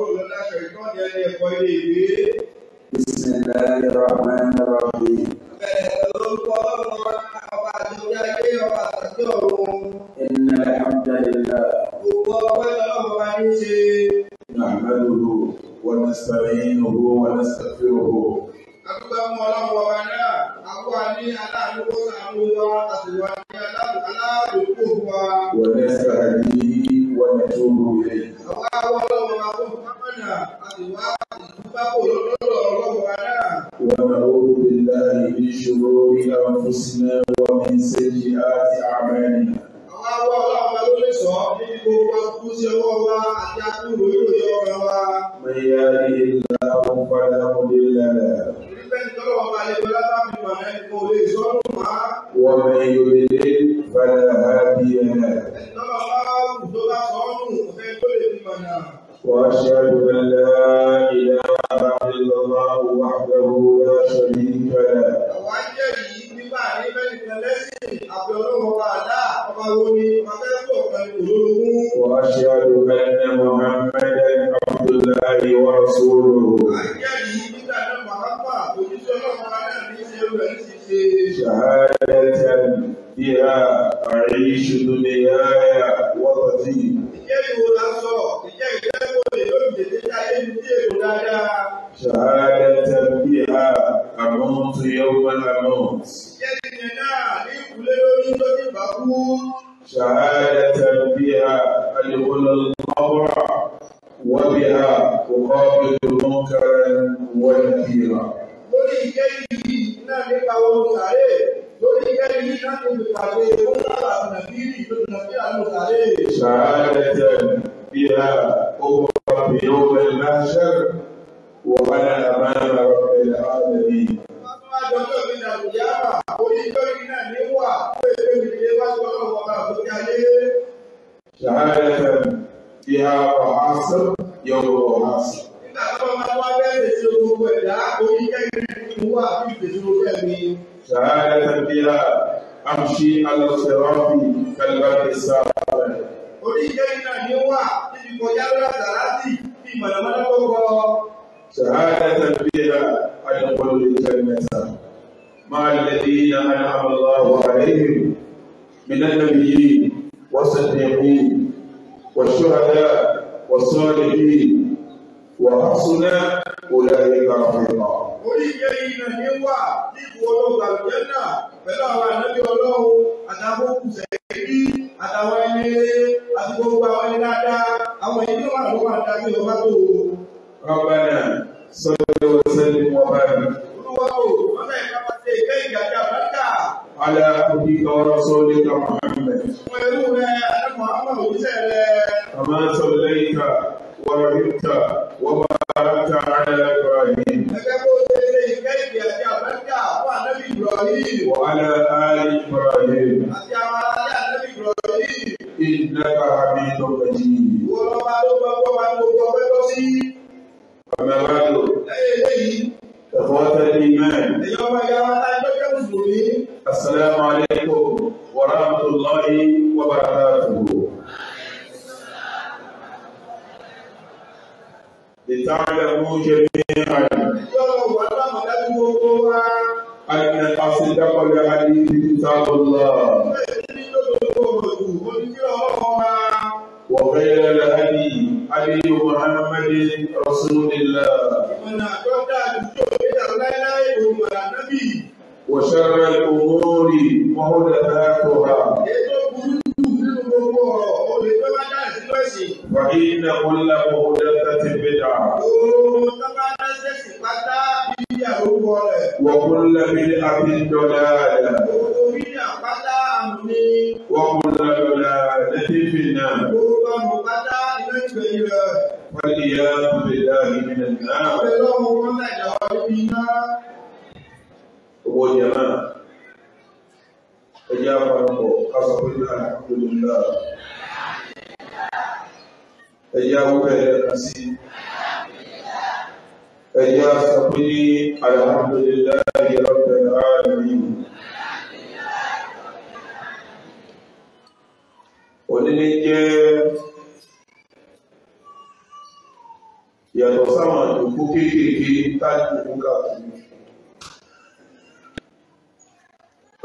kúrò lọ́dá ṣẹ̀rí kọ́ni ẹni ẹ̀kọ́ ilé ìwé. Bismillahirrahmanirrahim. السلام عليكم ورحمة الله وبركاته لتعلموا جميعا أن أصدق الحديث كتاب الله وغير الهدي علي محمد رسول الله وشر الأمور محدثاتها وإن كل محدثة بدعة وكل بدعة ضلالة وكل ضلالة في النار والعياذ بالله من النار owó jẹmọ́ ẹjẹ́ àpapọ̀ káfọ́ pé ní àdúgbò ẹjẹ́ àwúrẹ́ ẹ̀ka sí ẹjẹ́ àfọ́ pé ní alhamdulillah rabbil alamin onílé jẹ́ yàtọ̀ sáwọn àjòkú kéékèèké tájú òkú káàkiri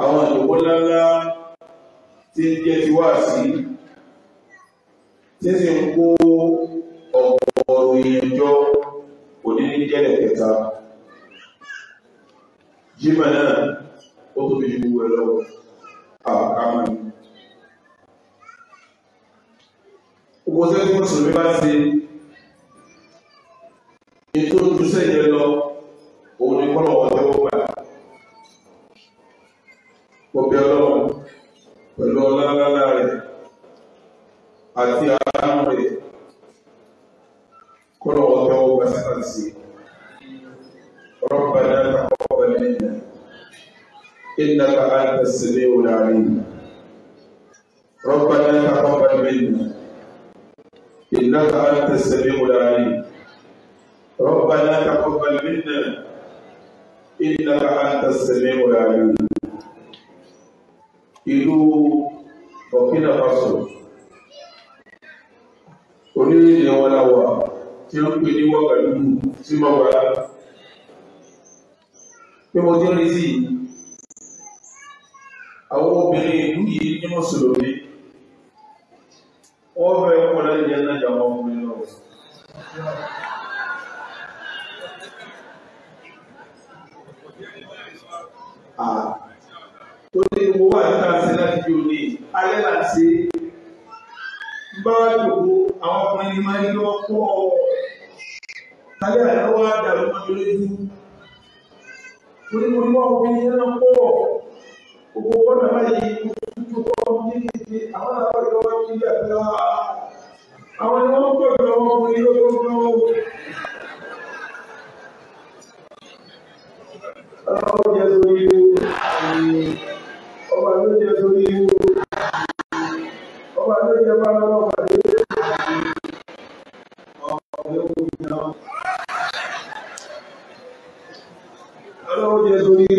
àwọn ìjòkó ńláńlá tí ń jẹ́ ti wá sí tí sì ń kó ọ̀pọ̀ọ̀rọ̀ èèyàn jọ òní ní jẹ́lẹ̀ kẹta jíma náà ó tóbi ju gbogbo ẹ lọ àkàmà ní. gbogbo sẹ́yìn tó sọ̀rọ̀ bá ṣe ètò ojúṣe yẹn lọ òun ni kọ́lọ̀ wọ́n tẹ́wọ́ gbà. mo bẹ̀ ọlọ́run pẹ̀lú ọlọ́lọ́lá rẹ̀ àti àánú rẹ̀ kọ́nà ọ̀tọ́ ọgbà sáàsì ربنا تقبل منا إنك أنت السميع العليم ربنا تقبل منا إنك أنت السميع العليم ربنا تقبل منا إنك أنت السميع العليم ìlú Burkina Faso onílẹ̀ wọn láwà tí ó ń pè ní Wàgàdùgù sí mọ́gbàlá pé mo rí sí àwọn obìnrin ìlú yìí ní mùsùlùmí wọ́n fẹ́ kọ́ lẹ́yìn jẹ́ náà Ah. ó ní mo wà nípa ṣe láti bí òní alẹ́ là ń ṣe báwa jòkó àwọn ọkùnrin ni máa ń yọ pọ̀ alẹ́ àná wá dàrú máa ń lójú onímọ̀ nípa ọkùnrin yẹn náà pọ̀ gbogbo ọ̀nà báyìí ojú kọ́ kékeré àwọn àwọn ìjọba kí ilé ẹ̀fẹ́ wá àwọn ni wọ́n pọ̀ jù àwọn ọkùnrin lọ́wọ́ Ọlọ́run jẹ́ sórí ilé. Ọlọ́run jẹ́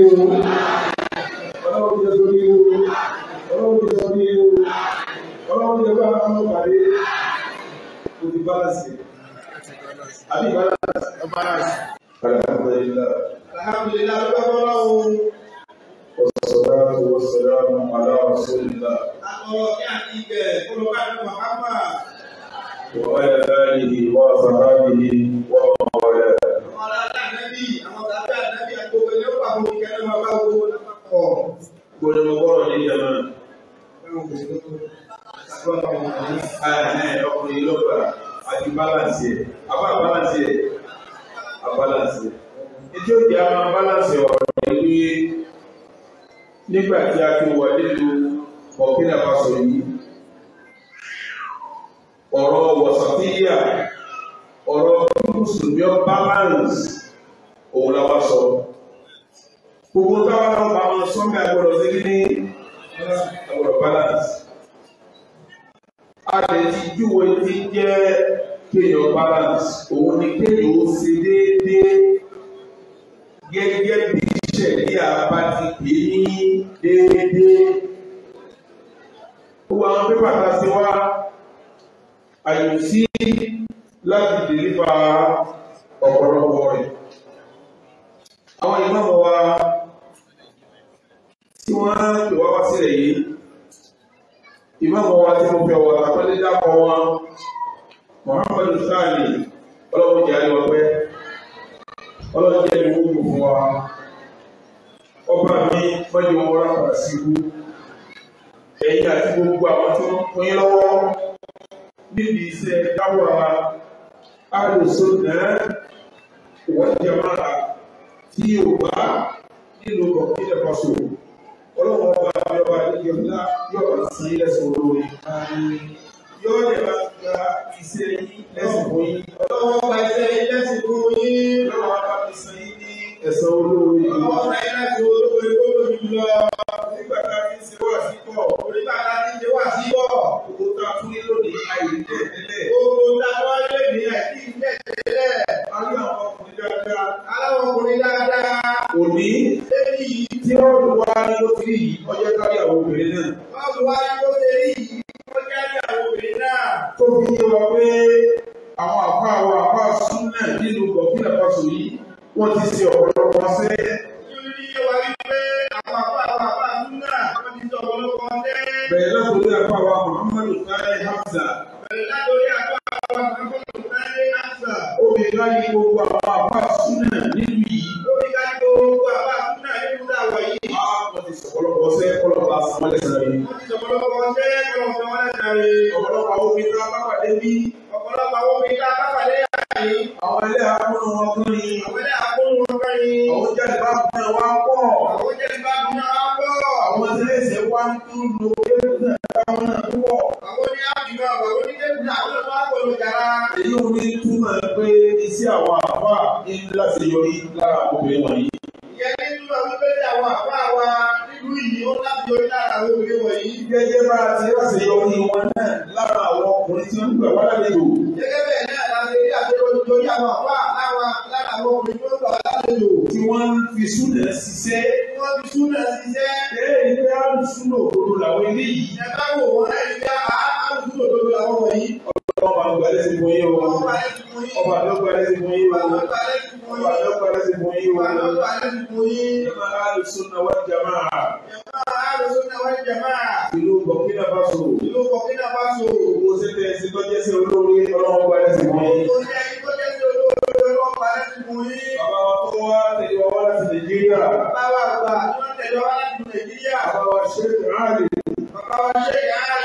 àwọn obìnrin wọ̀nyí gẹ́gẹ́ bá a ti ráṣẹ yọ ní wọn náà lára àwọn ọkùnrin tí wọ́n gbà wá lálejò. gẹ́gẹ́ bẹ́ẹ̀ náà láti rí àgbẹ̀wò lórí àwọn àpá láwọn lára àwọn ọkùnrin tó ń gbà wá lálejò. tí wọ́n ń fi súnà ṣiṣẹ́. wọ́n fi súnà ṣiṣẹ́. eré ìgbé àlùsúnà òdodo làwọn ilé yìí. ẹ bá wò wọ́n láì gbá àlùsúnà òdodo làwọn wọ̀nyí. ọba àlọ́gbà lẹ́sìn mọ́ yín wa. ọba àlọ́gbà lẹ́sìn mọ́ yín wa. ọba àlọ́gbà lẹ́sìn mọ́ yín wa. ọba àlọ́gbà lẹ́sìn mọ́ yín wa jamaa. ìlú Burkina Faso. ìlú Burkina Faso. mo ṣe tẹ ẹsẹ tó jẹ́ sí olórí ọlọ́run parẹ́ sí mi. mo ṣe ẹsẹ tó jẹ́ sí olórí ọlọ́run parẹ́ sí mi. bàbá wa tó wá tẹ̀lé wa wá láti Nàìjíríà. bàbá wa gbà tí wọ́n tẹ̀lé wa láti Nàìjíríà. bàbá wa ṣe é ráàlì. bàbá wa ṣe é ráàlì.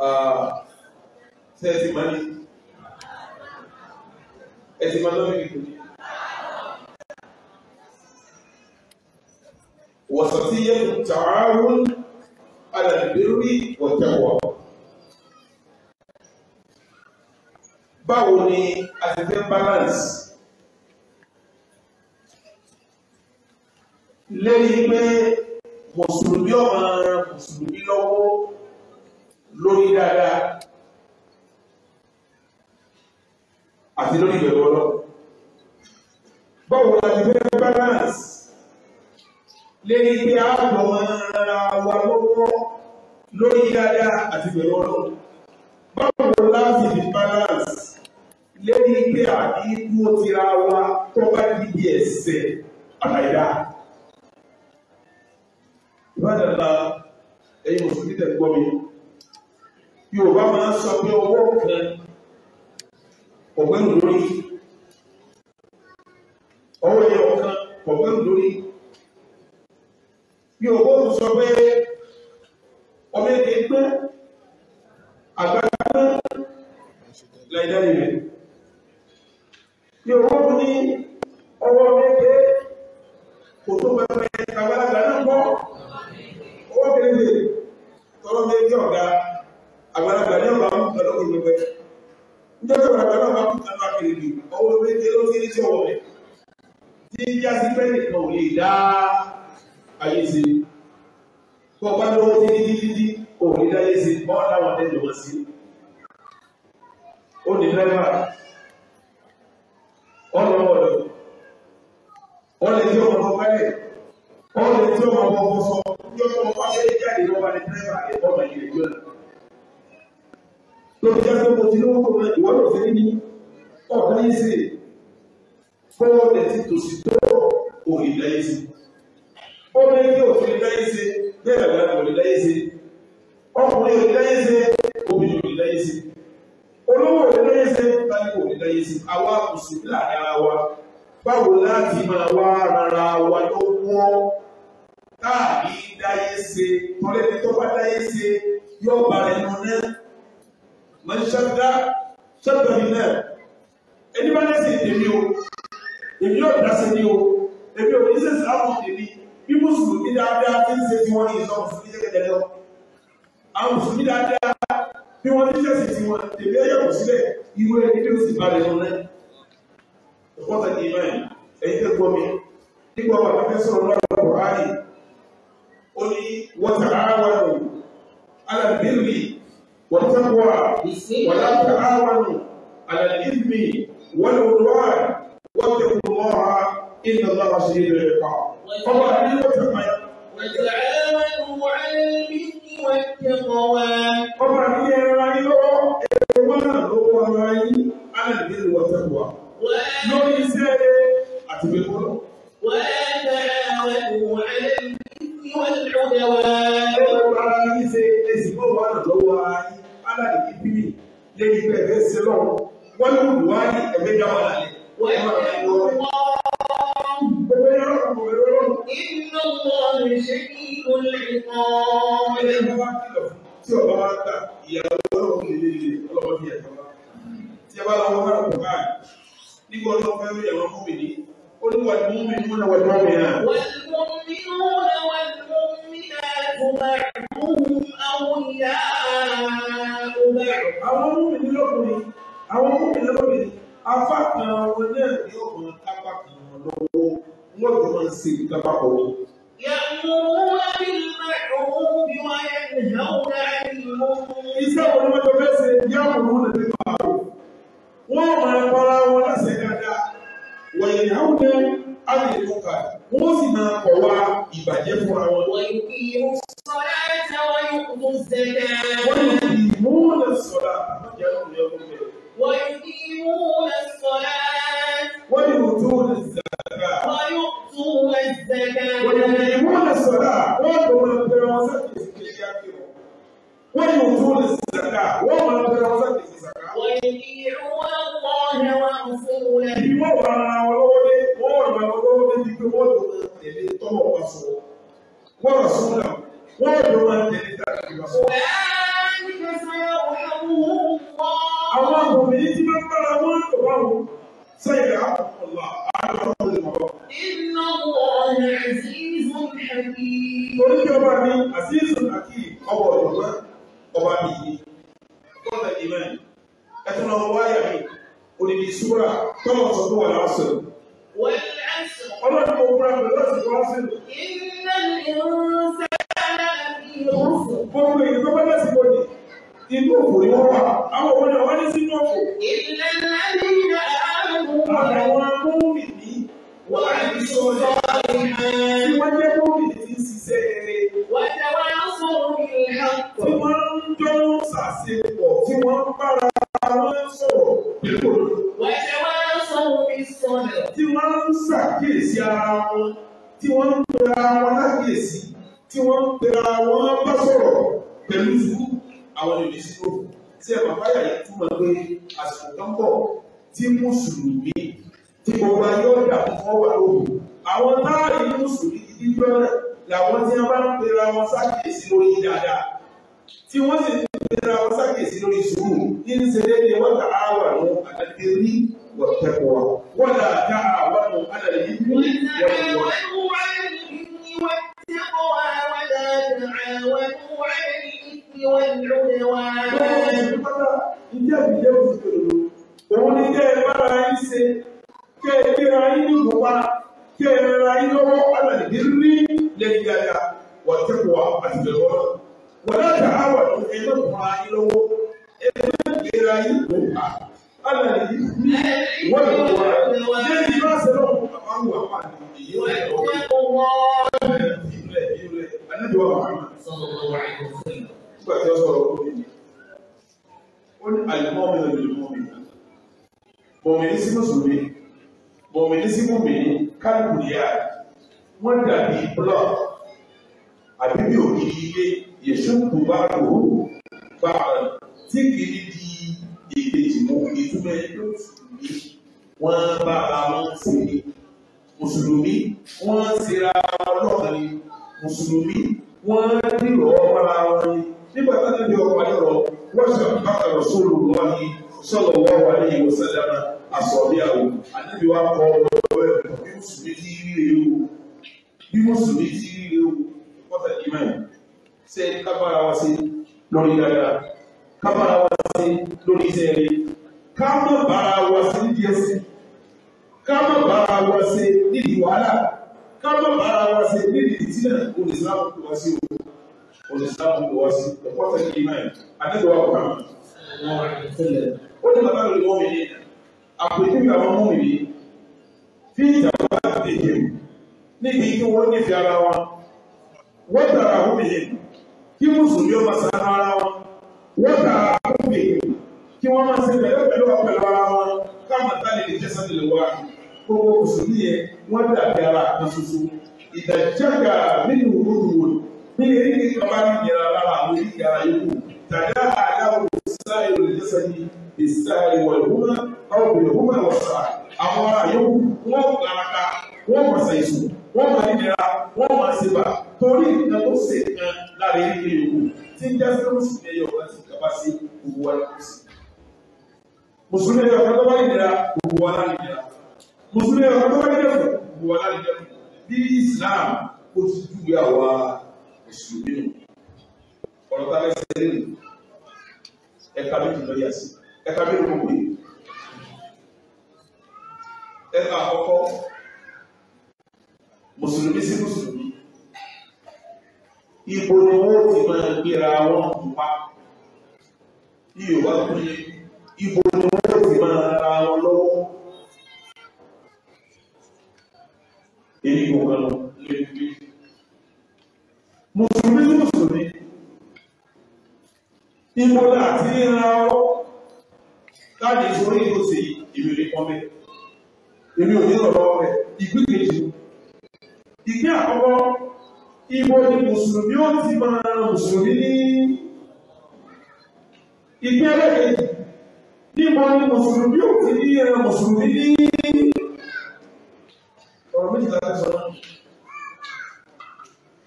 Ah, ṣe ti máa ní ẹ̀sìn máa lọ́wọ́ nìkan ní. وسطية التعاون على البر والتقوى báwo ni a ti fẹ́ balance lẹ́yìn pé mùsùlùmí ọmọ mùsùlùmí lọ́wọ́ lórí dáadáa àti lórí ìbẹ̀rù ọlọ́. Báwo la fẹ́ balance lérí pé a mọ̀ ara wa lọ́wọ́ lórí dáadáa àti ìbẹ̀rù ọlọ́. Báwo la fi balance lérí pé àdínkù tira wa tó bá dìde ẹ̀sẹ̀ àbáyá. Ìbádàlá ẹ̀yin mùsùlùmí tẹ̀ gbọ́ mi. Yorùbá máa ń sọ pé owó kan ọ̀gbẹ́rù lórí ọwọ́ ẹ̀yọ kan ọ̀gbẹ́rù lórí Yorùbá ó sọ pé ọmọ èdè pé àgbàgbà láìdáyé rẹ̀ Yorùbá ó ní ọwọ́ ọmọ èdè kò tó pẹpẹ àgbàlagbà níjọ́jọ́ bàbá náà bá kúta bá kiri bi ọwọ́ méje ló fi ní tí ọwọ́ rẹ̀ tí ń já sí bẹ́ẹ̀ nìkan ò lè dá ayé ṣe bọ́ bá lọ́wọ́ tí ní dídí ò lè dá ayé ṣe bọ́ láwọn ẹ̀jọ̀ wọn sí ó ní dírẹ́fà ọlọ́wọ́dọ̀ ọlẹ́ tí ọmọ ọmọ pẹ́lẹ̀ ọlẹ́ tí ọmọ ọmọ ọmọ sọ tí ọmọ ọmọ pàṣẹ jáde lọ́wọ́ ní dírẹ́fà ẹ̀kọ́ ló fi jẹ́ pé mo ti lówó kó rẹ ìwọ ló fi ní ọ̀kan yìí sí bọ́ọ̀ lè ti tòsí tó òrì lẹ́yìn sí bọ́ọ̀ lè òfin lẹ́yìn sí bẹ́ẹ̀ lọ́wọ́ òrì lẹ́yìn sí ọkùnrin òrì lẹ́yìn sí obìnrin òrì lẹ́yìn sí olówó òrì lẹ́yìn sí báyìí òrì lẹ́yìn àwa kò sí láàrin ara wa báwo láti máa wá rárá wa ló wọ́n káàbí dáyé ṣe tọ́lẹ́ni bá dáyé ṣe yóò bá nù náà mọ̀n ṣẹ́dá ṣẹ́dá mi náà ẹni bá lẹ́sìn èmi o èmi ò dá sí ni o èmi ò ní sẹ́sì àwọn èmi bí mùsùlùmí dáadáa ti ń ṣe tí wọ́n ní ìsọ mùsùlùmí jẹ́gẹ́dẹ́ lọ àwọn mùsùlùmí dáadáa bí wọ́n ní sẹ́sì tí wọ́n èmi ẹ̀yọ̀ kò sílẹ̀ ìwé ẹni bí ó sì balẹ̀ lọ náà ìfọ́tà ní ìmọ̀ ẹ̀yìn tẹ́ gbọ́ mi nígbà wà ní fẹ́ sọ̀rọ̀ lọ́rọ̀ Buhari ó ní wọ́n tàrà wà lọ́wọ́ alábìrì والتقوى ولا تعاونوا على الإثم والعدوان واتقوا الله إن الله شديد العقاب فما وتعاونوا على الإثم والتقوى فما هي رأيو هو رأي على البر والتقوى على الإثم والعدوان إيه، aláàlì kíkiri lẹ́yìn pé ẹ̀fẹ́ ṣe lọ́wọ́ wọ́n ní olùwárí ẹ̀fẹ́ dá wà lálẹ́ wọ́n ẹ̀ máa fi wọ́n rẹ̀. Òwe ṣe kí o lè kàn. Ilé ìwé wa tí ọba wa gbà ìyàwó ọlọ́run lè lè ọlọ́wọ́ bí ẹ̀fọ́ wa. Tí ẹ bá lọ wọ́n bára kò báyìí, nígbà ọlọ́run fẹ́ rí ẹ̀wọ̀n mi ní. Ó ní wàlúùmí ní wọ́n náà wàlúùmí náà. Wàlúùmí ní wọ́n náà wàlúùmí. Àwọn olùmìnir lọ́kùnrin, àwọn olùmìnir lọ́kùnrin, afá kan wọn náà ní ọ̀gbọ̀n kápá kan wọn lọ́wọ́, wọ́n jọ máa ń ṣe ìkápá pọ̀ wọn. يأمرون بالمعروف وينهون عن المنكر. Iṣẹ́ wo ni wọ́n jọ fẹ́ ṣe يأمرون بالمعروف? Wọ́n máa ń para wọn láṣẹ dáadáa. وينهون a you tó kà wọ́n sì máa kọ̀ wá ìbàjẹ́ fúnra wọn. wọ́n wọ́n wọ́n lè sọ̀rọ̀ àbájá lórí wọ́n lè sọ̀rọ̀. wọ́n lè wọ́n yóò lè wọ́n lè sọ̀rọ̀ wọ́n tó lè bẹ̀rẹ̀ wọn sẹ́kẹ̀ wọ́n yóò lè wọ́n máa bẹ̀rẹ̀ wọn wọ́n ọ̀rọ̀ àwọn olówó débi pé wọ́n lò máa tẹ̀lé tọ́lọ̀ wá fún wọn. Wọ́n rà fún náà, wọ́n lò máa tẹ̀lé tàbí wá fún wọn. Àwọn àgùnmí tí máa ń bára wọn lò wá wọn sẹ́yìn àkọ́kọ́lá àlọ́ olùkọ́. Iná wọ ọ̀nà àzízùn àbí. Oríṣi ọba mi, àzízùn ọwọ́ ìrọ̀lá ọba mi yìí. Tọ́lá ìmọ̀ ẹ̀ tún lọ wáyà mi, òdìdí ìṣúra tọ́lọ̀ sọ́dún wà láwùsọ̀rọ̀. والعصر أنا أقول لك omi sọlẹ̀. Tí wọ́n ń ṣàkíyèsí ara wọn, tí wọ́n ń pera wọn lákíyèsí, tí wọ́n ń pera wọn bá sọ̀rọ̀ pẹ̀lú ìlú àwọn ènìyàn ìṣòro. Tí ẹ̀ bàbá yàrá túmọ̀ pé àsìkò kan bọ̀ tí mùsùlùmí tí gbogbo ayé ọ̀dà fún ọwà lóhùn. Àwọn táàrí mùsùlùmí ti dídí ọ̀rẹ́ làwọn tí wọ́n bá ń pera wọn ṣàkíyèsí lórí dáadáa. Tí wọ́n sì ń pera wọn ṣàkíyèsí lórí sùúrù ní ń ṣe déédéé wọ́n والتقوى ولا تعالى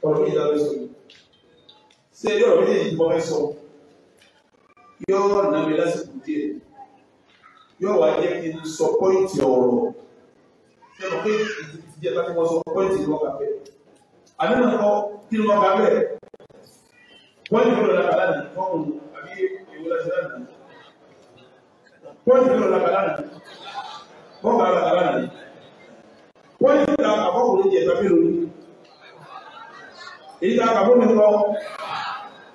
ọ̀rọ̀ méjì lábẹ́ sọ sí ẹjọ́ ọ̀rọ̀ méjì yìí mọ́fẹ́ sọ yóò nà mí lásìkò díẹ̀ yóò wá jẹ́ kí n sọ pọ́ìntì ọ̀rọ̀ ẹnu pé ìdíje bá ti wọ́n sọ pọ́ìntì ló wà bẹ́ẹ̀ àbí wọn kọ kí ló wà bẹ́ẹ̀ wọ́n ti lọ làbàlá nì fọ́ọ̀mù àbí èwo láti láti nì wọ́n ti lọ làbàlá nì wọ́n bá làbàlá nì wọ́n ti lọ àbọ̀kùnrin jẹ̀ tàbí èyí tá a kà bómi lọ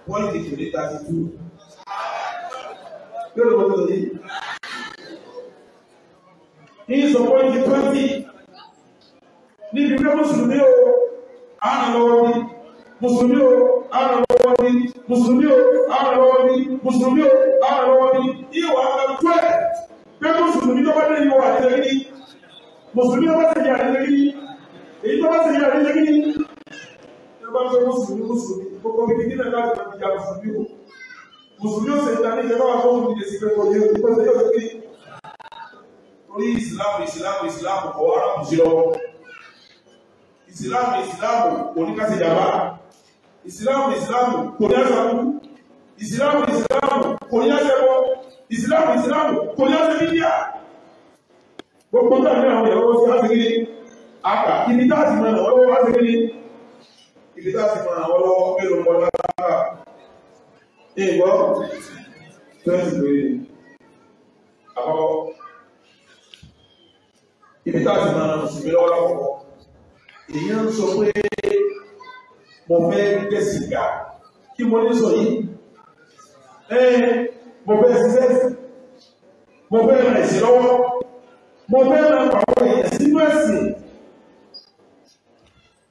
wọ́n ti kiri ta ti tú. Yóò lọ sọ yìí. Ní ìsọ̀kọ́ ìdí twenty níbi pé Mùsùlùmí o, àrànlọ́wọ́ ni. Mùsùlùmí o, àrànlọ́wọ́ ni. Mùsùlùmí o, àrànlọ́wọ́ ni. Mùsùlùmí o, àrànlọ́wọ́ ni. Ìwà àgbàtú ẹ̀ pé Mùsùlùmí tó bá dé ìwà àtẹ̀lẹ́gí. Mùsùlùmí tó bá ṣe yà àtẹ̀lẹ́gí. Èyí tó bá ṣe yà àtẹ̀lẹ́gí tó bá ń fẹ́ mùsùlùmí mùsùlùmí gbogbo bíi kíkí náà láti máa dìjà mùsùlùmí o mùsùlùmí ó sì ń tani ìjọba wà fún ìdíje sí pé kò yẹ kó tó yẹ kí torí ìsìláàmù ìsìláàmù ìsìláàmù kọ̀ wá ráàmù sí lọ́wọ́ ìsìláàmù ìsìláàmù kò ní ká ṣe jàmbá ìsìláàmù ìsìláàmù kò ní àṣà kú ìsìláàmù kò ní àṣẹ bọ́ ìsìláàmù kò ní àṣẹ bíbíà gbogbo táwọn àwọn ìyàwó ti á kiri àkà ibi tá a ti mọ̀ ọ́ lọ́wọ́ á ti kiri ibi tá a ti fara àwọn lọ́wọ́ mélòó mọ́ lára ìgbọ́ twenty péré àkọ́kọ́ ibi tá a ti fara mùsùlùmí lọ́wọ́ lọ́wọ́ èèyàn ń sọ pé mo fẹ́ gẹ̀ẹ́sì ga kí mo ní sọ yìí ẹ mo fẹ́ ṣiṣẹ́ mo fẹ́ rìn sí lọ́wọ́ mo fẹ́ ràn pàwọ́ èèyàn sínú ẹ̀sìn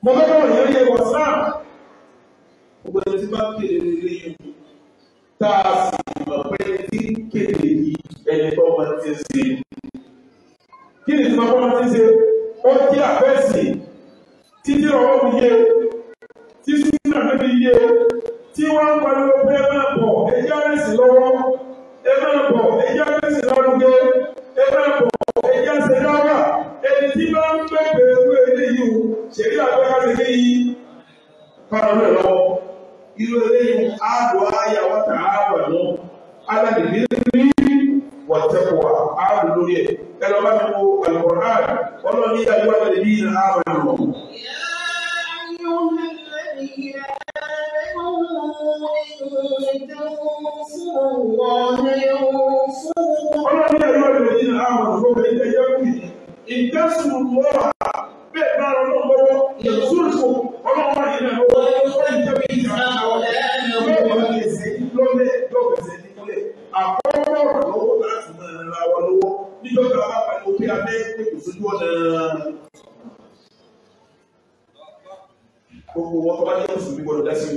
mo mẹ́rọ̀ ní orí whatsapp gbogbo ẹni tí bá kéde ní yìí tá a sì mọ̀ pé tí kéde yìí ẹni tó máa ti ṣe kí ni tí wọ́n máa ti ṣe ó jẹ́ àfẹ́sì títí ọwọ́ mi yé tí súnà níbi yé tí wọ́n ń pariwo pé ẹ máa bọ̀ ẹ jẹ́ àfẹ́sì lọ́wọ́ ẹ máa bọ̀ ẹ jẹ́ àfẹ́sì ẹ máa bọ̀. ṣèlú àgbẹ̀ká ti lé yìí fara rẹ̀ lọ irú eléyìí ààbò ayé àwọn tà ààbò àná aládìní ní wàtẹ́kùwà ààbò lórí ẹ̀ ẹ lọ bá mi wo Al-Qur'an ọlọ́ni ìyàwó àtẹ̀lẹ́bí ní ààbò àná. Ọlọ́run ẹ̀rọ ìròyìn àwọn òṣèré ẹ̀yẹ́ wù ní ìdásùn lọ́wọ́ ojú ọ̀nà eh, gbogbo wọn tó bá jẹ́ mùsùlùmí gbọdọ̀ dá sí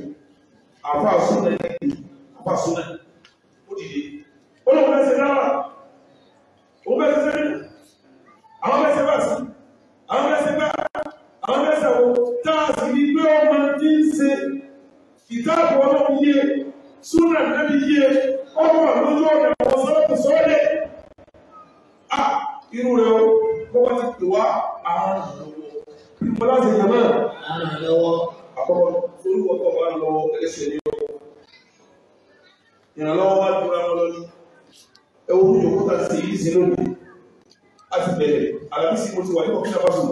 àfa àsúnà ní àfa àsúnà ó dìde ó lọ́wọ́ bẹ́ẹ̀ ṣe dáwà ó bẹ́ẹ̀ ṣe sẹ́yìn àwọn bẹ́ẹ̀ ṣe bá sí àwọn bẹ́ẹ̀ ṣe bá àwọn bẹ́ẹ̀ ṣe wò tá a sì ní pé ọmọ tí ń ṣe ìtàkùn ọlọ́run yé súnà nàbí yé ọmọ àlójú ọ̀nà àwọn sọ́ọ̀tù sọ́ọ̀lẹ̀ irú rẹ̀ o pè wá àrùn lọ́wọ́. Bí mo láti yàn náà. Àrùn lọ́wọ́. Àkọ́kọ́ orúkọ tó wà lọ́wọ́ ẹlẹ́sẹ̀ ní ọkọ̀. Ìrànlọ́wọ́ wá dúra wọn lọ́dún. Ẹ wo ní òkúta sí ìlú sí lónìí. A ti bẹ̀rẹ̀ àlàbísí mo ti wà ní Burkina Faso.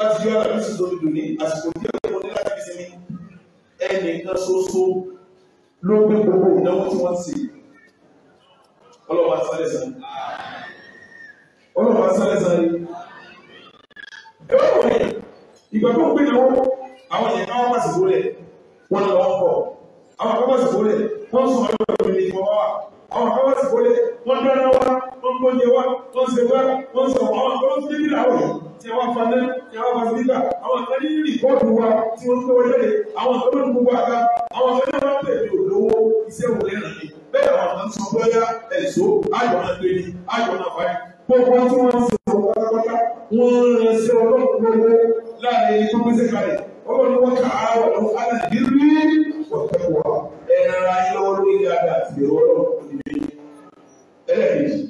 Láti yọ àlàbísí lórí dòní àsìkò díẹ̀ mo ní láti fi sinmi. Ẹnì kan ṣoṣo ló gbé gbogbo ìnáwó tí wọ́n ti sè ọlọ́wọ́ asálẹ̀ sáré ọlọ́wọ́ asálẹ̀ sáré ẹ bá wọlé ìgbà tó ń gbé lọ́wọ́ àwọn yẹn káwọn bá sìkò rẹ̀ wọ́n lọ wọ́n kọ̀ àwọn àkọ́kọ́ sìkò rẹ̀ wọ́n sùn ọ̀rọ̀ ìwé ní ìfọwọ́ wa àwọn àkọ́kọ́ sìkò rẹ̀ wọ́n dáná wa wọ́n gbọ́njẹ wa wọ́n ṣe wa wọ́n sọ àwọn àkọ́kọ́ tó débi làwọn yìí tí wọ́n fa náà tí wọ́n fa síbíkà àwọn kan ní rìkọ́ọ̀dù wa tí wọ́n gbé wọlé àwọn kan ní gbogbo àga àwọn kan ní wọ́n ní olówó iṣẹ́ wò lẹ́nu ni bẹ́ẹ̀ àwọn wọ́n rán sí ọlọ́run gbogbo láàrin ẹni tó pèsè kalẹ̀ ọlọ́run ni wọ́n kà á wà lọ fánà ìrírí ọ̀tẹ̀wà ẹ̀rọ ayé lọ́wọ́ lórí dáadáa àti ìrọ̀ ọlọ́run nílé ẹlẹ́ẹ̀kejì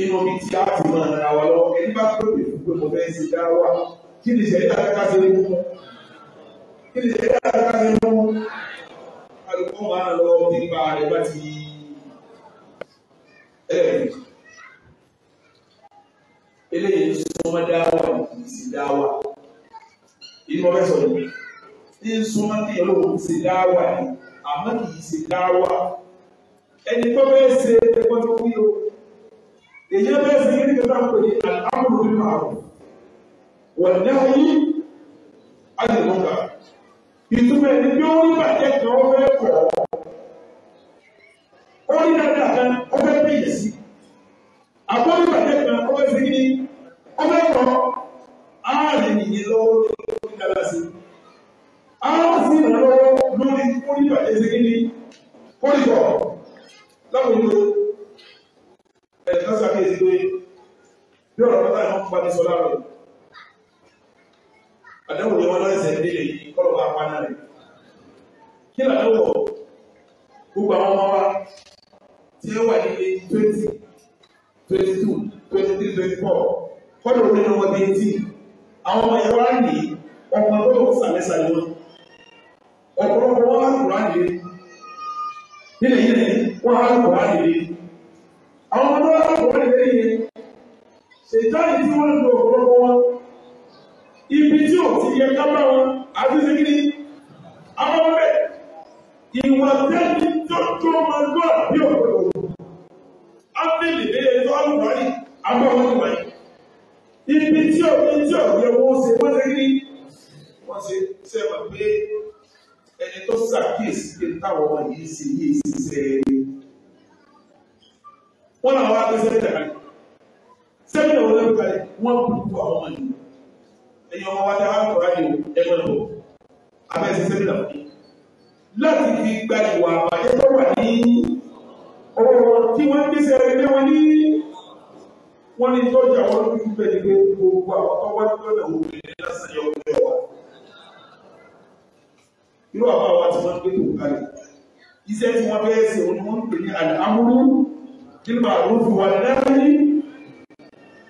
inú mi ti á ti máa ra wa lọ́wọ́ ẹni bá tó lè fún pé mo fẹ́ ṣe eléyìí súnmọ́ dáwà ìsì dáwà inú ọbẹ̀ sọ̀rọ̀ ní súnmọ́ kí ọlọ́run ṣe dáwà ni àmọ́ kì í ṣe dáwà ẹni tó bẹ́ẹ̀ ṣe ẹgbẹ́ tó wí o èyí bẹ́ẹ̀ ṣe kí nígbà tó pè ní àmúlò nínú àrùn wọ̀n náà yí àyẹ̀mọ́gà ìtumọ̀ ẹni bí ó rí bàjẹ́ kan ó fẹ́ kọ̀ ọ́ ó rí dáadáa kan ó fẹ́ bẹ̀yẹ̀ sí i àkọ́bí bàtẹ́ kan ọbẹ̀ sí kí ni ọbẹ̀ kọ́ ààrẹ nìyẹn lọ́wọ́ lórí dára sí ààrẹ sí ìrànlọ́wọ́ lórí kórì bàtẹ́ sí kí ni kórì bọ̀ láwùjọ ẹ̀ lọ́sà kéèsì pé bí ọ̀rọ̀ bàtà náà ń pa ní sọ́lá rẹ̀ àdáwò ni wọn lọ́sẹ̀ nílé yìí kọ́lọ̀ bá pa náà rẹ̀ kí làdáwò gbogbo àwọn ọmọ wa tí ó wà nílé twenty twenty two twenty three twenty four kọ́dọ̀ òun nínú wọn bíi eighteen àwọn ọmọ yẹn wá ní ọmọ tó tó sàmẹ́sà ni wọn ọ̀pọ̀lọpọ̀ wọn àkùrọ̀ àdìrí nílẹ̀ yìí ni wọn àkùrọ̀ àdìrí àwọn ọmọ tó àkùrọ̀ àdìrí yẹn ṣèjáde tí wọ́n lo ọ̀pọ̀lọpọ̀ wọn ibi tí ò ti yẹ ká bá wọn àti ṣe àwọn ọmọ bẹ́ẹ̀ ìwà tẹ́lẹ̀. agbọ́wọ́ ni wáyé ibi tí ò ní tí ò yẹ wọ́n ṣe wọ́n ṣe rí wọ́n ṣe ṣe wà pé ẹni tó ṣàkíyèsí pé táwọn ọmọ yìí ṣe yìí ṣe ṣe é wọ́n náà wá pé sẹ́yìn dàgbà sẹ́yìn náà wọ́n lè gbalẹ̀ wọ́n burúkú àwọn ọmọ yìí ẹ̀yin ọmọ wa dáhà kọ́ ayò ẹgbẹ́ lọ abẹ́sẹ̀ sẹ́yìn dàgbà láti fi gba ìwà àbájẹ́ tó wà ní ọ̀rọ̀ tí wọ́n ń gbé sẹ́yìn lé wọn ní wọ́n ní tọ́jú àwọn olójú bẹ́ẹ̀ ni pé gbogbo àwọn tó wá nígbà náà wọ́n bẹ̀rẹ̀ lásán yọ ọjọ́ wa. irú àbá wa ti wọ́n gbé tó kalẹ̀ iṣẹ́ tí wọ́n fẹ́ ṣe òun wọ́n ń pè ní àdámúrú kí ló máa ló fi wà lẹ́yìn.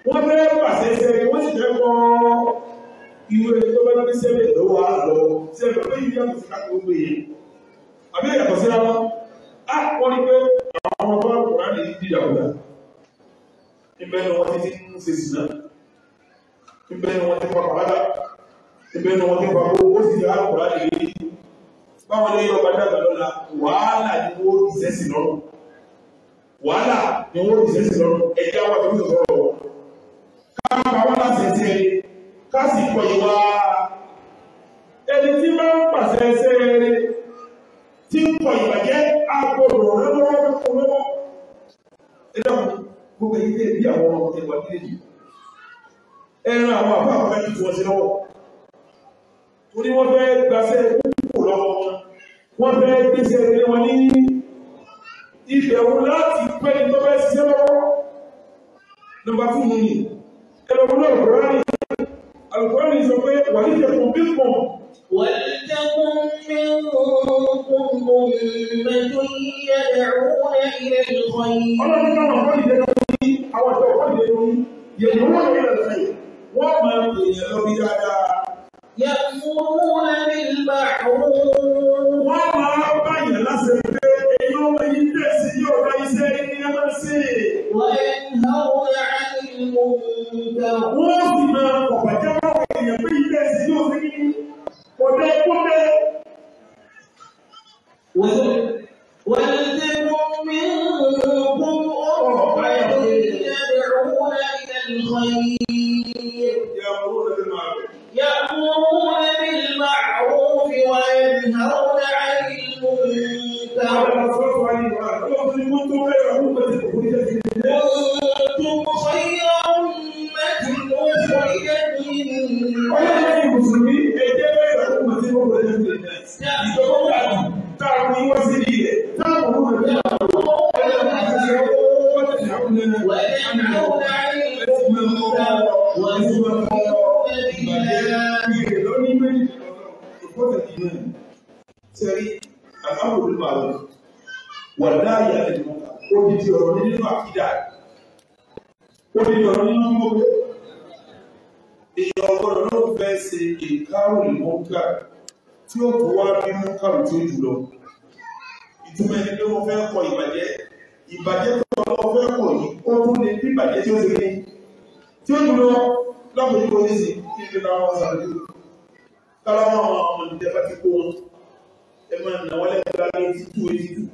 wọ́n fẹ́ pàṣẹ sẹ́yìn wọ́n sì fẹ́ kọ́ ìwé tó bá ní sẹ́lẹ̀ lọ́wọ́ á lọ sẹ́lẹ̀ pé ìyá kò sí ká gbogbo yẹn. àbí ìyàtọ̀ síra ìbẹ́nu wọn ti ń ṣe sí náà ìbẹ́nu wọn ti pa pàdà ìbẹ́nu wọn ti pa kó ó sì yára kúrò láti rí báwọn ilé yọba dàgbà lọ́la wàhálà ni wọ́n ti sẹ́sì lọ́rùn wàhálà ni wọ́n ti sẹ́sì lọ́rùn ẹ̀jẹ̀ àwọn àti wíṣọ̀ sọ̀rọ̀ káàpá wọn láti ṣe ká sì pọ̀ ìwà ẹni tí máa ń pàṣẹ ṣe rere tí ń pọ̀ ìbàjẹ́ àpò òrò lọ́wọ́ lọ́wọ́ ẹ̀dá kùn gbogbo èyí tẹ́ bí àwọn ọmọ ẹgbà méjèèjì ẹran àwọn àbá àwọn ẹni tí wọ́n ti lọ́wọ́ torí wọ́n fẹ́ gbaṣẹ́ púpọ̀ lọ́wọ́ wọ́n fẹ́ gbèsè ilé wọn ní ìbẹ̀wò láti pẹ́ ní tọ́pẹ́ ṣiṣẹ́ lọ́wọ́ nọ́mbà fún mi ni ẹlọ́wọ́ náà kọ́ránì alùpùpù sọ pé wà ní ìjẹ̀kùn bí pọ̀ ولتكن منكم أمة يدعون إلى الخير àwọn ọ̀dọ́ wọ́n lè ní yẹ̀yẹ̀ wọ́n lè rẹ̀ fẹ́ wọ́n máa ń èèyàn lọ bí dáadáa. Yẹ̀fún nígbà wọ́n máa bá yẹn láṣẹ pé èyí ọmọ yìí bẹ̀ sí Wọ́n sì máa ọ̀bàjẹ́ yóò fi ọ̀dẹ́ بالخير يأمرون بالمعروف وينهون عن المنكر odidi ọ̀rọ̀ ní nínú àkídà odidi ọ̀rọ̀ nínú mọ́gbé èèyàn ọ̀gbọ́dọ̀ ló fẹ́ ṣe ìkárùn mọ́gbà tí ó kó wá bí mọ́kàrù tó jù lọ ìtumọ̀ ẹni pé wọ́n fẹ́ kọ ìbàjẹ́ ìbàjẹ́ tó wọ́n lọ fẹ́ kọ yìí ó tún lè bí ìbàjẹ́ tí ó ti rí tí ó jù lọ lọ́kùnrin kò ní sí kí ní ká wọ́n sàrẹ́ jù kára wọn àwọn ọmọ ìjẹ́ bá ti kó wọn ẹ máa nà wọlé gbára ní títú etí tù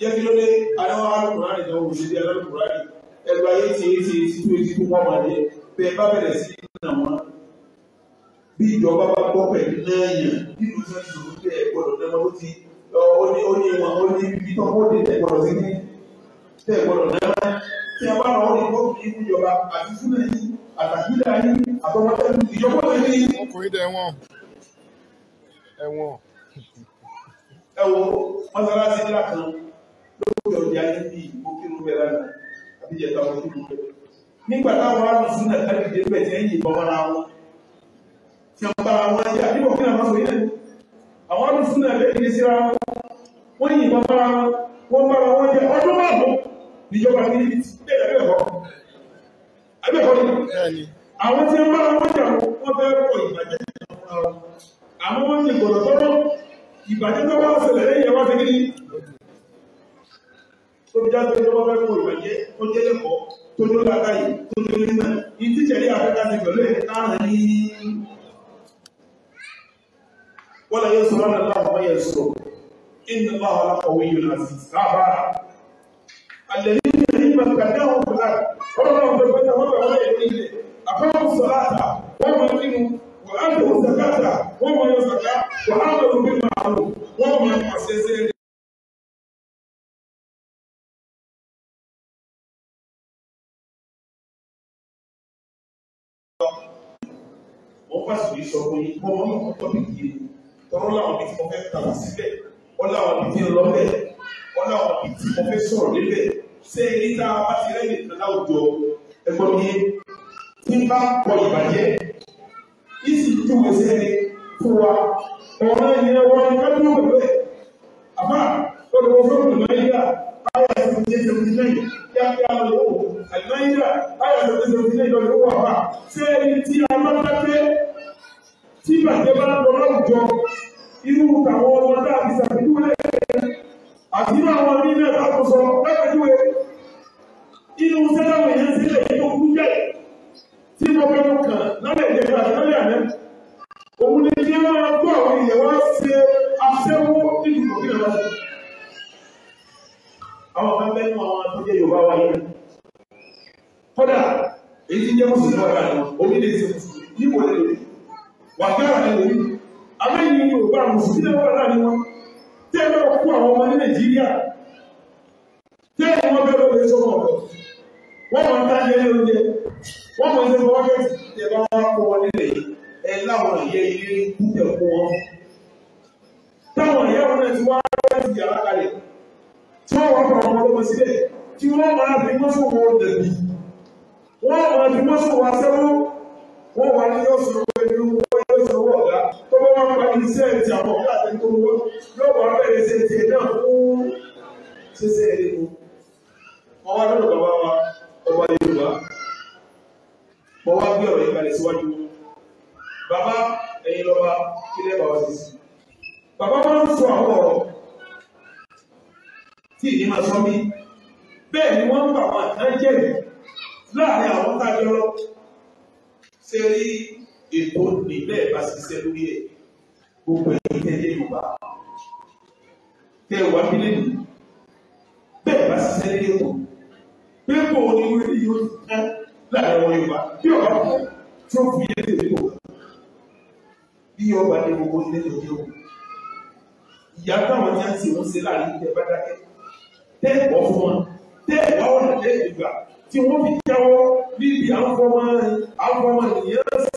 jẹ́ kí ló dé àwọn arákùnrin àjọ òṣèlú arákùnrin àjọ ẹgbẹ́ ayé ti èyí ti èyí tó èyí tó wọ́n wáyé bẹ́ẹ̀ bá bẹ̀rẹ̀ sí ìdílé wọn bí ìjọba bá gbọ́ pẹ̀lú náà yàn nínú ìfẹ́ ìṣòro tẹ ẹ̀gbọ́dọ̀ náà ó ti ó ní ó ní ìwọ̀n ó ní ibi tó ó dé ẹ̀gbọ́dọ̀ sí ní tẹ ẹ̀gbọ́dọ̀ náà tí a bá lọ wọn ni wọ́n fi ikú ìjọba àti fún ẹ̀yìn àtàkìlẹ̀ ayé àtọwọ́tẹ́lú ìjọba lè ní. ọkùnrin dẹ ẹ̀wọ̀n ẹ̀wọ̀n. ẹ wo mọ́sálásí ńlá kan níbi ìgbókèrú bẹ̀rẹ̀ lánàá àbí ìjẹta wọn kúrò bẹ̀rẹ̀. nígbà táwọn arúgbó náà kárí ìdè bẹ̀ tí wọ́n yìnbọn mọ́ra wọn tí wọ́n bára wọn yá àbí wọ́n kíra wọn sọ̀rọ̀ àwọn arúgbó náà lè kéde síra wọn wọ́n yìnbọn mọ́ra wọn wọ́n bára wọn yá ọdún márùn-ún níjọba ní ibi bẹ́ẹ̀ àwọn tí wọ́n bára wọn wọ́n fẹ́ wọn ti tó fi jáde tó bá fẹ́ mú ìwẹ̀ jẹ́ tó jẹ́ lẹ́kọ̀ọ́ tó jẹ́ lọ́dà yìí tó jẹ́ lẹ́mọ̀ yìí tí ìṣẹ̀lẹ̀ àfẹ́ká ti pẹ̀lú ẹ̀ káàrin ní. wọ́n lọ yóò sọ wọn lọ́wọ́ àwọn yẹn sọ inna Allaha al-qawiyyul aziz káfá. àlẹ́lí ní ẹ̀rí gbàgbàdé àwọn ọ̀gbìn náà wọ́n lọ́wọ́ gbẹgbẹ́ tàwọn ọ̀gbìn àwọn ẹ̀rí ilẹ̀ àfẹ́wọ̀n sọ̀láta wọ́n mọ̀ nínú wọ́n á lò sàkátà wọ́n mọ̀ yọ sàká wọ́n á lò bí màálù wọ́n mọ̀ àṣẹṣẹ́ pàṣẹ yìí sọ pé mo mọ mọ tọ́bí yìí tọ́rọ́ làwọn ibi tí mo fẹ́ tàbí síbẹ̀ wọ́n làwọn ibi tí ń lọ bẹ̀ wọ́n làwọn ibi tí mo fẹ́ sọ̀rọ̀ níbẹ̀ ṣé ní tá a bá ti rẹ́ nìkan láwùjọ ẹgbọ́n mi tí n bá kọ ìbàjẹ́ ìsì júwe sẹ́ni fún wa ọ̀rọ̀ ìyẹn wọn ni ká dúró bẹ̀ àbá olùkọ́ fún mi náírà ayé ẹ̀sìn jẹ́ seventy nine kíákíá lọ́wọ́ àìmáyíra ayé ẹ̀sìn jẹ́ seventy nine lọ́wọ́ àbá ṣé ní tí a máa ń dá pé tí bàjẹ́ bá lọ láwùjọ irú àwọn ọmọ náà fi ṣàpèjúwe àti irú àwọn onílé láwùjọ sọ lápèjúwe inú sẹ́láwọ̀ yẹn sílẹ̀ yìí ó kú jẹ́ tí mo fẹ́ kàn lálẹ́ ìjẹba àti lálẹ́ àná òun ni kí wọ́n gbọ́ àwọn ilẹ̀ wá ṣe aṣẹ́wó nínú ìlú náà àwọn kan bẹ́ẹ̀ nínú àwọn àtúnjẹ Yorùbá wáyé kódà èyí ti jẹ́ mùsùlùmí ọ̀gá ni omi lè ṣe mùsùlùmí yíwọ̀n lè lè wàhálà ni lórí abẹ́yìn yorùbá mùsùlùmí náà wà láàrin wọn tẹ́ ẹ bá kó àwọn ọmọ ní nàìjíríà tẹ́ ẹ wọ́n bẹ́ẹ̀ lóye sọ́kọ̀ rẹ̀ wọ́n máa ń ta jẹ́ lóúnjẹ wọ́n máa ń ṣe bọ́ọ̀kẹ́tì tẹ́ bá wọn kó wọn nílẹ̀ ẹ láwọn ìyẹ́ ilé kúkẹ́ kó wọn. táwọn ìyá wọn náà ti wá láti yàrá kalẹ̀ tí wọ́n wọ́n fọwọ́ wọn lọ́wọ́ sílẹ̀ tí wọ́n máa fi mọ́sọ̀ wọn dẹ̀bi wọ́n wà ní ọ̀sán pẹ̀lú tó bá wọn pa iṣẹ́ ti àwọn ọ̀gá àti tó wọ́n yóò wọ́n bẹ̀rẹ̀ ṣe ti náà fún ṣíṣe ẹ̀rọ. wọ́n wá lọ́dọ̀ bàbá wa ọba Yorùbá wọ́n wá gbé ọ̀rọ̀ yìí kalẹ̀ síwájú. bàbá ẹ̀yin lọ́ba kílẹ̀ bàbá ti sí. bàbá wọn ń sọ àwọn ọ̀rọ̀ tí ìdí máa sọ mí bẹ́ẹ̀ ni wọ́n ń bà wọn àná láàrin àwọn tájọ́ ṣe rí ètò nílẹ̀ bá ṣiṣẹ́ lórí ẹ̀ gbogbo èyí tẹ̀lé yorùbá tẹ̀ wá bílẹ̀ nù bẹ́ẹ̀ bá ṣiṣẹ́ lórí ètò pépò oníwé ni yóò ti tán láàrin wọn yorùbá bí ọba fún tí ó fi yé lè lò bí ọba ní gbogbo ilé lè lò ìyá táwọn ní àti ìwọ́n ṣe láàrin ìjẹ bá dákẹ́ tẹ́ ẹ̀kọ́ fún wọn tẹ́ ẹ̀kọ́ ọ̀nà tẹ́ ìgbà tí wọ́n fi jáwọ́ níbi àwọn ọmọ àwọn ọmọ nìyẹn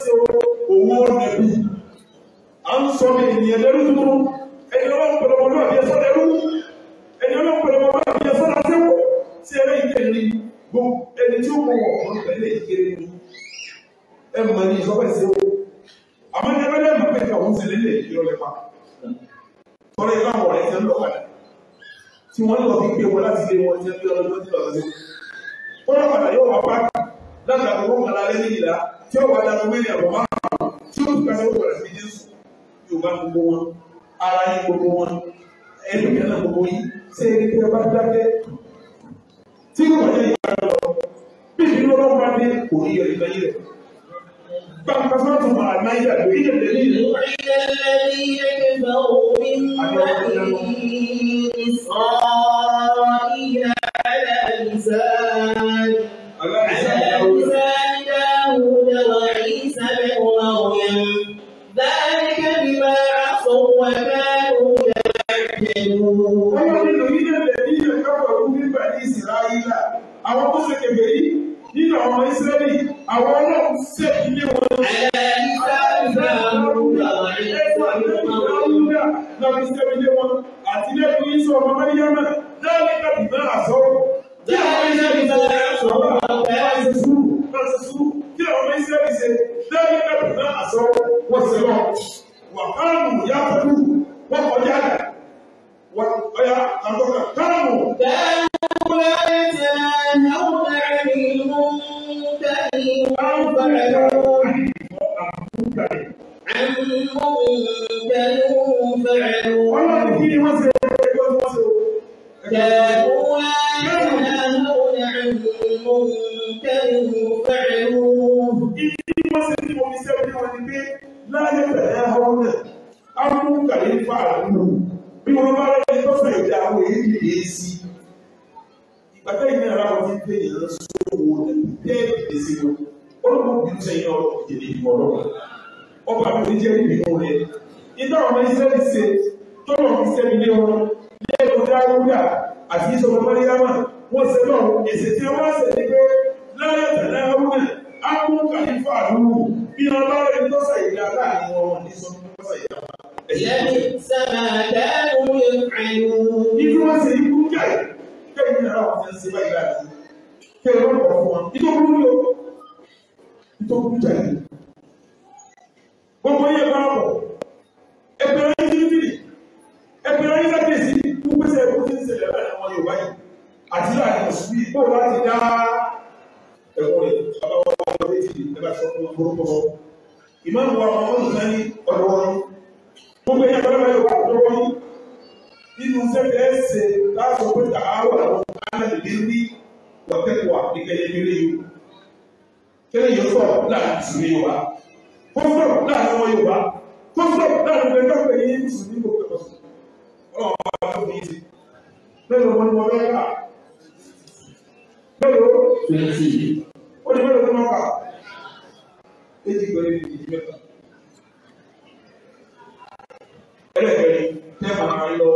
máa ra yín lọ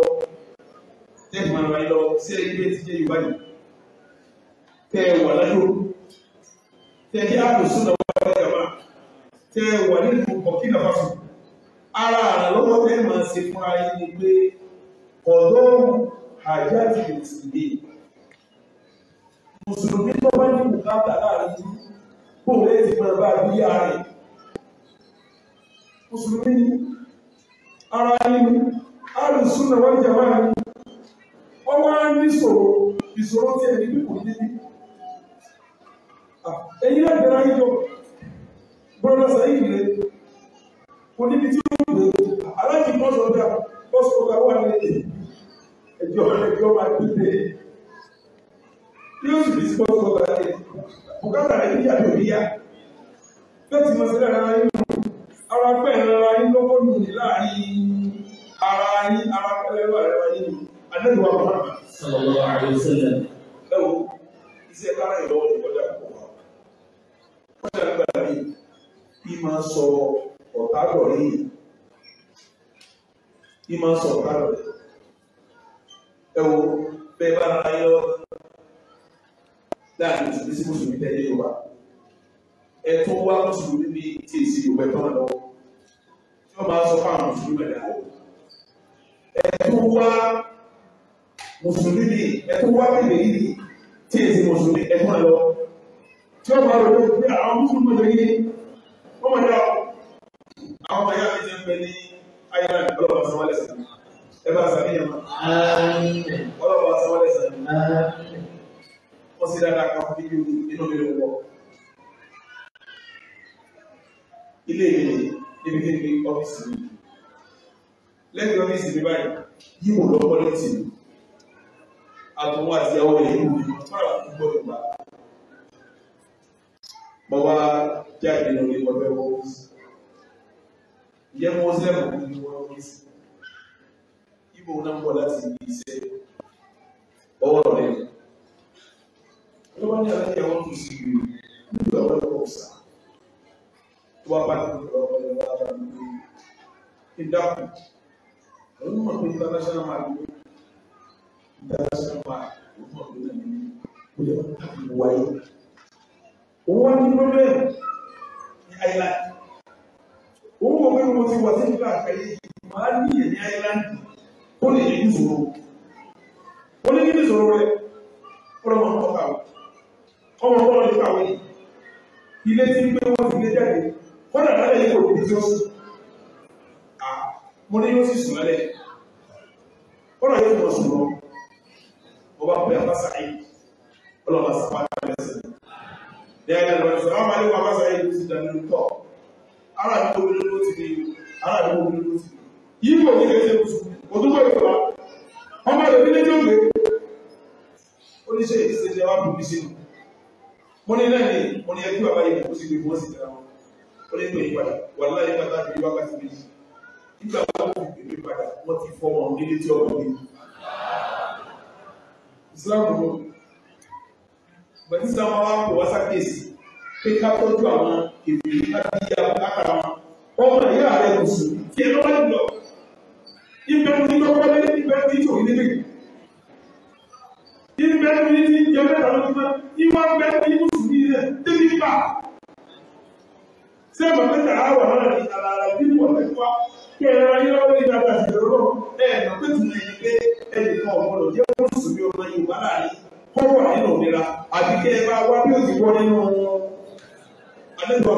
tẹ́ẹ̀tì máa ra yín lọ sí ẹ̀yìn bí ti jẹ́ yorùbá yìí tẹ́ ẹ wà lájò tẹ́ ẹ jẹ́ àkóso náà wà lájò àbá tẹ́ ẹ wà nínú Burkina Faso ara àràlọ́wọ́ tẹ́ ẹ máa ṣe fúnra yín ni pé ọ̀dọ́ àjá ti lè sì lè mùsùlùmí tó bá ní bùkátà láàrin jù bóun lè ti máa bá bí ara rẹ̀ mùsùlùmí ara yín alùsùnà wọ́n jẹ́ máa ní wọ́n wá níṣòro ìṣòro tí ẹni bí kò ní bí. èyí ah, náà dára yíyọ bọ́lá sàyìn rẹ̀ kò níbi tí ó ń lò aláàjì mọ́sọ̀ dá bọ́sọ̀ dá wà ní èdè ẹjọ́ ẹjọ́ máa bí bẹ́ẹ̀ yóò sì bí bọ́sọ̀ dá yẹ bùkátà rẹ̀ níyà tó níyà bẹ́ẹ̀ tí mo ṣe dára yín ara pẹ́ẹ́n ara yín lọ́kọ́ nù ní láàrin ara yín ara ẹlẹ́wà ẹ̀rọ yín ni anẹ́lùwà mọ́hàmà. sọlọ́wọ́ àdéhùsẹ́lẹ̀. ẹ̀wọ̀ iṣẹ́ kára ìlọ́wọ́ ni kọjá kò wá. kọjá gbà mí bí máa sọ ọ̀tá lọ̀ rí bí máa sọ ọ̀tá lọ̀ rí. ẹ̀wọ̀ bẹ́ẹ̀ bá ara yín lọ láàrin ìṣòro sí mùsùlùmí tẹ̀lé yorùbá ẹ tó wá mùsùlùmí ní tí èsì yorùbá ẹ tó lọ tí wọ́n máa sọ fáwọn mùsùlùmí ẹ̀dá ẹkú wá mùsùlùmí ni ẹkú wá bèbè yìí tí èsì mùsùlùmí ẹkú àlọ tí wọn bá rògbò pé àwọn mùsùlùmí ló yé wọn mọ dáa àwọn ọmọ yàrá ìjẹun bẹ ní ayé náà ọlọpàá sanwó lẹsẹ ẹ bá sàmì yẹn mọ ọlọpàá sanwó lẹsẹ wọn sì dáadáa kan fún bíbí inú mi ló wọ ilé ìlú ibi tí ń ọfíìsì mi lẹ́yìn ọ́fíìsì mi báyìí yíwò lọ́pọ̀ létí àtòun àti ìyàwó rẹ̀ yíwò fara gbogbo ìgbà mo wá jáde lórí ọbẹ̀ wọ́n ìyẹn mo sẹ́wọ̀n ní wọ́n wọ́n sí yíwò náà ń bọ̀ láti iṣẹ́ ọwọ́ rẹ̀ lọ́wọ́ ní aláìyá wọn kò sí ìlú nígbà wọn lọ́wọ́ sá wọ́n bá ní ọ̀rọ̀ ọ̀rọ̀ ọ̀rọ̀ ọ̀rọ̀ ìdáhùn òun mọ̀ pé international mark ló international mark òun mọ̀ pé náà ní kó lè wáyé òun wá ní problem ní Ireland òun mọ̀ pé mo ti wà sí ìlú àgbáyé yìí màá ní èmi Ireland ó lè ní ìṣòro ó lè ní ìṣòro rẹ ó lọ́mọ ọmọ ọ̀gá ọmọ ọmọ ọ̀gá ìgbà wẹ̀ ilé tí ń gbé wọn ti gbé jáde kọ́nà lálẹ́ yìí kò ní bí tí ó sì mo ní yóò sì sùn lálẹ́ ó náà yóò mọ̀ sùn lọ mo bá pè àbáṣà yìí ọlọ́ba sàpá lẹ́sẹ̀ dẹ́gbẹ́ lọ́dún sọ àwọn àlewà àbáṣà yìí ló ti dànù tọ̀ ara mi tóbi ló ti di ara mi tóbi ló ti di yìí kò ní kẹsẹ̀ kùsù òdúgbò yorùbá ọmọ rẹ̀ nílé tó gbé oníṣẹ́ ìṣẹ́ ìṣẹ́ wa bù mí sínú mo ní náà ni mo ní ẹbí bàbá yìí kò sí gbé bọ́ọ̀sì dára wọn ó ní pè é padà wà láyé pátá nígbà wọn fi tèmi padà wọn ti fọmọ nílé tí ọmọ mi. Islam ló bàtísà máa wá kó wá sákèsì pé ká tọ́jú àwọn èdè lábíyá lákàrà wọn ọmọ ìyá rẹ kò sùn kí ẹ lọ́wọ́ jùlọ ibẹ̀ ní lọ́wọ́ lé ibẹ̀ ní tòun nílé ibẹ̀ ní ti jẹ mẹ́ta lójúmọ́ ìwà bẹ́ẹ̀ ní mùsùlùmí rẹ̀ débi nípa sẹ́wọ̀n mẹ́ta àwọn ọ̀rọ̀ ní àlàyé wọ̀lẹ́wà kí ẹ ra yín lọ́wọ́ ní dáadáa sí ìdọ́rọ́ ẹ ẹ̀ pé tì náà yín pé ẹnìkan ọ̀gbọ́dọ̀ jẹ́ mùsùlùmí ọmọ Yorùbá láàrin kó wà nínú òmìnira àbí kí ẹ bá wá bí ó ti wọ́ nínú adébọ̀mọ́.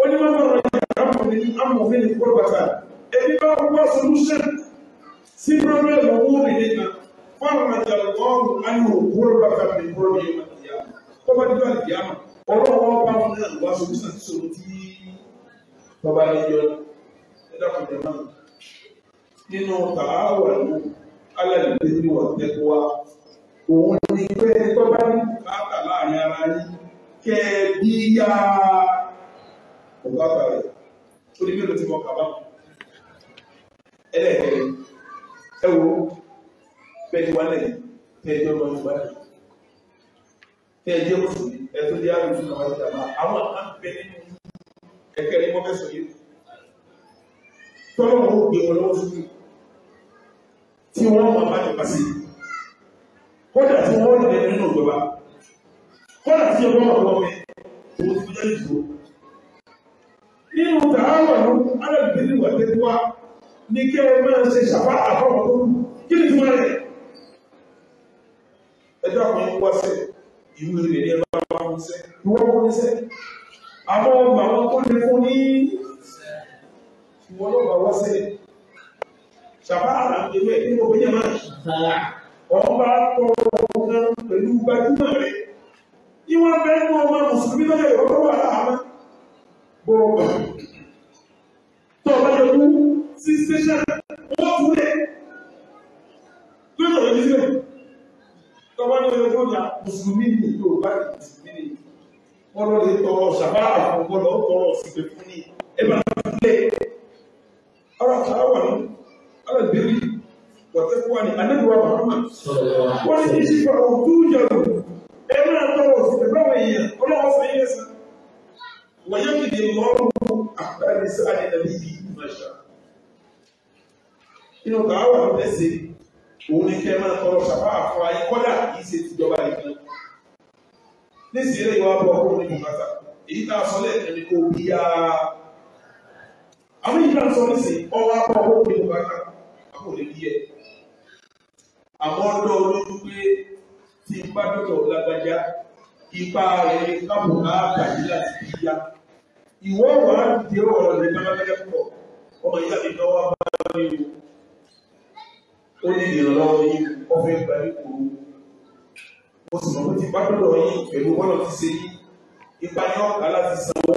ó ní wọ́n bọ̀rọ̀ yìí amòfin ní kó bàtà ẹbí bá wá solution sí problem owó òmìnira fáwọn àjàlùkọ́ àyè òkú bàtà ní problem ìyá kó bá dé ọ̀rọ̀ ọ̀pá wọn náà wá solution tọ́ba ní yọ ẹ̀dàkùn jẹ̀mọ́ nínú tààwọ̀ ní alẹ́lẹ́dẹ́ ní wọ̀ tẹ́kọ̀wá òun ni pé tọ́ba ní bùkátà láàrin ara yín kẹ́ ẹ bí yá bùkátà rẹ̀ ó ní mélòó tí mo kà bá ẹlẹ́ẹ̀kẹ́rẹ́ ẹ wo bẹ́ẹ̀ wálẹ̀ tẹ́jọ́ lọ gbà tẹ́jọ́ kùsùn ẹ̀ tó dé àrùn fún àwọn ìjàmbá àwọn kan nínú ẹ̀kẹ́ ní mọ́fẹ́sọ̀ yìí tọ́lọ́ wọn ó gbé wọn lọ́wọ́ sókè tí wọ́n máa bá nípa sí kódà tí wọ́n lè nínú ìjọba kódà tí ọgbọ́n ọ̀pọ̀ mi tó ti jẹ́ ìdúró nínú tààrọ̀ alábìnrin wà tẹ́tí wá ní kí ẹ máa ṣe ṣàfá àfọwọ́ tó kù kí ni túmọ̀ rẹ̀ ẹjọ́ àwọn ẹni wá sẹ́ ìwúrí rẹ̀ ní ẹ bá wọn sẹ́ ìwọ́n wọn sẹ́ àwọn ọgbà àwọn tó lè fún ní wọn lọ́gbà wọ́n sílẹ̀ ṣàbá àlàndéwé nínú obìnrin máa ọ̀n bá tọrọ ọ̀gán pẹ̀lú gbajúmọ̀ rẹ̀ ní wọ́n bẹ́ẹ̀ ní ọmọ mùsùlùmí lọ́yẹ̀ ọ̀rọ̀ wà láàmú gbọ́ọ̀gbà tó ọba yọ kú sí station wọ́n fún lẹ̀ lórí ọ̀rọ̀ yìí sílẹ̀ tọ́wọ́ ní ọjọ́ ìjà mùsùlùmí ni yóò bá mùsùlùmí ni wọ́n lọ́ọ́ lè tọrọ ṣàbá àwọn ọgbọ́dọ̀ ó tọrọ sípè fún ni ẹ máa ń lé ọ̀rọ̀ àtàwọn ní ọ̀rọ̀ ìbírí wọ̀tẹ́kùwá ni anáwó Muhammad wọ́n ní ìṣí fa òkú jọ̀rọ̀ ẹ máa tọrọ sípè fáwọn èèyàn ọlọ́wọ́ fún yín lẹ́sàn wọ́n yẹ́ kìdí lọ́rùn àtàrí sáà ní nàbí yìí máa ṣá inú kàáwà ló fẹ́ ṣe òun ní kẹ́ máa tọrọ ṣàbá àfọ ayé kọ́dà kì í ṣe tìjọba nìkan nísìnyí lè wá bọ̀ ọkọ̀ nínú bàtà èyí tá a sọ lẹ́ẹ̀kan ní kò bí yá. àwọn ìgbà sọ nísìnyí ọwọ́ apá ọkọ̀ nínú bàtà àpò lè bí yẹ. àmọ́ ọdọ́ olójú pé tí n bá dọ̀tọ̀ lágbájá ipa rẹ̀ kábò á bàjẹ́ láti bí yá. ìwọ́ wàá dìde ọ̀rọ̀ rẹ̀ lágbájá pọ̀ ọmọ ìyá mi lọ́wọ́ bá mi o. ó ní ìrànlọ́wọ́ yìí ọ mo sì mọ̀ pé ti gbàdúrà yín pẹ̀lú bọ́lọ̀ ti ṣe yín ipa ní ọ̀kà láti san owó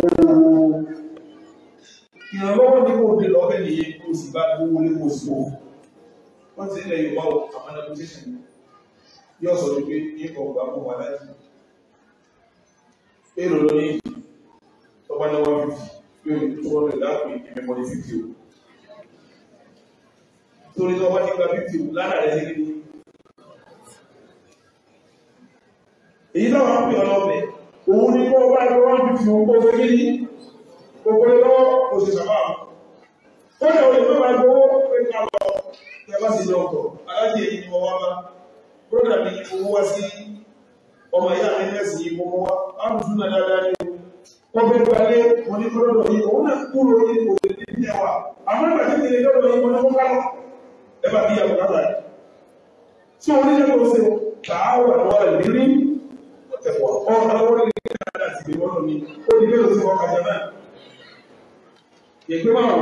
ìrànlọ́wọ́ ní kò dé lọ́bẹ̀ nìyẹn kó o sì bá gbówó lé kó o sì wò wọ́n ti ilẹ̀ Yorùbá o àwọn negotiation yóò sọ wípé ní ọgbà kó wà láti èrò lónìí tọ́gbà náà wà fífi yóò ní tó wọ́n lè dáàbò ìdílé mọ́lẹ́ fífi o torí tọ́gbà fífi o lára rẹ̀ èyí táwọn ń pè ọ̀nà ọbẹ̀ òun ni kó bá ẹgbẹ́ wọn fi fi owó fẹ́ yí gbogbo lọ́wọ́ oṣù sàmà kódà olè tó máa gbowó pé ká lọ ẹ bá sì lọ́kọ̀ aláàjì èyí ni wọ́n wá bá kódà ní owó wá sí ọmọ ìyá mi mẹ́sì yìí gbogbo wa á ń tún náà dáadáa ní wọ́n fẹ́ gbalẹ̀ wọn ní kọ́dọ̀ yìí òun náà kúrò ní òde ní ilé wa àmọ́ ìgbà tí kìnìún lọ́dọ̀ yìí wọn ní kó ká lọ ẹ bá bí ìyàwó ká láyé tí wọn ní ẹ̀fọ́ ọ̀hún àwọn orí ní kàdá àti ìgbé wọ́n ní ó ní bẹ́ẹ̀ sí ọkà jẹ́ náà ìpín máa wọ̀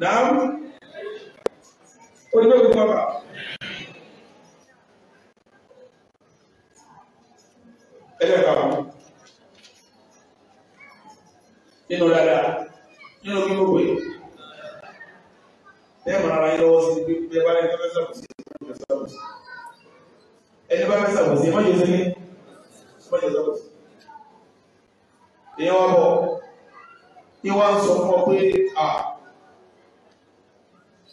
náà ó ní bẹ́ẹ̀ sí ọkà. ẹlẹ́ka wọn nínú dáadáa nínú bí gbogbo yìí bẹ́ẹ̀ máa ra yín lọ́wọ́ sí pé bẹ́ẹ̀ bá yẹn tó fẹ́ sàbòsí ẹni bá fẹ́ sàbòsí ẹ má yẹ sílé mọ́lẹ̀ èèyàn bọ̀ ní wọ́n sọ fún ọ pé à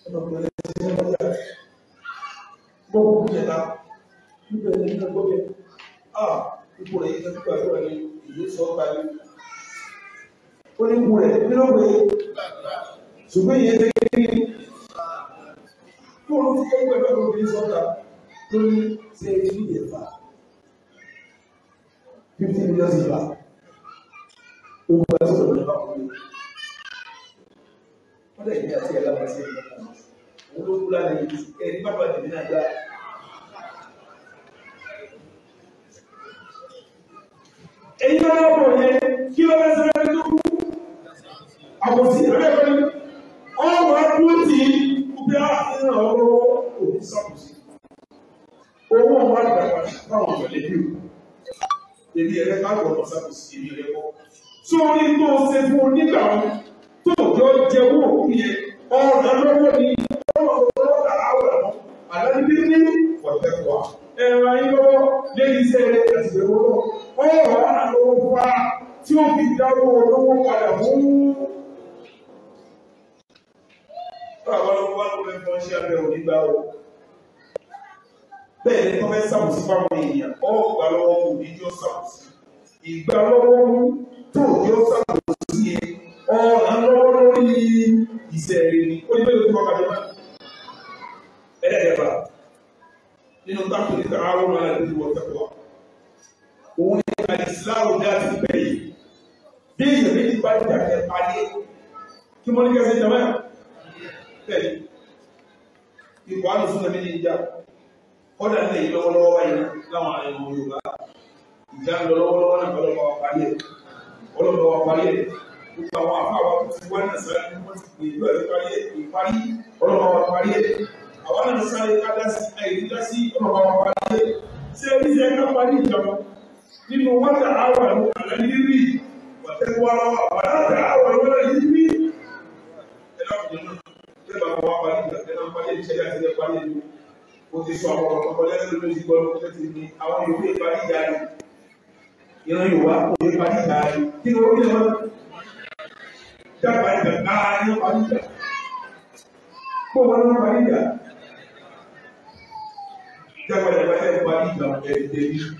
ọmọkùnrin ti ń bọ́lá gbọ́kùn jẹta níbẹ̀ ní ìgbàgbọ́ jẹ à ipò rẹ̀ yíká pípa ìlú sọ gbàgbé ó ní ipò rẹ̀ nínú pé ṣùgbọ́n ìyẹn lé ní kó ló ti kẹ́kọ̀ọ́ ẹgbẹ́ lóbi sọ́ta lórí ṣe ìdílé fà fifty million silver owó ẹsẹ tó lè bá wọn lé wọn lè ní àti ẹlẹ wọn sí ẹgbẹ náà wọn ló kú lára yìí ẹni bá bàjẹ́ ní àgbà. èyí ló lọ́wọ́ bọ̀ yẹn kí ló fẹ́ sẹ́yìn tó kú àkòsí ẹgbẹ́ kan ọmọ ẹkún tí kúbẹ́ àfihàn ọwọ́ òbí sàkóso owó wọn àgbà pàṣẹ fáwọn ọ̀lẹ́bí o èmi ẹ̀rẹ́ ká wọ̀ ọ̀sán kò sí èmi ẹ̀rẹ́ kọ́. tó o ní tó o ṣe fún o nígbà wọn tó o jọ jẹ owó òkú yẹn ọ̀ràn lọ́wọ́ ni ọlọ́ọ̀dà àwọ̀ ẹ̀mọ́ àlọ́dé ní ọ̀tẹ̀kọ̀ ẹ̀rọ ayé lọ́wọ́ lẹ́yìn iṣẹ́ rẹ̀ ẹ̀sìn ìwọ lọ́wọ́ ọ̀rọ̀ àlọ́wọ́ fún wa tí ó fi dáwọ́ olówó padà fún. báwo ló wá lọ́wọ́ ẹ̀fọn ṣe abẹ́ òní gbà wọ́n bẹ́ẹ̀ ni tọ́fẹ́ sàbòsí fáwọn èèyàn ọgbà lọ́wọ́ mú ní jọ sàbòsí ìgbà lọ́wọ́ mú tó jọ sàbòsí yẹn ọ̀ràn lọ́wọ́ lórí ìṣẹ̀rẹ̀ ni ó ní bẹ́ẹ̀ ló ti kọ́ka jọba ẹ̀ẹ́dẹ̀gbà nínú táàkì níta àwọn ọmọ aláàbí wọ tẹ́kọ̀ọ́ òun ni àìsíláwò dá ti bẹ̀ yìí bí ìyẹn méjì bá jà kẹ́ pàdé kí mọ́níkẹ́sì jàmáà bẹ́ẹ̀ ni ìwà àlùfáà méjì ń jà kọ́dà nílẹ̀ yìí lọ́wọ́lọ́wọ́ báyìí láwọn àyẹ̀wò Yorùbá ìjà ń lọ lọ́wọ́lọ́wọ́ náà pẹ̀lú ọmọ parí ẹ̀ ọlọ́mọ wa parí ẹ̀ gbogbo àwọn àfáwà tó ti wá náà sáré ní wọ́n ti pè ìlú ẹ̀ parí ẹ̀ ìparí ọlọ́mọ wa parí ẹ̀ àwọn náà sáré ká dá sí ẹ̀yìn dá sí ọlọ́mọ wa parí ẹ̀ ṣé ẹni ṣe ká parí ìjọba nínú wákà àwọn àwọn àlàyérí wàtẹ́wọ́ àwọn àbáláta àwọn ọlọ́dà yìí rí ẹ̀ mo ti sọ àwọn ọ̀rọ̀ kọjá lẹ́nu ló ti gbọ́ ló ti ní àwọn ìwé ìparí ìjà rẹ̀ ìran Yorùbá kò ní parí ìjà rẹ̀ kí ni orí wọn dábàá ìjà náà ní parí ìjà kó wọn ní parí ìjà dábàá ìjà bá fẹ́ parí ìjà ẹ̀ẹ́dẹ́gbẹ̀rún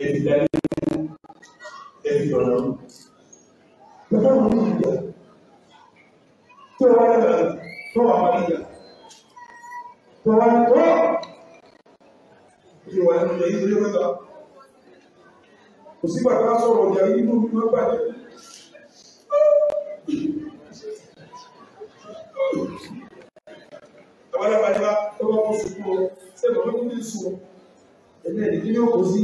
ẹ̀ẹ́dẹ́gbẹ̀rún ẹ̀ẹ́dẹ́gbẹ̀rún bàbá wọn ní ìjà tí wọn wá lọ́wọ́ tó wà parí ìjà tó wá tó yóò wá nínú ẹ̀yìn lórí mẹ́ta kò sí bàbá sọ̀rọ̀ ọjà yìí nínú ìlú gbàdé. àbálàbàdà tó bá kó sùn kúrò ṣé bàbá kó ní sùn ẹ̀mí ẹ̀dí ní òkò sí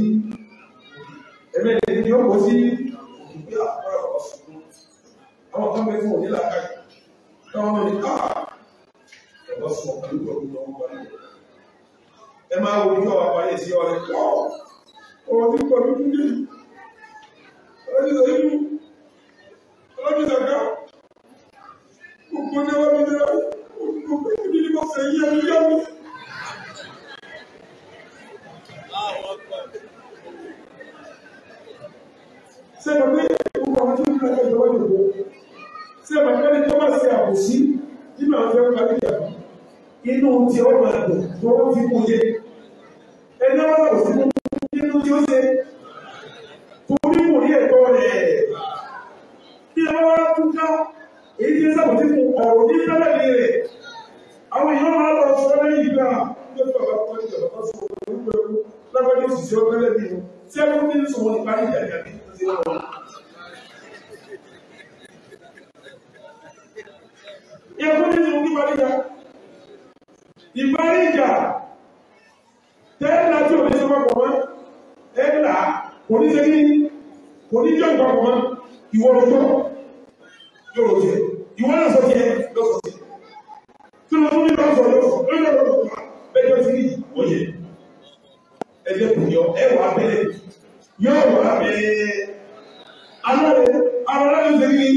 ẹ̀mí ẹ̀dí ní òkò sí ìgbé àkọ́rọ̀ ọ̀sùn àwọn kan bẹ fún òní làkàyè táwọn ọmọ ní káà ọ̀sọ̀ pẹ̀lú ọ̀rọ̀ ọ̀pọ̀lọpọ̀ ẹ máa wo ojú ọ̀wà parí sí ọ̀rẹ́ pọ̀ ọ̀rọ̀ tí pọ̀ lójú ní ọlọ́dúnṣe inú ọlọ́dúnṣe ọ̀gá gbogbo ní wọ́n bí lọ gbogbo ìdí ní bọ́sẹ̀ yí ẹni yá mi. ṣé mo gbé gbogbo àwọn tí wọ́n ń lọ ẹgbẹ́ ìjọba yòókù ṣé mo gbé ní tó bá ṣe àbòsí nínú àwọn ẹgbẹ́ ìjọba inú tí ó máa dùn tó ó fi kú yé ẹni wọn kò sí nínú tí ó ṣe torí kò rí ẹ̀kọ́ rẹ̀ bí ẹ wá tún ká èyí tí ń sábà tí mo ọ̀rọ̀ ní tẹ́lẹ̀ mi rẹ̀ àwọn èèyàn máa lọ sọ lẹ́yìn ìgbà tó tó àwọn ọmọ ìjọba tó sọ wọn ní pẹ̀lú lábẹ́jọ́ sì sí ọgbẹ́ lẹ́bi wọn tí ẹ kún nínú sọ wọn nípa ní ìyàgbẹ́ bí ó ti wọn. ìyàgbẹ́ nínú nípa nígbà ìparí ìjà tẹ́lá tí òní sọ́kọ̀ pọ̀ mọ́ ẹ̀là kò ní ṣe kí kò ní jọ ìgbà pọ̀ mọ́ ìwọ ló tọ́ yóò jẹ ìwọ náà sọ jẹ ló sọ jẹ tí wọn tún ní bá sọ ló sọ lórí ọ̀rọ̀ tó kà bẹ́ẹ̀ tí ní ìwọ yẹ ẹgbẹ́ kò yọ ẹwà abẹ́lẹ̀ yóò wà abẹ́lẹ̀ alọ́ ara ló ṣe kí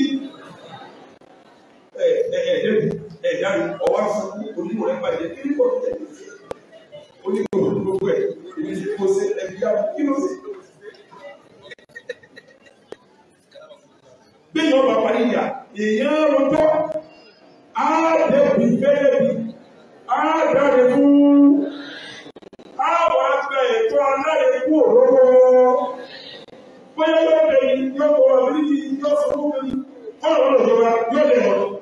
ẹ ẹ ẹ ẹ̀dá mi ọwọ́ fún onímọ̀ rẹ̀ bàjẹ́ kí ni kò tó tẹ̀lé onímọ̀ rẹ̀ gbogbo ẹ̀ èmi ti kó sí ẹbí àwọn kí ló sì. bí yóò parí ìyá èèyàn rojọ́ á dẹ̀bi fẹ́ẹ́ bi á dáre fún á wà bẹ ètò aláìlẹ̀ kú òróró bóyá yóò bẹ̀yìn yóò bọ̀ ọ̀bí yóò fọwọ́ bẹ̀yìn kọ́ ọ̀rọ̀ ìjọba yóò lè mọ̀.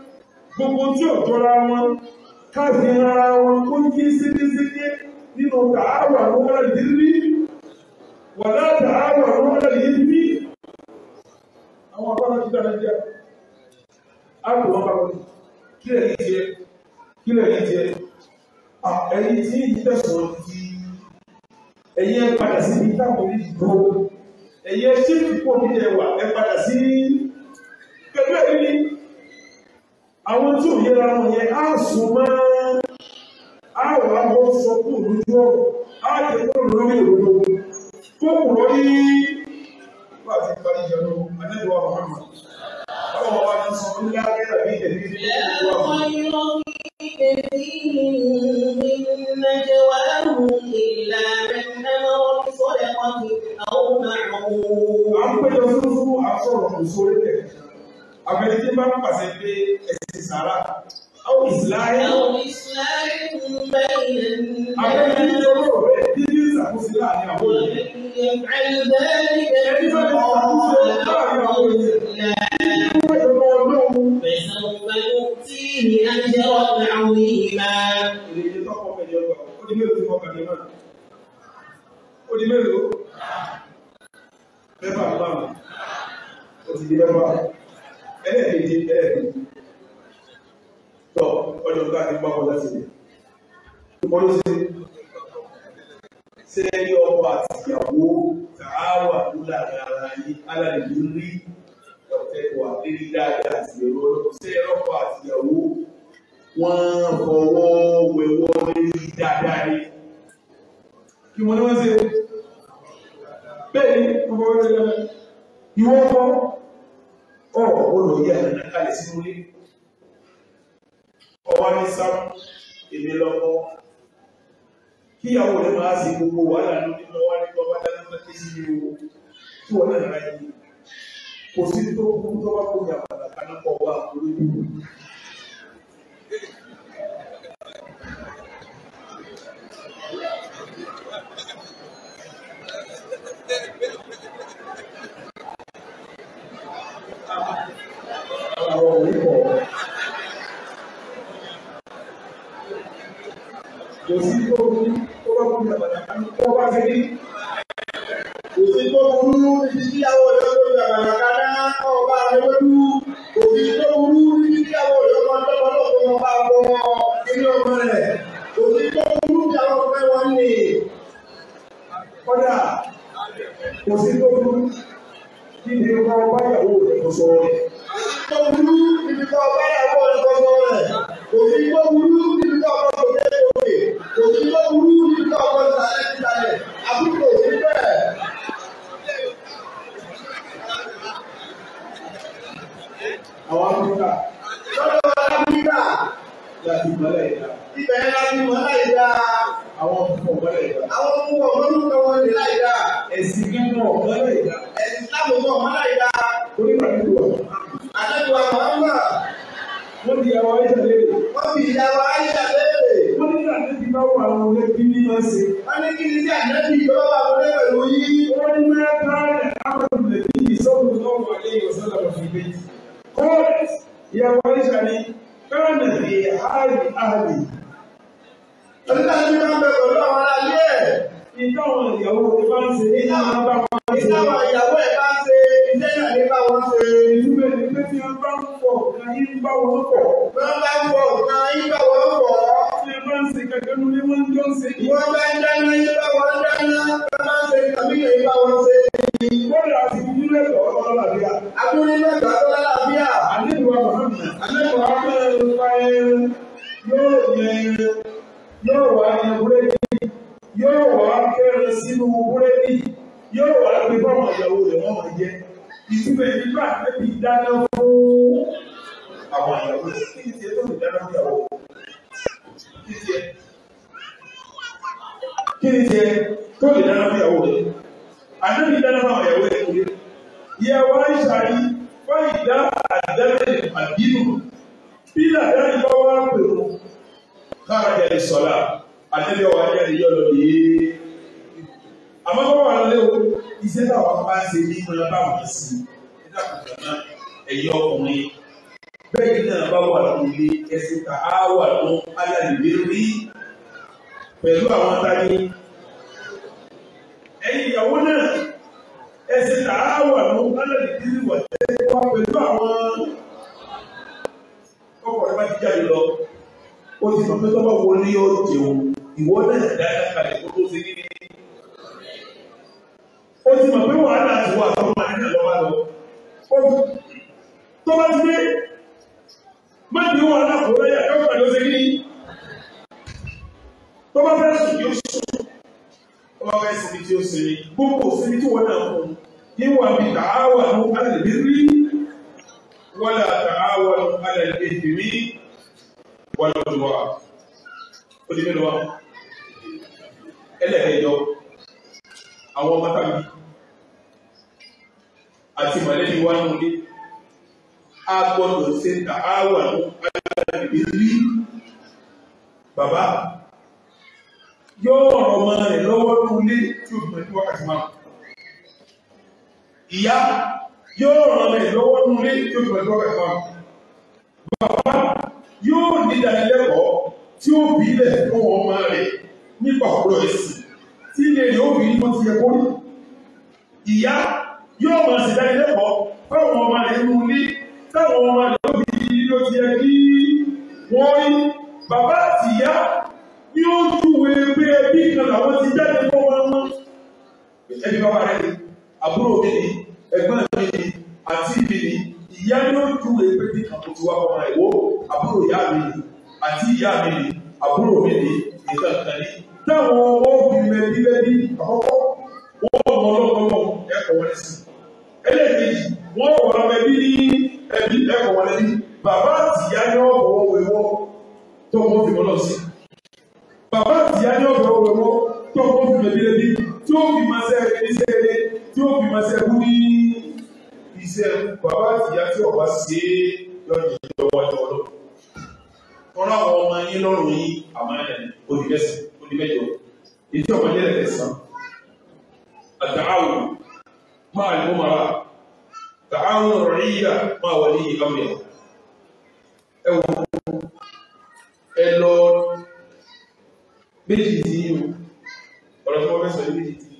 gbogbo tí ò jọra wọn káàsì ara wọn kó ń kí sídísídí nínú kàáwà lọ́wọ́ ìdílé wàlá kàáwà lọ́wọ́ ìdílé àwọn ọ̀pọ̀lọpọ̀ ti dára jẹ́ àpò wọn bá wọn kí lè yí jẹ kí lè yí jẹ ẹ̀yin tí yí tẹ̀sán di ẹ̀yin ẹ̀ padà sí ibi táwọn orí dúró ẹ̀yin ẹ̀ ṣé kíkó mi yẹ wà ẹ̀ padà sí pẹ̀lú ẹ̀yin àwọn tí ò yẹra wọn yẹn á sùn mọ́ á wà á bọ́ sọ kú lójú ọ̀rọ̀ á jẹ kó lórí òdodo kó kù lórí wà á ti parí ìyẹn lọ anáyẹwò àwọn ọmọ àwọn ọmọ wa ti sọ ní lágbára bí ìdẹ̀bí ní ìlú àwọn. Àwọn péjọ fúnfún àtọ̀rọ̀ kò sórí tẹ̀ àbẹ̀rẹ̀ tí bá ń pàṣẹ pé ẹ̀sìn sàrà àwọn ìsìláyé àbẹ̀rẹ̀ tí ó rò rẹ̀ tí ní ìṣàkóso láàrin àwọn òye ẹni tí ìrìnàjò ọ̀gá àwọn ìlà. ní mélòó tí wọ́n kàdé náà? Ó ẹlẹ́ẹ̀kejì ẹlẹ́ẹ̀kejì tọ ọjọ́ nǹkan àti pápọ̀ láti rẹ̀ wọ́n ló ṣe ṣe ẹni ọkọ àti ìyàwó tààwà lóla ara yìí alàlejò rí ọ̀tẹ̀wà lérí dáadáa àti ẹ̀rọ ṣe ọkọ àti ìyàwó wọ́n fọwọ́ wẹ̀wọ́ lérí dáadáa ni kí wọ́n ní wọ́n ṣe bẹ́ẹ̀ ni wọ́n fọwọ́ lérí dáadáa ìwọ́n fọ́ ọ̀rọ̀ wo ló yẹ ẹ̀rọ kalẹ̀ sínú ilé ọwọ́ ní sáà èmi lọ́kọ́ kíyàwó rẹ̀ máa ṣe gbogbo wàhálà lórí lọ́wọ́ ní bọ́ bá dáná tó ké sí ní o tí wọ́n náà ráyè kò sí tó kú tó bá kó yàrá bàbá náà pọ̀ wá òwe pọ̀. Kò sí tó burú tó bá burú làbàtà tó bá ti rí. Kò sí tó burú níbi tí àwọn ọ̀dọ́ tó lè làbàtà ká ná ọba àlewédú. Kò sí tó burú níbi tí àwọn ọ̀dọ́ kan tọ́kọ náà tó wọn bá bọ̀ wọn nínú ọmọ rẹ̀. Kò sí tó burú tí àwọn ọ̀pẹ wọn nì. Kọ́dà kò sí tó burú kí ni wọ́n bá yàwó rẹ̀ kó sọ. ìyàwó ti bá ń ṣe ní àwọn bá wọn ṣe. ní àwọn ìyàwó ẹ̀ bá ń ṣe iṣẹ́ náà ní bá wọn ṣe. ìtumọ̀ ní pé tí wọ́n bá ń pọ̀ nǹkan yín ń bá wọn pọ̀. wọ́n bá ń pọ̀ nǹkan yín bá wọn pọ̀. tí wọ́n bá ń ṣe kankan ní wọ́n ń jọ ń ṣe. wọ́n bá ń dáná yín bá ẹ wò ẹ lọ méjì tí yìí o ọ̀rọ̀ tí wọ́n fẹ́ sọ méjì tí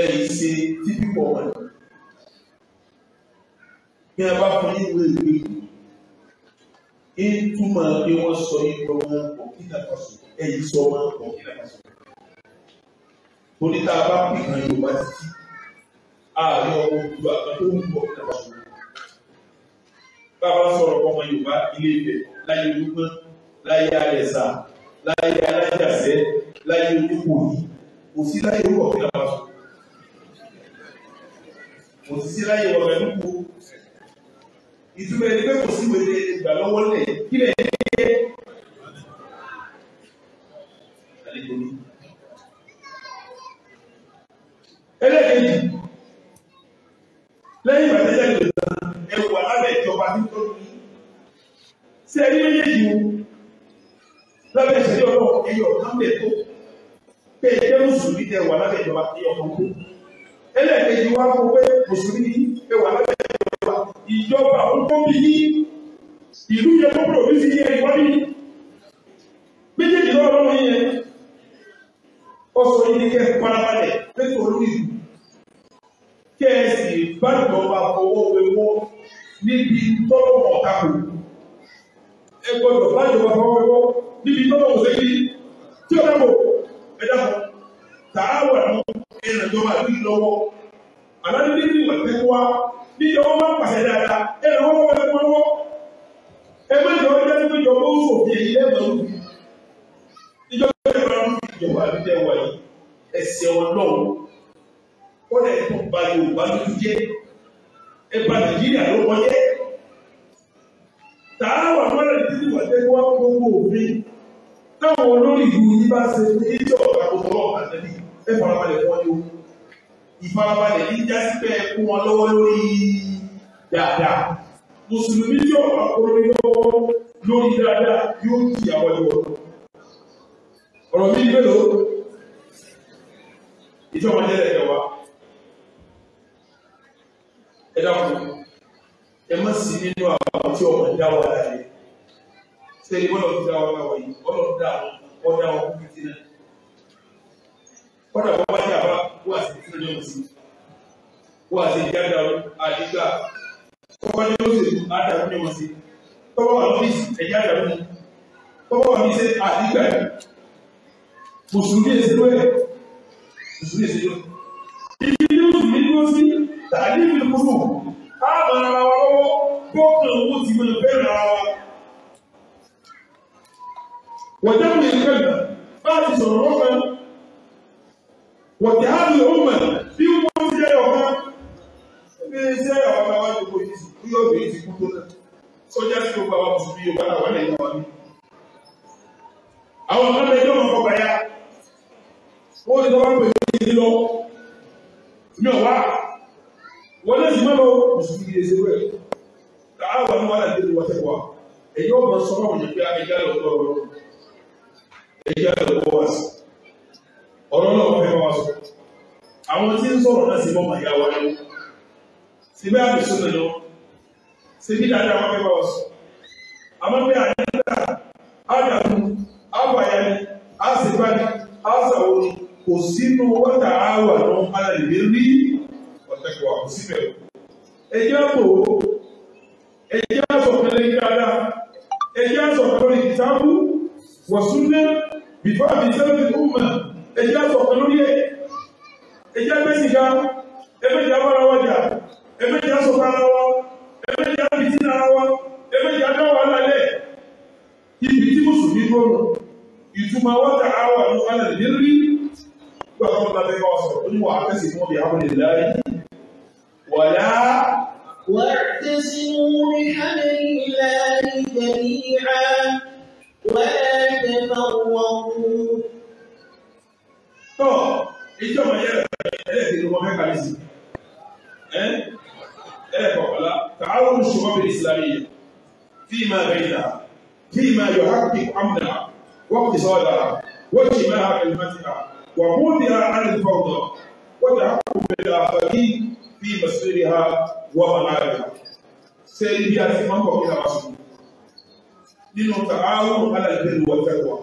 ẹ yìí ṣe tíbí pọ̀ wọn bí a bá fún yín ìwé ìwé yìí túmọ̀ pé wọ́n sọ yín pé wọ́n kò kí n kà sọ ẹ yìí sọ wọn kò kí n kà sọ torí tá a bá pè kan àárín ọmọ òdùdó tó ń bọ̀ kí n kà sọ bàbá sọ̀rọ̀ ọmọ Yorùbá ilé Ifẹ̀ láyé olúgbọ́n láyé àrẹ̀sà láyé alájàsẹ́ láyé olúkò yìí kò sí láyé owó ọ̀gbìn àpapọ̀ kò sí sí láyé ọ̀gbìn àdúgbò ìtumọ̀ ẹni pé kò sí wẹlé ìgbà lọ́wọ́ lẹ̀ kí lẹ̀ ń gbé àlejò lẹ́yìn ìgbà tẹ́jẹ́ lè tán ẹ wà lábẹ́ ìjọba tí tó ní. ṣé ẹni méjèèjì wo lábẹ́ ìṣẹ̀lẹ̀ ọ̀rọ̀ ẹ̀yọ̀ kan lè tó pé ẹgbẹ́ mùsùlùmí tẹ wà lábẹ́ ìjọba ẹ̀yọ̀ kan kú. ẹlẹ́ẹ̀kejì wá fún pé mùsùlùmí ẹ wà lábẹ́ ìjọba ìjọba olùkọ́bí yìí ìlú yẹ kó pọ̀ bíi yẹ ìwádìí yìí méjèèjì lọ́wọ́ lọ́wọ́ yẹn ọ̀sọ̀ yìí ni kẹ́ ẹ̀ parabalẹ̀ pé kẹ́ẹ̀sì gbàdúrà fọwọ́ wẹwọ́ níbi tọ́lọ́wọ́ kakò ẹ gbọ́dọ̀ gbàdúrà fọwọ́ wẹwọ́ níbi tọ́lọ́wọ́ sẹ́kì tí ó dábò ẹ dábò tààwà ní ìrìnàjọba àti ìlọ́wọ́ àlàyé ní ìwà tẹ́kọ́wá níjọ wọn máa pàṣẹ dáadáa ẹ lọ́wọ́ wọn lè pọ́n wọ́ ẹ má jọ ọjọ́ tó jọ bó sòfin èyí lẹ́gbẹ̀ẹ́ lóbi ìjọba ìjọba ìjọba àti ìjọba yìí ẹ̀sẹ̀ ọlọ́run ó lè tó ba Yorùbá lójú jẹ́ ẹ ba Nàìjíríà ló wọlé tààwà mọ́lẹ̀ títí wà jẹ́ wá gbogbo òfin táwọn olórí ìlú yìí bá ṣe ní ilé ọ̀gá gbogbo ọ̀gá tẹ̀lé ẹ farabalẹ̀ wọ́n yóò ìfarabalẹ̀ ní jásí pé ẹ kún wọn lọ́wọ́ lórí dáadáa mùsùlùmí tí ọ̀pá kórè lọ́wọ́ lórí dáadáa yóò kí àwọn ìwọ̀ ọ̀rọ̀ mi gbèrò ìjọba jẹ́rẹ̀ ẹ̀wà ẹ dákun ẹ má sí nínú àwọn tí ọmọ dá wà láàyè sẹ́yìn wọ́n lọ fi dá wọn káwọ̀ yìí a lọ dá wọn dá wọn kú kìtì náà kọ́dà wọ́n bá dà bá wọ́n àti kìtì náà sí wọ́n àti jáde àdìgbà kọ́kọ́ ní ó sì àdàrú ní wọn sí tọ́wọ́ wà ní ẹ̀yà àdàrú ní tọ́wọ́ wà ní sẹ́ àdìgbà yìí mùsùlùmí èsì lóye mùsùlùmí èsì lóye ìdílé mùsùlùmí ló sí tàbí ìlú kúrò káàmù ara wa lọ́wọ́ gbọ́dọ̀ owó ti gbọ́dọ̀ bẹ́ẹ̀ ara wa. wọ́n jẹ́ mi ìgbẹ́gbẹ́ bá a ti sọ̀rọ̀ lọ́fẹ́ wọ́n jẹ́ àmì òmùmẹ̀ bí wọ́n ti jẹ́ ọ̀gá bí iṣẹ́ ọ̀gá wa ti kó yìí sí kí obìnrin ti kú tó náà sọ́jà sí gbogbo àwọn mùsùlùmí yorùbá náà wọ́n lè yàn wọ́n ní. àwọn ọ̀gá mẹ́jọ máa fọ bàyà wọ́n ti tọ́ bá pè é lọ mi ò wá wọ́n lé sùmọ́ lọ mùsùlùmí yìí ṣe wẹ̀ àwọn ọmọ wa lè wọ́n tẹ̀ wá èyí ọmọ sọ́nà òyìn pé ẹja lọ bọ́ ọ̀rọ̀ ẹja lọ bọ́ wá sí ọ̀rọ̀ náà wọ́n fẹ́ wá sọ àwọn tí ń sọ̀rọ̀ náà sì mọ́ màá yá wa lọ síbẹ̀ àbùsùn nìyọ síbi dáadáa wọ́n fẹ́ wá sọ àmọ́ bí àyíká àdàmú àbàyẹn àṣìbáyé àṣàwọn kò sínú wọ́tà àwọn àlàyé rí àsìkò àkùsí bẹ̀rẹ̀. ẹ jẹ́ àpò ẹ jẹ́ àsọ̀kan lẹ́yìn dáadáa ẹ jẹ́ àsọ̀kan lórí ìtàkù wọ̀súnná bìfọ́ àbísẹ́lẹ̀ ìkúmọ̀ ẹ jẹ́ àsọ̀kan lórí ẹ ẹ jẹ́ àgbẹ̀sìnká ẹ méjì abára wa jà ẹ méjì àsọ̀kan ara wa ẹ méjì àbísí ara wa ẹ méjì adáwà lálẹ́ ibi tí mùsùlùmí gbọ́dọ̀ ìtumọ̀ wọ́tà àwọn àwọn alẹ́ nírí gbọ́dọ̀ tó ń bá bẹ́ẹ̀ kọ́ sọ̀rọ̀ oníwà àfẹ́sì fún ولا واعتصموا بحمل الله جميعا ولا تفرقوا تعاون الشباب الإسلامية فيما بينها فيما يحقق أمنها واقتصادها واجتماعها كلمتها وبودها عن الفوضى وتحكم بالآخرين fi masiri ha wọ ọ̀nàdà ṣe ibi àti máa ń bọ̀ kíra wàásù nínú tààrùn alàgbèrè wọ́tẹ́wà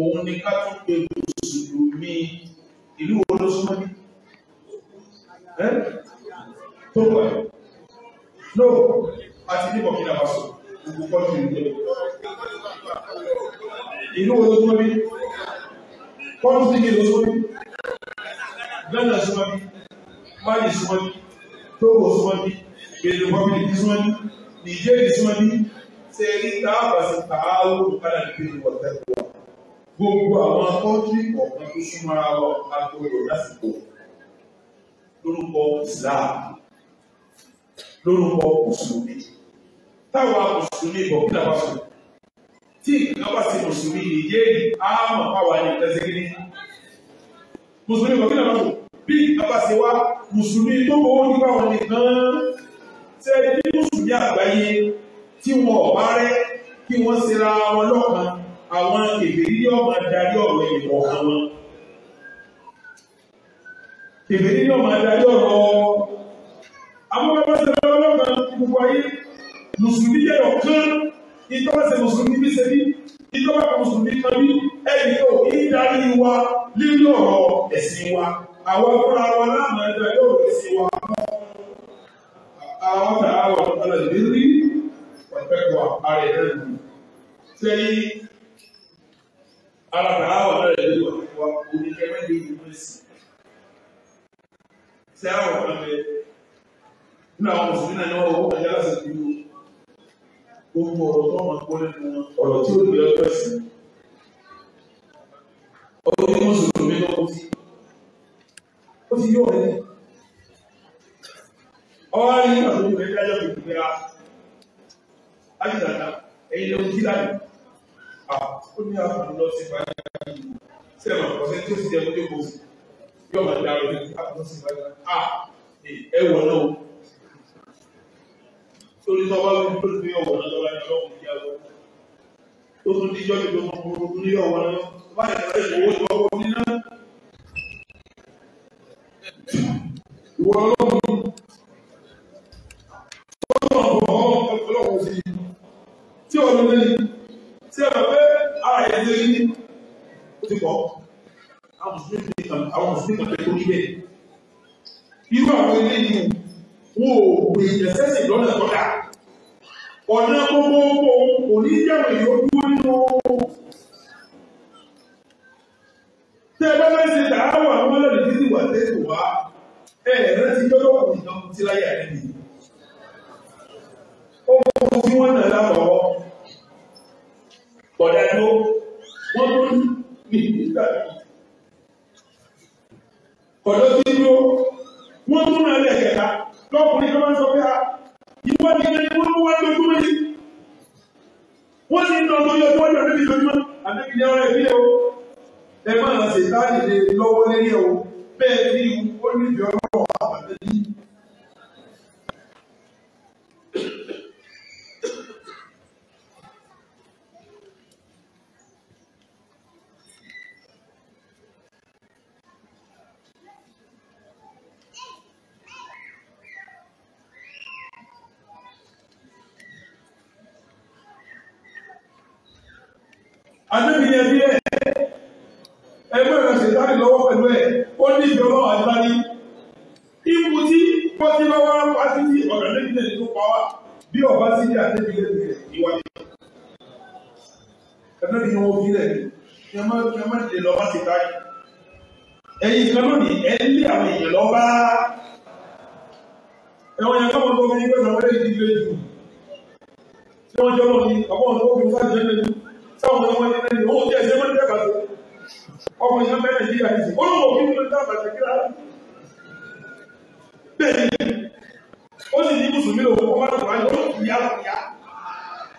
òun ni ká tún pé mùsùlùmí ìlú wo ló súnmọ́ ní ẹ́ tó wà ló àti ní bọ̀ kíra wàásù gbogbo kọ́jú ìlú ìlú wo ló súnmọ́ ní kọ́jú sí kí ló súnmọ́ ní Ghana súnmọ́ ní. Mali súnmọ́ ní Togo súnmọ́ ní Benin Republic súnmọ́ ní Niger súnmọ́ ní sẹ́yìn táàbà sí káàwó kálá ní bíi wọ̀tẹ́ tó wà. Gbogbo àwọn akọ́jú ọ̀kan tó súnmọ́ ara wa agbóyọ̀ lásìkò lórúkọ Islam lórúkọ Mùsùlùmí. Táwa Mùsùlùmí bọ̀ kí làwọn sọ̀rọ̀ tí ìkàwá sí Mùsùlùmí nìyé àmọ̀ fáwọn ẹni tẹ́sẹ̀ kí ni. Mùsùlùmí bọ̀ kí làwọn sọ̀rọ̀ bí tọ́pàṣẹ wa mùsùlùmí tó gbowó nípa wọn nìkan ṣe bí mùsùlùmí àgbáyé tí wọn ò bá rẹ kí wọ́n ṣera wọn lọ́kàn àwọn ìbéèrè ọmọ adarí ọ̀rọ̀ ìwọ̀ àwọn. ìbéèrè ọmọ adarí ọ̀rọ̀ abúlé ṣera wọn lọ́kàn gbogbo ayé mùsùlùmí yẹ ọ̀kan ìtọ́pàṣẹ mùsùlùmí bí ṣe bí ìtọ́pàṣẹ mùsùlùmí kan bí ẹnì yóò ń darí wa lórí ọ̀rọ̀ ẹ̀sìn wa àwọn fúnra wọn láàmú ẹgbẹ́ yóò rí sí wa àwọn fúnra wọn ọ̀nà ìrírí pẹ̀pẹ̀kọ̀ ara ẹ̀ náà nù. ṣé ara fúnra wọn ọ̀nà ìrírí pẹ̀pẹ̀kọ̀ oníkẹ́mẹ́ ní ìlú mẹ́sì. ṣé àwọn ọ̀nà bẹ nínú àwọn mùsùlùmí náà ní wọn owó ẹ̀yà lásìkò yìí gbogbo ọ̀rọ̀ tó máa gbọ́ nínú ọ̀rọ̀ tí ó gbé ọjọ́ sí. ọ̀rọ̀ mùsùlùmí náà ti ó ti yóò rẹ̀ ọwọ́ rí ọ̀dọ́ ìwé ìdájọ́ ìgbéra ah, ájúdàdà ẹ̀yìn ló kí láyé ó ní àwọn lọ sí ìpàdé sẹ́wọ̀n ọ̀sẹ̀ tí ó sì jẹ́ mọ́tò kò yóò máa dá lórí àbúrò sí ìpàdé à ah, ẹ̀wọ̀n náà torí tọ́wọ́ ló ń tó ní ọ̀wọ̀n náà lọ́wọ́ ní ọlọ́run ìyá lọ ó tún díjọ́ ìgbẹ́ gbogbo ní ọ̀wọ̀n náà wáyé ìwọ ọlọ́run tọ́lọ́ ọ̀hún ọlọ́run sí tí ọ̀nà lẹ́yìn tí a pé ara ẹ̀ lé ní ti pọ̀ àwọn mùsùlùmí kan pẹ̀lú ibẹ̀ irú àwọn ilé yìí wò ó pè ẹ̀sẹ̀sì lọ́nà ẹ lọ́dọ̀ tí jọ́dọ̀ kù ní ọmọ tí láyé àlẹ́ mi. ó kó tí wọ́n nà láwọ̀ọ́ bọ̀dá tó wọ́n tó ní nígbà ọ̀dọ́ tí dúró wọ́n tún náà lẹ̀ kẹta lọ́kùnrin tó máa ń sọ pé a ìwọ́n ti ní wọ́n mú wá lójúmọ́ ni wọ́n ti ń lọ lórí ọjọ́ ọjọ́ níbi lójúmọ́ àbẹ́bí ní ọ̀rọ̀ ìbílẹ̀ o ẹ máa ṣètá ìdè lọ́wọ́ lẹ́yìn o bẹ́ẹ̀ ni ó níbi ọ̀rọ̀.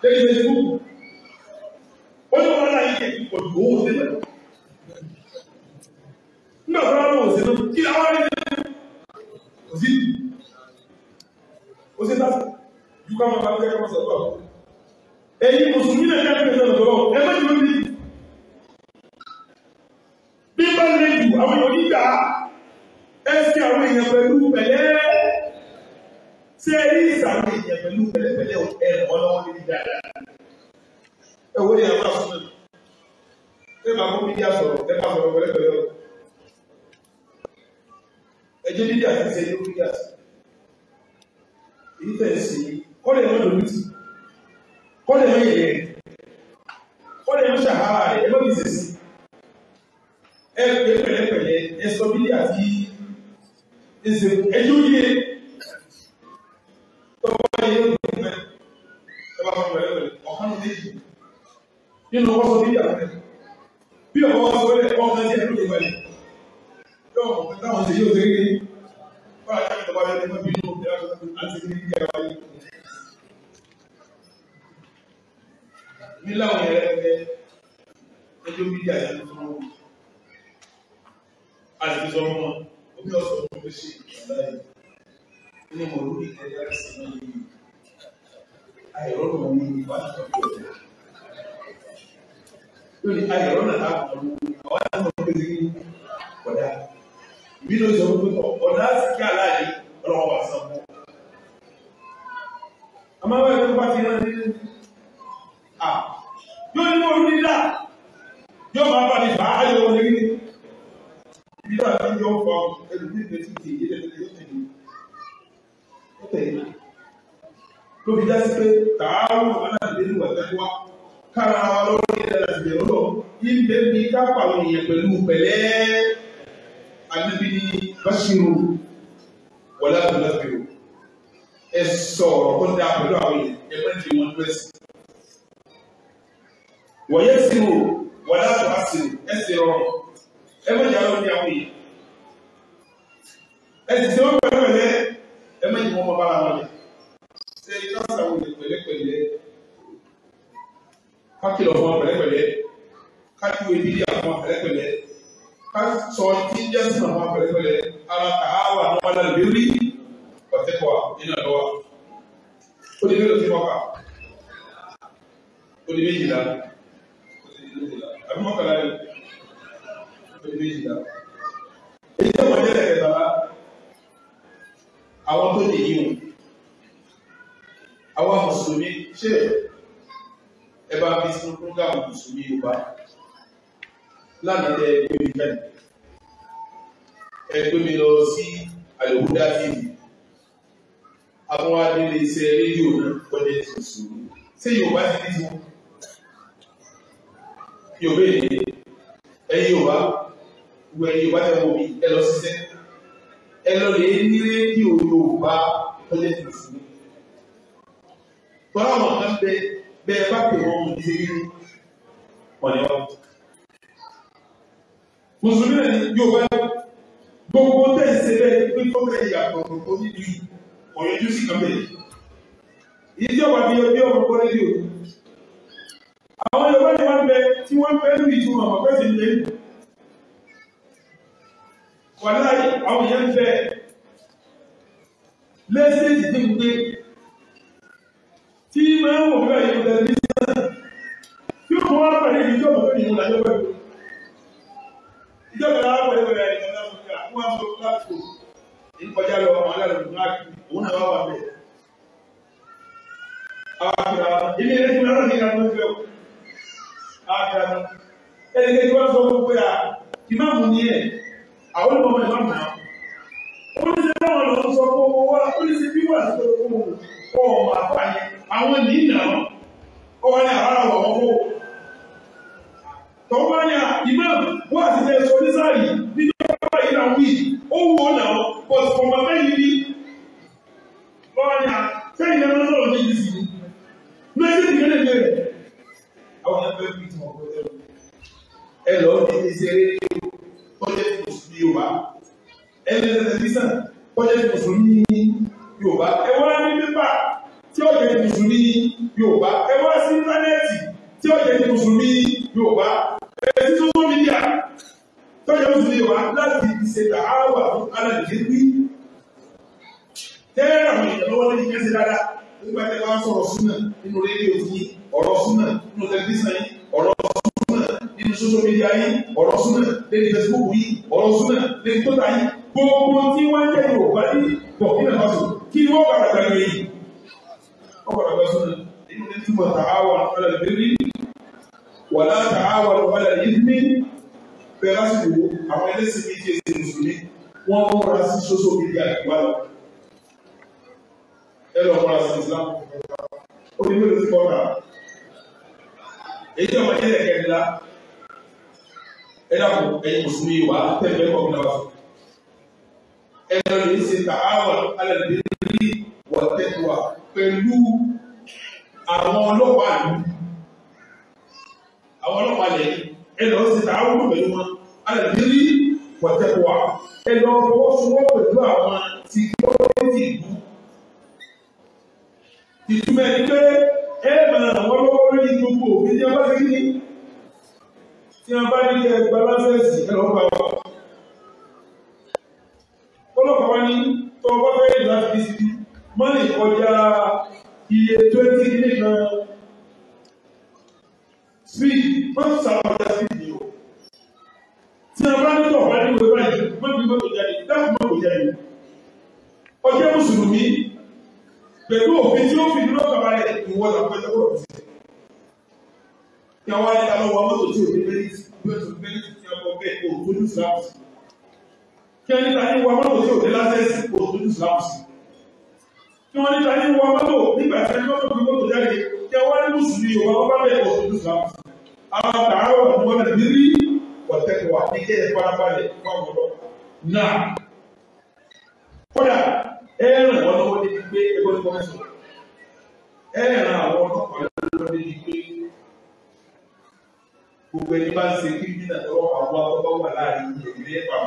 Ele fez tudo. àti sọ ọmọ omi ọsọ ọmọ tó ṣe ìgbàláyé ní mo lórí ìtẹ́jà sí ní àìrọ́nà ní ìbáṣepọ̀ ìjọba lórí àìrọ́nà láàbọ̀ àwọn àti ọmọ tó ṣe ọ̀dà ìbí ló sọ fún ọ ọ̀dà sì kí aláàyè ọlọ́wọ́ wà sàn fún. àmọ́ àwọn ẹ̀rọ bá ti rán ní yóò ní mo rí yóò máa bá mi fà á yọ ọ́ lórí ìlú àti ìyọ̀ fọ ẹlòmíì lè ti tì ìdílé tẹ̀lé tẹ̀lé ó tẹ̀lé ló fi dásí pé tààrù aláàbẹ̀lú àtẹ̀wá kára wa lọ́wọ́ ní ìlànà ìbẹ̀rù lọ ìbẹ̀ mi ká pàwọn èèyàn pẹ̀lú pẹ̀lẹ́ àbíbí ni báṣirò wọlé àbúlábìrò ẹ sọ ọ̀rọ̀ kó dáa pẹ̀lú àwọn èèyàn ẹ bẹ́ẹ̀ ti wọn lọ ẹsẹ̀ wọ̀nyẹ́ sírò wọlé àbúlábìrò ẹ sì rọrùn ẹ má yàrá òní àwọn yìí ẹ sì sẹ́wọ́n pẹ̀lú ẹ̀lẹ́ ẹ má yìí wọ́n mọ bára wọn lẹ ṣe káṣà wọlé pẹ̀lẹ́pẹ̀lẹ́ kákìlọ̀ fún wọn pẹ̀lẹ́pẹ̀lẹ́ kákìwé bíbí àwọn wọn pẹ̀lẹ́pẹ̀lẹ́ kásọ tí jẹ́sí àwọn pẹ̀lẹ́pẹ̀lẹ́ ara kàáwà àwọn alálùbẹ́rì ọ̀tẹ́kọ̀ọ́ nínú ẹ̀rọ wa ó di mélòó tí O kà ó di méjìlá ó di méjìlá àbí mọ́kànlá yẹn lórí méjìlá. èyí tó wọlé ẹ̀rẹ̀ bàbá àwọn tó lè yí wọn àwọn mùsùlùmí ṣe ẹ bá fi sínú program mùsùlùmí yorùbá lánàá tẹ ẹgbẹ́ mi jáde ẹgbẹ́ mi lọ sí àlòkúdá fíìmù àwọn adélé iṣẹ́ rédíò náà wọlé mùsùlùmí ṣé yorùbá ti dìbò yorùbá èdè ẹ̀yin yorùbá wọ ẹ̀yìn wá ẹ̀ wọ mi ẹ lọ ṣiṣẹ́ ẹ lọ lè ní rédíò Yorùbá tọ́lẹ̀ tó fún mi. tọ́lá wọn kan bẹ bẹ ẹ bá pè wọn mú ní sẹ́yìn wọn ni wọn. mùsùlùmí náà Yorùbá gbogbo tẹ̀sí bẹ́ẹ̀ pé tọ́lẹ̀ yàtọ̀ tó níbi ọ̀yọ́jú sí kan bẹ́ẹ̀. ìjọba bí ọjọ́ ọkọ̀ rédíò àwọn Yorùbá ni wọ́n bẹ tí wọ́n bẹ lórí ìtumọ̀ ọ̀pẹ́sì lẹ́yìn wàláyé àwọn èèyàn ń fẹ́ lẹ́sẹ̀sì tí ń pé tí máa ń wò fẹ́ ìlú tẹlifíṣàn tí ó wọ́n pàdé ìjọba tó ní ìlú àjọpọ̀ ìjọba náà pàdé pẹ̀lú àìsàn náà fún ìgbà wọ́n á sọ kíláàsì ìkọjá lọ àwọn aláàlú náà òun náà wà bẹ́ẹ̀. Àgbà ilé ẹni tí wọ́n ní ìlànà ìfẹ́ o. Àgbà ẹni tí wọ́n sọ fún pé à ìmáàmù ni ẹ̀ àwọn ọmọ ẹ̀ lọ́nà ó ní ṣe báwọn lọ sọ fún owó wá ó ní ṣe bí wà sí ọ̀rọ̀ fún owó ọmọ àpáyé àwọn ní ìnáwó ó wá ní àbára wọ̀ wọ́n fún tọ́wọ́ ní ìmọ̀ wà sí ẹ̀ sọ ní sáà yìí nínú ọ̀pá yìí náà wí ó wò ó náà pọ̀ sí ọmọ mẹ́yìn ní lọ́wọ́ ní sẹ́yìn náà sọ̀rọ̀ ní ìdí sí ní mẹ́sìn ìgbẹ́lẹ̀ bẹ̀rẹ̀ àwọn ẹgbẹ́ bí ti mọ̀ ẹ lọ́ọ́ bí ti ṣeré ó jẹ́ Yorùbá ẹni tẹ tẹlifíṣàn kọjá ti mùsùlùmí Yorùbá ẹ wá ní pépà tí ó jẹ ti mùsùlùmí Yorùbá ẹ wá sí íńtánẹ́ẹ̀tì tí ó jẹ ti mùsùlùmí Yorùbá ẹ ti sọ́sọ́ mídíà tó jẹ mùsùlùmí Yorùbá láti ìṣèlú àwọn àwọn alàjẹ wí tẹ́lẹ̀ àwọn èèyàn lọ́wọ́ lórí kẹ́sì dáadáa nígbà tí wọ́n sọ̀rọ̀ súnà nínú rédíò yìí ọ̀rọ̀ súnà nínú tẹlifíṣàn yìí níbi social media yìí ọ̀rọ̀ súnà lẹ́ni Facebook yìí ọ̀rọ̀ súnà lẹ́ni tó yìí gbogbo tí wọ́n jẹ́ Yorùbá ní Burkina Faso kí ni wọ́n padà gbàgbé yìí wọ́n padà gbàgbé súnà èyí ni túmọ̀ tààwọ̀ àfẹ́lẹ̀ lórí wàlá tààwọ̀ àfẹ́lẹ̀ yìí ní bẹ́ẹ̀ lásìkò àwọn ẹlẹ́sìn méjì ẹ̀sìn mùsùlùmí wọ́n múra ẹ dàpọ̀ ẹ̀yin mùsùlùmí wà á tẹ̀lé ẹ̀kọ́ ọ̀gbìn náà ẹ lọ lè ṣe tààwọ̀ alẹ́ lè wọ̀ tẹ̀wà pẹ̀lú àwọn ọlọ́pàá ìlú àwọn ọlọ́pàá lẹ̀ ẹ lọ ṣe tààwọ̀ pẹ̀lú wọn alẹ́ de wọ̀ tẹ̀wà ẹ lọ fọwọ́sowọ́ pẹ̀lú àwọn ti kọ́lẹ́tì ìlú ìtumẹ̀ ni pé ẹ mọ̀ àwọn ọlọ́wọ́ lórí gbogbo òfin ní ọba ti kí ni tí wọn bá ní kí ẹ gba lásẹ̀sì ẹ lọ́ọ́ gbà wọ́n. ọlọ́pàá wa ní tó o bá fẹ́ ìlà bíi mọ́nì kọjá iye twenty million sweet wọ́n sàkọjá sweet ni o. tí wọn bá ní tó o bá ní ìwé báyìí wọ́n fi mọ́tò jáde dákun mọ́tò jáde. ọjọ́ mùsùlùmí pẹ̀lú òfin tí ó fi dúró kàbálẹ̀ ìwọ́n àpẹẹrẹ ọ̀rọ̀ sí i kí àwọn ẹ̀ka lọ wọ mọ́tò tí ò ní bẹ́ẹ̀ tí ó ti bẹ́ẹ̀ tí ó kọ bẹ́ẹ̀ kó o tó ní ìsìlámù sí kí wọ́n níta ní wọ mọ́tò tí ò ní lásẹ̀sì kó o tó ní ìsìlámù sí kí wọ́n níta ní wọ mọ́tò nígbà tí wọ́n tó fi mọ́tò jáde kí wọ́n ní mùsùlùmí ò wọ́n bá bẹ́ẹ̀ kó o tó ní ìsìlámù sí àwọn tààrà wà ní wọ́n ti rí wọ̀tẹ́kọ̀wà ní kí ẹ farabalẹ̀ fáwọn ọ̀rọ̀ náà kódà ẹ ràn wọ́n lọ́wọ́ débi pé ẹgbẹ́ ní kọ́mẹ́sọ̀ ẹ ràn àwọn ọlọ́pàá lọ́wọ́ débi pé gbogbo ẹni bá ń ṣe kírímìnà tọrọ àwọn akọ́kọ́ wà láàrin ìgbẹ̀gbẹ̀ ẹ̀fà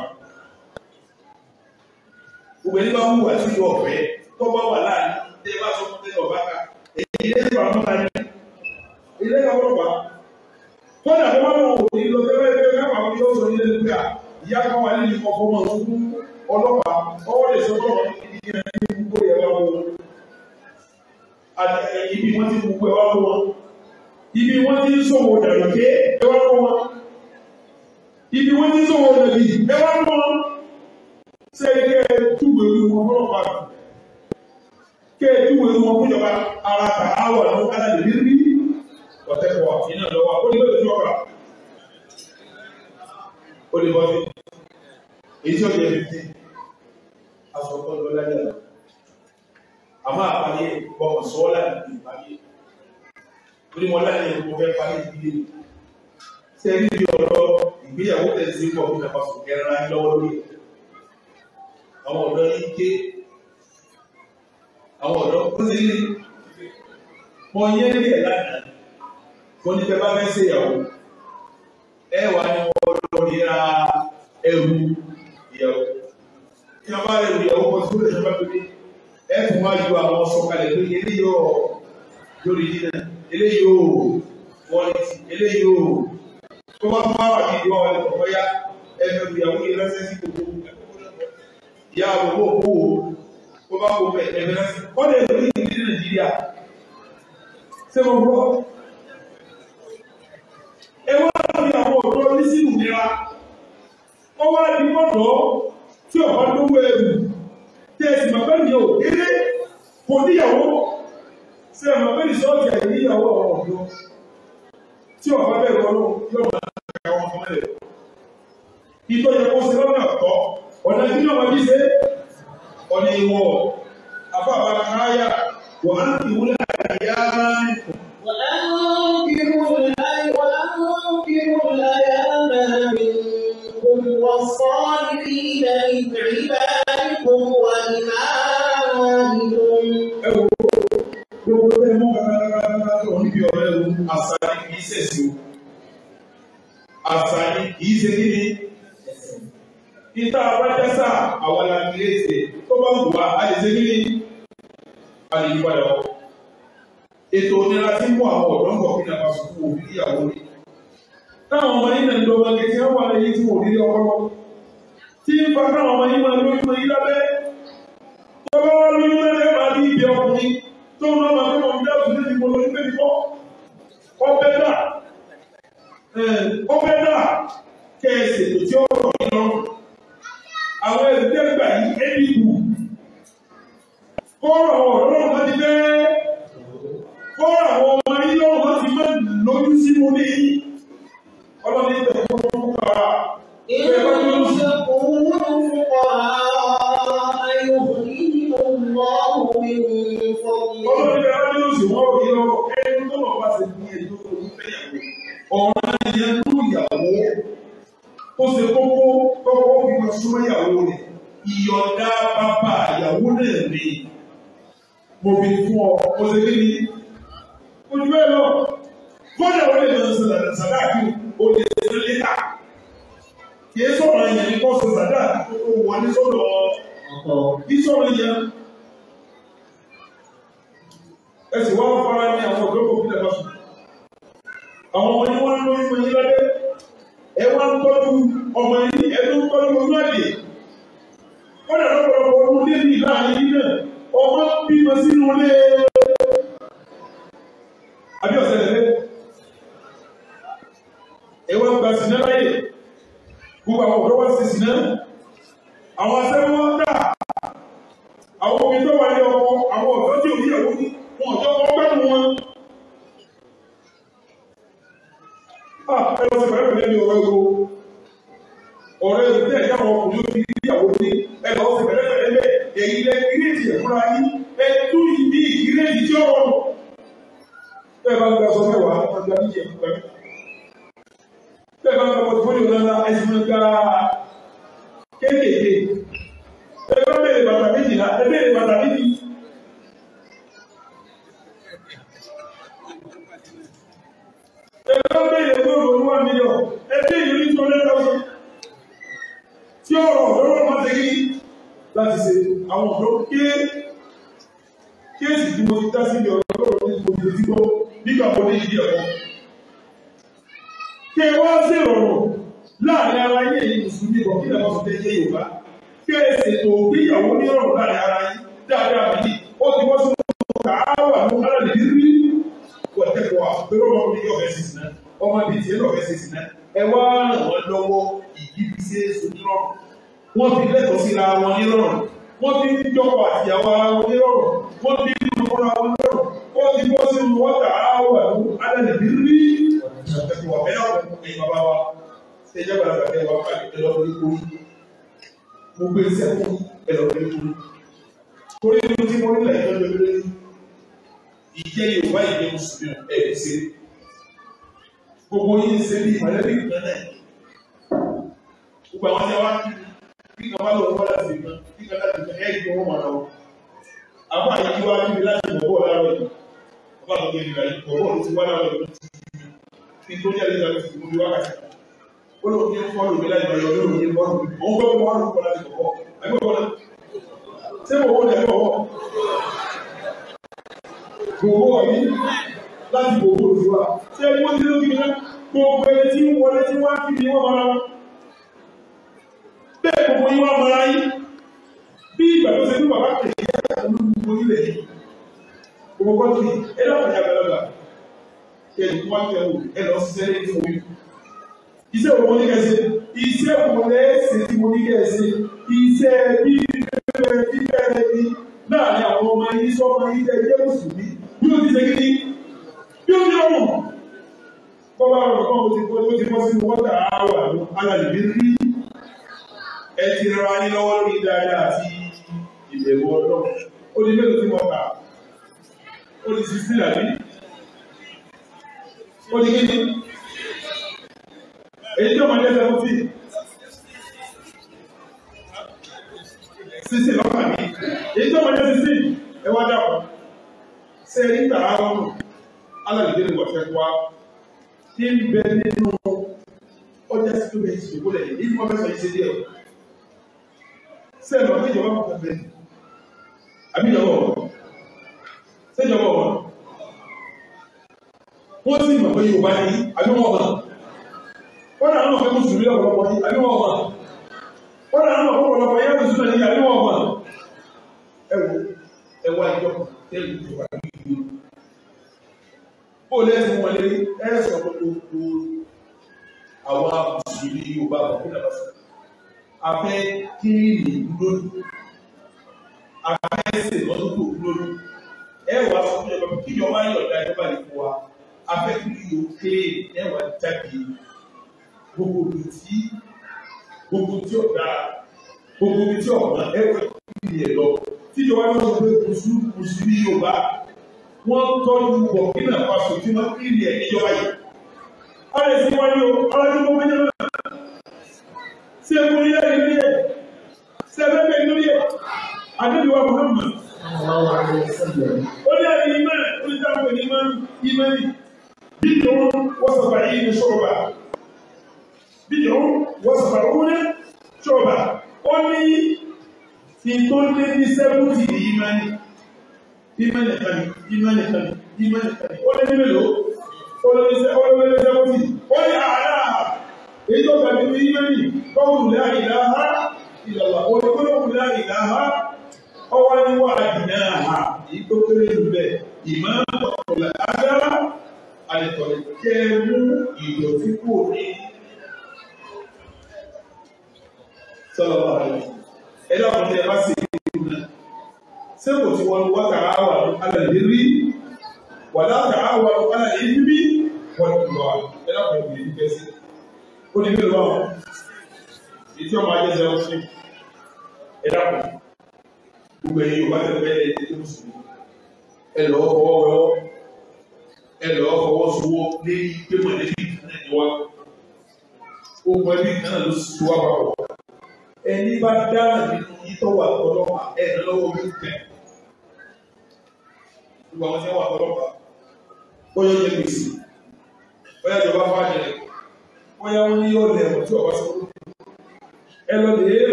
gbogbo ẹni bá ń wùwà sí ìlú ọ̀fẹ́ tọ́gbà wà láàrin tẹ́ ẹ bá sọ fún tẹ́lẹ̀ ọ̀bá ká èyí ilé ẹ̀fà ń bá ní ilé ọlọ́pàá kọ́nà tó wọ́n wò ní lọ tẹ́lẹ̀ ẹgbẹ́ káwọn ọmọ yóò sọ nílé nígbà ìyá kan wà nínú ọkọ̀ mọ̀ fún ọlọ́pàá ọwọ́ lè sọ tọ́lọ̀ ibi wọn ti ibi wọ́n ti ń ṣòwò dàgbàké ẹ wá lọ́wọ́ ibi wọ́n ti ń ṣòwò dàbí ẹ wá lọ́wọ́ ṣé kẹ́ ẹ túwèé lu wọn fọlọ́pàá kẹ́ ẹ túwèé lu wọn fúnjọba ara ta awọ àwọn aláàlú rírí ọ̀tẹ́kọ̀ọ́ iná lọ́wọ́ ó ní bẹ́ẹ̀ tó ọ̀rà ó lè wọ́n fi èyí tí ó jẹ́ fífi aṣọ ọ̀pọ̀ lọ́lá yàrá àmọ́ àpáyé bọ́ọ̀ sọ́ọ́lá ìpàdé torí mo láyé mo fẹ́ parí ìdílé ṣe rí bí ọ̀rọ̀ ìgbéyàwó tẹ̀sí pọ̀ fún ìjọba sùn kẹrin láyé lọ́wọ́ lórí àwọn ọ̀dọ́ yìí ké àwọn ọ̀dọ́ kó sí ní mọ yé ní ẹ̀ lánàá mo ní fẹ́ bá fẹ́ ṣe ìyàwó ẹ wà ní wọ́n lọ nira ẹrù ìyàwó kí wọ́n bá rẹ̀ ìyàwó kan sórí ìjọba tó ẹ fún wájú àwọn sọ̀kalẹ̀ pé eléyìí ọ̀ lórí yìí náà eléyìí o wọlé ti eléyìí o tó bá fún àwọn àdìdì wọn wọlé tọ̀kọ́ yá ẹnu ìyàwó yìí ránṣẹ́ sí gbogbo ìyá àbòbò òkú o tó bá gbogbo ẹ̀ẹ́dẹ̀ ránṣẹ́ kọ́lé ìlú yìí ní Nàìjíríà ṣé mo gbọ́ ewé ni àwọn ọ̀dọ́ ní sí ìnira wọ́n wá ní mọ́tò tí ọ̀pá lówó ẹrù tẹ̀sí màbá ni ò kéré kò níyàwó ṣé ọmọ pé rìsọ́ọ̀tì ẹ̀ ní ọ̀rọ̀ ọ̀dọ́ tí ọ̀fà bẹ̀rù ọlọ́run yóò máa ń ka ọmọ ọmọ ìtọ́ yẹ kó ṣe lọ́nà ọ̀tọ̀ ọ̀nà tí náà wọ́n ti ṣe ọ̀nà ìwọ̀ afáàbà káyà wọ́n á ti wúlẹ̀ àyà máa wọ́n á ń kírun láyé wọ́n á ń kírun láyé وَالصَّالِحِينَ àṣàní kìí ṣẹ̀sì o àṣàní kìí ṣe níbi ìta abájásà àwọn àgbèrèsè tó bá wù wá a lè ṣe níbi a lè yí padà wọ. ètò onira ti mú àwọn ọ̀dọ́ ń bọ̀ kí nàbà sùkú òbí níyàwó rí. táwọn ọmọ yìí nàìjíríà ọmọ kẹsì wọn wà lẹ́yìn tí wọn ò nílé ọkọ lọ. tí ń fa táwọn ọmọ yìí máa lóyún mọ́ yí lábẹ́. tọ́wọ́ lóyún mẹ́rẹ̀ẹ́ máa ní ìbí ọkùnrin tó ń bá máa fẹ́ mọ̀ ní dáàbò ọbẹ̀ náà ọbẹ̀ náà kẹ́ ẹ ṣètò tí ó rọ̀ yín lọ. Àwọn ẹ̀dùn gbà yí ẹbí wù. Kọ́rọ̀ ọ̀rọ̀ náà ti fẹ́. Kọ́rọ̀ àwọn ọmọ yín lọ́wọ́ ti máa ń lóyún sínú ní ọlọ́dún ìgbà tó ń kọ́ ara. Ìrọ̀lẹ́ òun ló ń fọ́ ara ayọ̀ yìí ló ń wọ́ òun. ọ̀ràn yẹn ló ìyàwó ó ṣe kókó kọ́kọ́ fi máa súnmọ́ ìyàwó rẹ̀ ìyọ̀dá bàbá ìyàwó náà ni mo fi fún ọ mo ṣe kí ni ojú ẹ lọ kódà ó lè lọ sí sàdá àti ó lè sí lẹ́tà kìí sọ̀rọ̀ yẹn ní kọ́sì sàdá àti ó wọlé sọ̀rọ̀ kìí sọ̀rọ̀ yẹn ẹ sì wá fara ní àwọn ọ̀dọ́ kò fi dàgbà sùn àwọn ọmọ yín wọ́n ń lóyún fún yín lọ́dẹ ẹ wá ń tọ́jú ọmọ yín ẹ tó ń tọ́jú ọmọ yín kọ́dà lọ́pọ̀lọpọ̀ ọdún débi láàrin yín náà ọmọ bímọ sínú ilé àbí ọ̀sẹ̀ lẹ́lẹ́ ẹ wá gba sinẹ́ láyè gbogbo àwọn ọ̀dọ́ wá sí sinẹ́ àwọn asẹ́wọ́n ń dà àwọn omi tó wà ní ọkọ àwọn ọ̀dọ́ tí òbí yẹ̀ wọn ọ̀dọ́ kọ́. Ah, ẹ lọ sí pẹ̀lú ẹni ọ̀rẹ́ o ọ̀rẹ́ yìí bẹ́ẹ̀ yà wọn kùnú ní ìyàwó ní ẹ lọ sí pẹ̀lú ẹni èyí lẹ kírèjì ẹ̀fúnra yín ẹ tú yìí bí kírèjì tí ó rọrùn bẹ́ẹ̀ bá ń gba sọ́fẹ́ wà á gba níjẹ̀ nípa bẹ́ẹ̀ bá ń gba pọtifólíò náà ẹ̀sìn máa gba kéékèèké ẹ bá bèrè bàtà méjìlá ẹ bèrè bàtà méjì. ẹ bá ètò ìrònú one million ẹgbẹ́ ìlú ní two hundred thousand tí ọ̀rọ̀ lọ́wọ́ máa ṣe kí láti ṣe àwọn ọ̀dọ́ kílé kíyèsí tí mo ti dá sí ní ọ̀dọ́ lọ́wọ́ tí mo ti ti gbọ́ nígbà mo ní ìdí ẹ̀kọ́. kí ẹ wá sí ìrọ̀rùn láàrin ara yín èyí mùsùlùmí rọ̀ kí lẹ́wọ́n fi tẹ́lẹ̀ Yorùbá kí ẹ ṣètò ìgbéyàwó ní ọ̀rùn láàrin ara yín dáadáa mi ó ti wọ́n sí ọ̀rọ̀ kàá wà ní ọ̀rọ̀ ọmọ bíi tiẹ̀ lọ́ọ́ fẹ́ ṣe sí náà ẹ wá ràn wọ́n lọ́wọ́ ìdíbi ṣe é so nírọ̀rùn wọ́n fi lẹ́tọ̀ọ́ síra wọn nírọ̀rùn wọ́n fi ń jọpọ̀ àtìyàwó ara wọn nírọ̀rùn wọ́n fi ń lọ fúnra wọn nírọ̀rùn wọ́n fi bọ́ sínú wọ́tà áwọ̀ ẹ̀kú adàlẹ̀bí rí ìwà mẹ́rin ọ̀rọ̀ ẹ̀yìn bàbá wa ṣe jẹ́ bàbá ẹ̀ wá káàkiri ẹ̀lọ́ orí kúrú mo gbé sẹ́kù ẹ̀lọ́ orí kúrú torí ní ti mo nílẹ̀ ìjọ́jọ́ lórí ìjẹ́ Yorùbá ìjẹ́ mùsùlùmí ẹ̀ gbogbo yìí ṣe bí mọ̀lẹ́bí ìpínlẹ̀ gbogbo àwọn ṣe wá bí kan bá lọ fún ọ̀dà sí kan bí kan láti fẹ́ ẹ̀yìn owó mọ̀ lọ́wọ́ àwọn àyè kí wá níbi láti mọ̀ bọ́ọ̀ láàrọ̀ yìí ọba àgbègbè ìlú àyè mọ̀ bọ́ọ̀ ló ti wá láàrọ̀ yìí ní tó jẹ́ lẹ́yìn àti ìmúbi wákàtí ó lóun ní fọ́ọ̀lù mi láti bẹ̀rẹ̀ lórí mi bọ́ọ̀lù mi òun gbọ́ wọn lù kọ́lá ti bọ̀ gbogbo ẹni tí ń wọlé tí wọ́n á fi ní wọ́n mọ́ra wọn bẹ́ẹ̀ gbogbo yín wọ́n mọ́ra yín bí ìgbà tó ṣe ní bàbá kejì yẹn ló ń gbogbo ilẹ̀ yìí gbogbo kọ́ ti ẹ lọ́kàn yà gbàlagbà kẹ́ni wọ́n ti ẹ̀wò ẹ lọ ṣiṣẹ́ ní ìfowó iṣẹ́ wo mo ní kẹ́ ṣe iṣẹ́ wo lẹ́sẹ̀ tí mo ní kẹ́ ṣe iṣẹ́ bíbẹ̀rẹ̀ bíbẹ̀rẹ̀ ni láàrin àwọn ọmọ yín sọ́mọ yín bọ́bá ọ̀rọ̀ kan o ti kó tó ti bọ́ sínú wọ́tà àwà ló alàlùbí rí ẹ ti ra ní lọ́wọ́ lórí dáadáa àti ìbẹ̀wò ọ̀dọ́ ó di mélòó tí mo kà ó di sixteen àbí ó di kíni èyí tí ọmọdé seventeen sixteen lọ́kà mi èyí tí ọmọdé sixteen ẹ wá dàpọ̀ sẹ́yìn tààrà ọ̀hún alàlùbí rí wọ́n fẹ́ wá tí ń bẹ nínú ọjà sí pé èsì ìwúlẹ̀ yìí ní wọ́n fẹ́ sọ ìṣe díẹ̀ sẹ́yìn ọ̀gbìn ìjọba kọ̀ọ̀kan bẹ́ẹ̀ àbí ìjọba ọ̀wọ̀ sẹ́yìn ìjọba ọ̀wọ̀ wọ́n sì mọ̀ pé Yorùbá ní àbí wọ́n mọ̀ wọ́n náà mọ̀ pé mùsùlùmí ọ̀pọ̀lọpọ̀ ní àbí wọ́n mọ̀ wọ́n náà mọ̀ pé ọ̀pọ̀lọpọ̀ yẹ́ mùsùlùmí ní àbí wọ́n mọ̀ ẹ̀wọ̀ ẹ̀wọ̀ àjọ tẹ́lẹ̀ ìjọba ní ó lẹ́sìn wọn lé ẹ̀sọ̀ gbogbo àwọn mùsùlùmí yorùbá àbùkù náà lọ́sọ̀ afẹ́ kí ni lónìí afẹ́ ẹsẹ̀ lọ́dún tó lónìí ẹ wàá sọ fún ìjọba kí ìjọba yọ̀ọ̀dá ìjọba lè fún wa afẹ́ kí ni yóò kéré ẹ wàá jáde gbogbo ibi tí gbogbo tí ọ̀dà gbogbo ibi tí ọ̀gbọ́n ẹ wàá kí ni ẹ lọ tíjọba yóò sọ pé mùsùlùmí yorùbá wọ́n tọ́jú bọ̀ kí náà fa sòtí wọn kí ni ẹ̀ níjọba yìí. ọ̀rẹ́ sí wáyé o ọlọ́dún mọ́mọ́dé náà ṣé kúrú yẹ́ ilé ẹ̀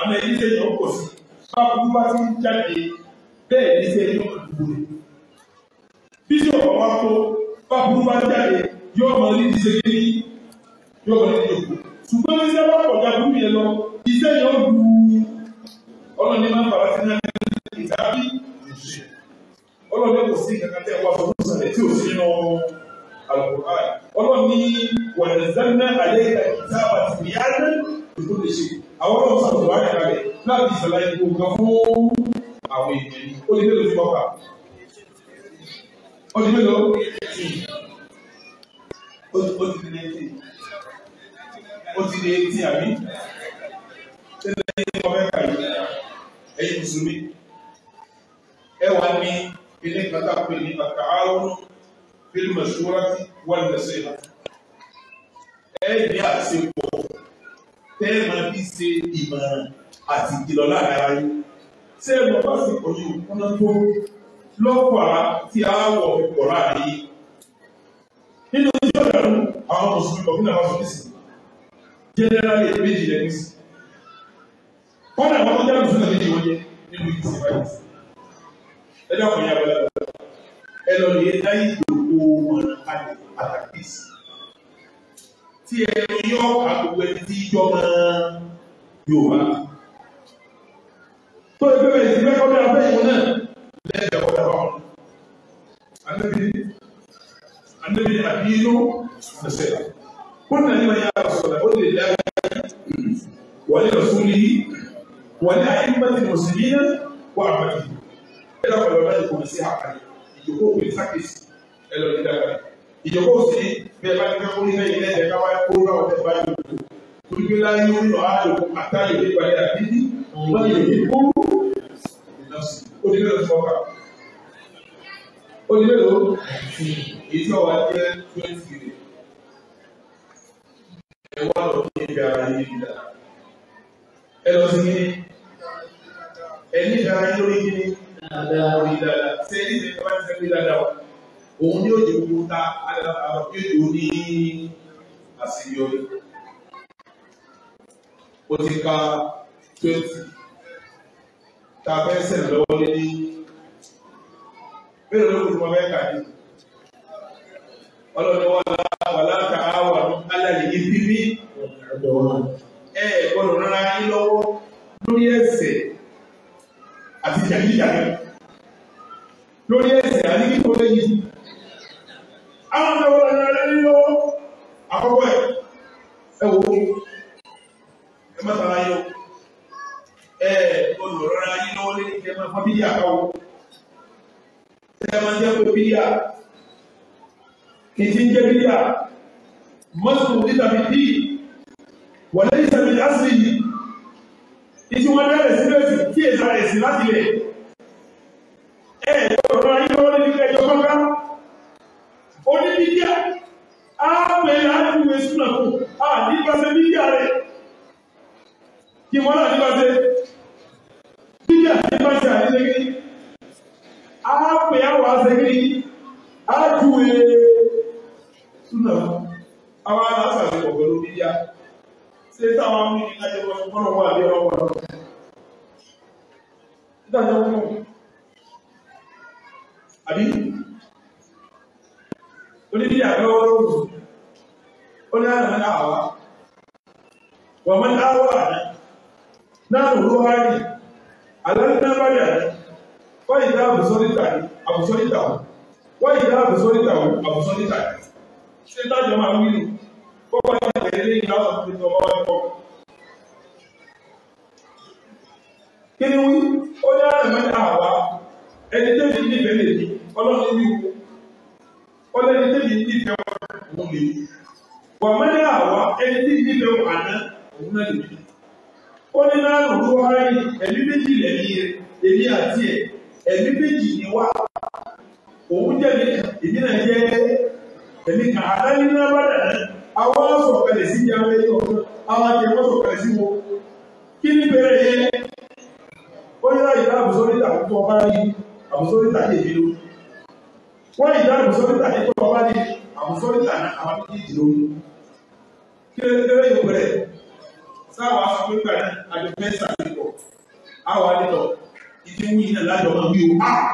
àmọ́ ẹni tẹ yẹn ó pọ̀ sí báwo bá ti ń jáde bẹ́ẹ̀ ní tẹ yẹn ó dùgbò rẹ̀ bí tí ọ̀pọ̀ bá kó báwo bá ń jáde yóò mọ ní ìṣe kí ní yóò mọ ní ìjòkó ṣùgbọ́n ní sẹ́wọ́n àpọ̀jà burú yẹn lọ iṣẹ́ yẹn ó ọlọ́ni máa ń bàbá sí náà ní ìdábí ọlọ́ni kò sí kankan tẹ́ wá fún ìṣẹ̀lẹ̀ tí ò sí nínú al ọlọ́ni wọ̀nyẹ̀ zẹ́nà àlẹ́ ìtàkìtà àti ìlú lè ṣe àwọn ọlọ́run sọ̀rọ̀ wá nípa rẹ̀ láti ìṣẹ̀lẹ̀ ìlú kan fún àwọn èèyàn ó lè mélòó ti kọ́kà ó lè mélòó ó ti di létí ó ti di létí àbí tẹ́lẹ̀ ní ọbẹ̀ kàlí ẹ̀yin mùsùlùmí ẹ wà ní ilé kàtà pé ní bàtà áwọn fílmù ẹ̀ṣúra wà lẹ́sẹ̀ ẹ̀ ní àṣepọ̀ tẹ́ẹ̀ máa bí ṣe ìmọ̀ràn àti ìkìlọ̀ láàrin yín ṣé ẹ mọ̀ bá sì kọ̀ tó lọ́pọ̀ àá tí aáwọ̀ pọ̀ láàrin yìí. nínú tí ó àwọn mùsùlùmí kọ̀ọ̀kan náà wá sọ jẹ́nẹ́rálì méjì lẹ́nu sí. wọ́n tó jẹ́ mùsùlùmí méjì wọ́n jẹ́ nínú ìtì báyìí. ẹ dákun yà bẹ́ẹ̀ lọ ẹ tí ẹnu yọ ọ̀ka gbogbo ẹni tí yọ mọ́ Yorùbá. tó o gbé bẹ̀rẹ̀ sí mẹ́kọ́ bí abẹ́ ìwọ náà lẹ́yìn ẹ̀kọ́ dábàá wọn. anabi anabi abiyinu ẹsẹ̀ wọn nà ní ma yára sọ̀rọ̀ ó lè dá wọlé rasúlì yìí wọlé ayé mbàtí mùsùlùmí náà wọ àbàdì. ẹ lọ́kọ̀ọ́ lọ́dọ̀ ìkọ̀mọ̀sí àbàdì ìjókòó pèsè àkèsì ẹ lọ́dọ̀ ìdábàdì ìjọba òsì bẹ́ẹ̀ bá tẹ́tẹ́ kó nílẹ̀ ilẹ̀ ẹ̀ka wáyé kó rà ọ̀tẹ́ bá yóò tó torípé láyé ó lọ àlò àtàlẹ̀ ní ìpàdé àbíní wọ́n lè ní kó onílẹ̀ fọ́kà onílẹ̀ ló èyí tí ọ̀wá jẹ́ twenty rẹ̀ ẹ wá lọ sí ibi ara yìí nígbà ẹ lọ sí ẹ ní ìdára yìí lórí yìí ní ìdára yìí dáadáa sẹ́yìn ìdára yìí dáadáa òun ni ó jẹ gbogbo ta àwọn kéèkó ní àṣeyọrí ó ti ka twenty ta fẹ́ sẹ̀ lọ́wọ́ lé ní bẹ́ẹ̀ lóko tí wọ́n fẹ́ kà ní ọlọ́dún wọn wà láta àwọn alálẹ̀ yìí bíbí ẹ gbọ́dọ̀ rárá yín lọ́wọ́ lórí ẹsẹ̀ àti jàdíjàdí lórí ẹsẹ̀ àti kíkọ́ lẹ́yìn àwọn ọmọ ìwọ̀n ẹ̀rọ ẹ̀rọ nínú àkọ́kọ́ ẹ̀ ẹ wò ó ẹ má tara yín o ẹ olùrànlọ́ra yín lọ́wọ́ lé ẹ má fọ́ bíyà káwọ́ ẹ má jẹ́ pé bíyà kì í ti jẹ́ bíyà mọ́tò níta bíi bíi wọ́n lé ìsẹ̀mí lásìlì yìí ìtí wọ́n bẹ̀rẹ̀ sí bẹ́ẹ̀ tí èsà rẹ̀ sí láti lẹ̀ ayé lọ́wọ́ lé nípa ẹjọ́ kọ́kọ́ onídìdíà á pè é àdúgbò ìṣúná kù á nípasẹ̀ dídíà rẹ̀ kí wọ́n náà nípasẹ̀ dídíà nípasẹ̀ àdéhùn á pè é àwọn àṣẹkiri àdúgbò ìṣúná àwọn aláṣàlẹ̀ pọ̀ pẹ̀lú dídíà ṣé táwọn mímí lájẹ́ wọn kọ́nà wà bí ọ̀rọ̀ wọn. onídìí àbẹ̀wò lóòrùn ó ní àná àwa wọ́n mọ́ àwọ̀ àná náà ló ló wá yìí àlọ́lẹ́ náà bá yà ní wọ́n yìí dá àbùsọ́nìtà ní àbùsọ́nìtà wọ́n yìí dá àbùsọ́nìtà ní àbùsọ́nìtà ṣé tájọ máa ń wí ni kọ́kọ́ ní àgbẹ̀yẹ lẹ́yìn náà sọ pé ọmọ wọn kọ́. kí ni wí ó ní àná àwa ẹni tó ti ní ìbẹ̀rẹ̀ ọlọ́run ní wíwú ọlẹ́ni tẹ́bi nífẹ̀ẹ́ òun lè ní wà mẹ́rin àwa ẹni tí nífẹ̀ẹ́ òun àná òun náà lè ní. ó ní náà lò ló wáyé ẹ̀mí méjì lẹ́mí yẹ èmi àti ẹ̀ ẹ̀mí méjì ni wá òun jẹ́ mi kà èmi náà jẹ́ ẹ̀mí kà àdáni náà bá dà ní àwọn sọ̀kalẹ̀ sí ní abẹ́lé ọ̀hún àwọn àti ẹ̀wọ́n sọ̀kalẹ̀ sí wọn kí ni bẹ̀rẹ̀ yẹ ó ní wọ́n ìdá àbùsọ́lítà ní kọ́ ọba ní àbùsọ́lítà ní àwọn méjì lórí kí ló dé lóyún rẹ̀ sáwọn afọ́lítà ní àdìmẹ́sà nìkọ̀ àwọn àdìtọ̀ ìdí wú yìí náà lájọ máa wí o á ah!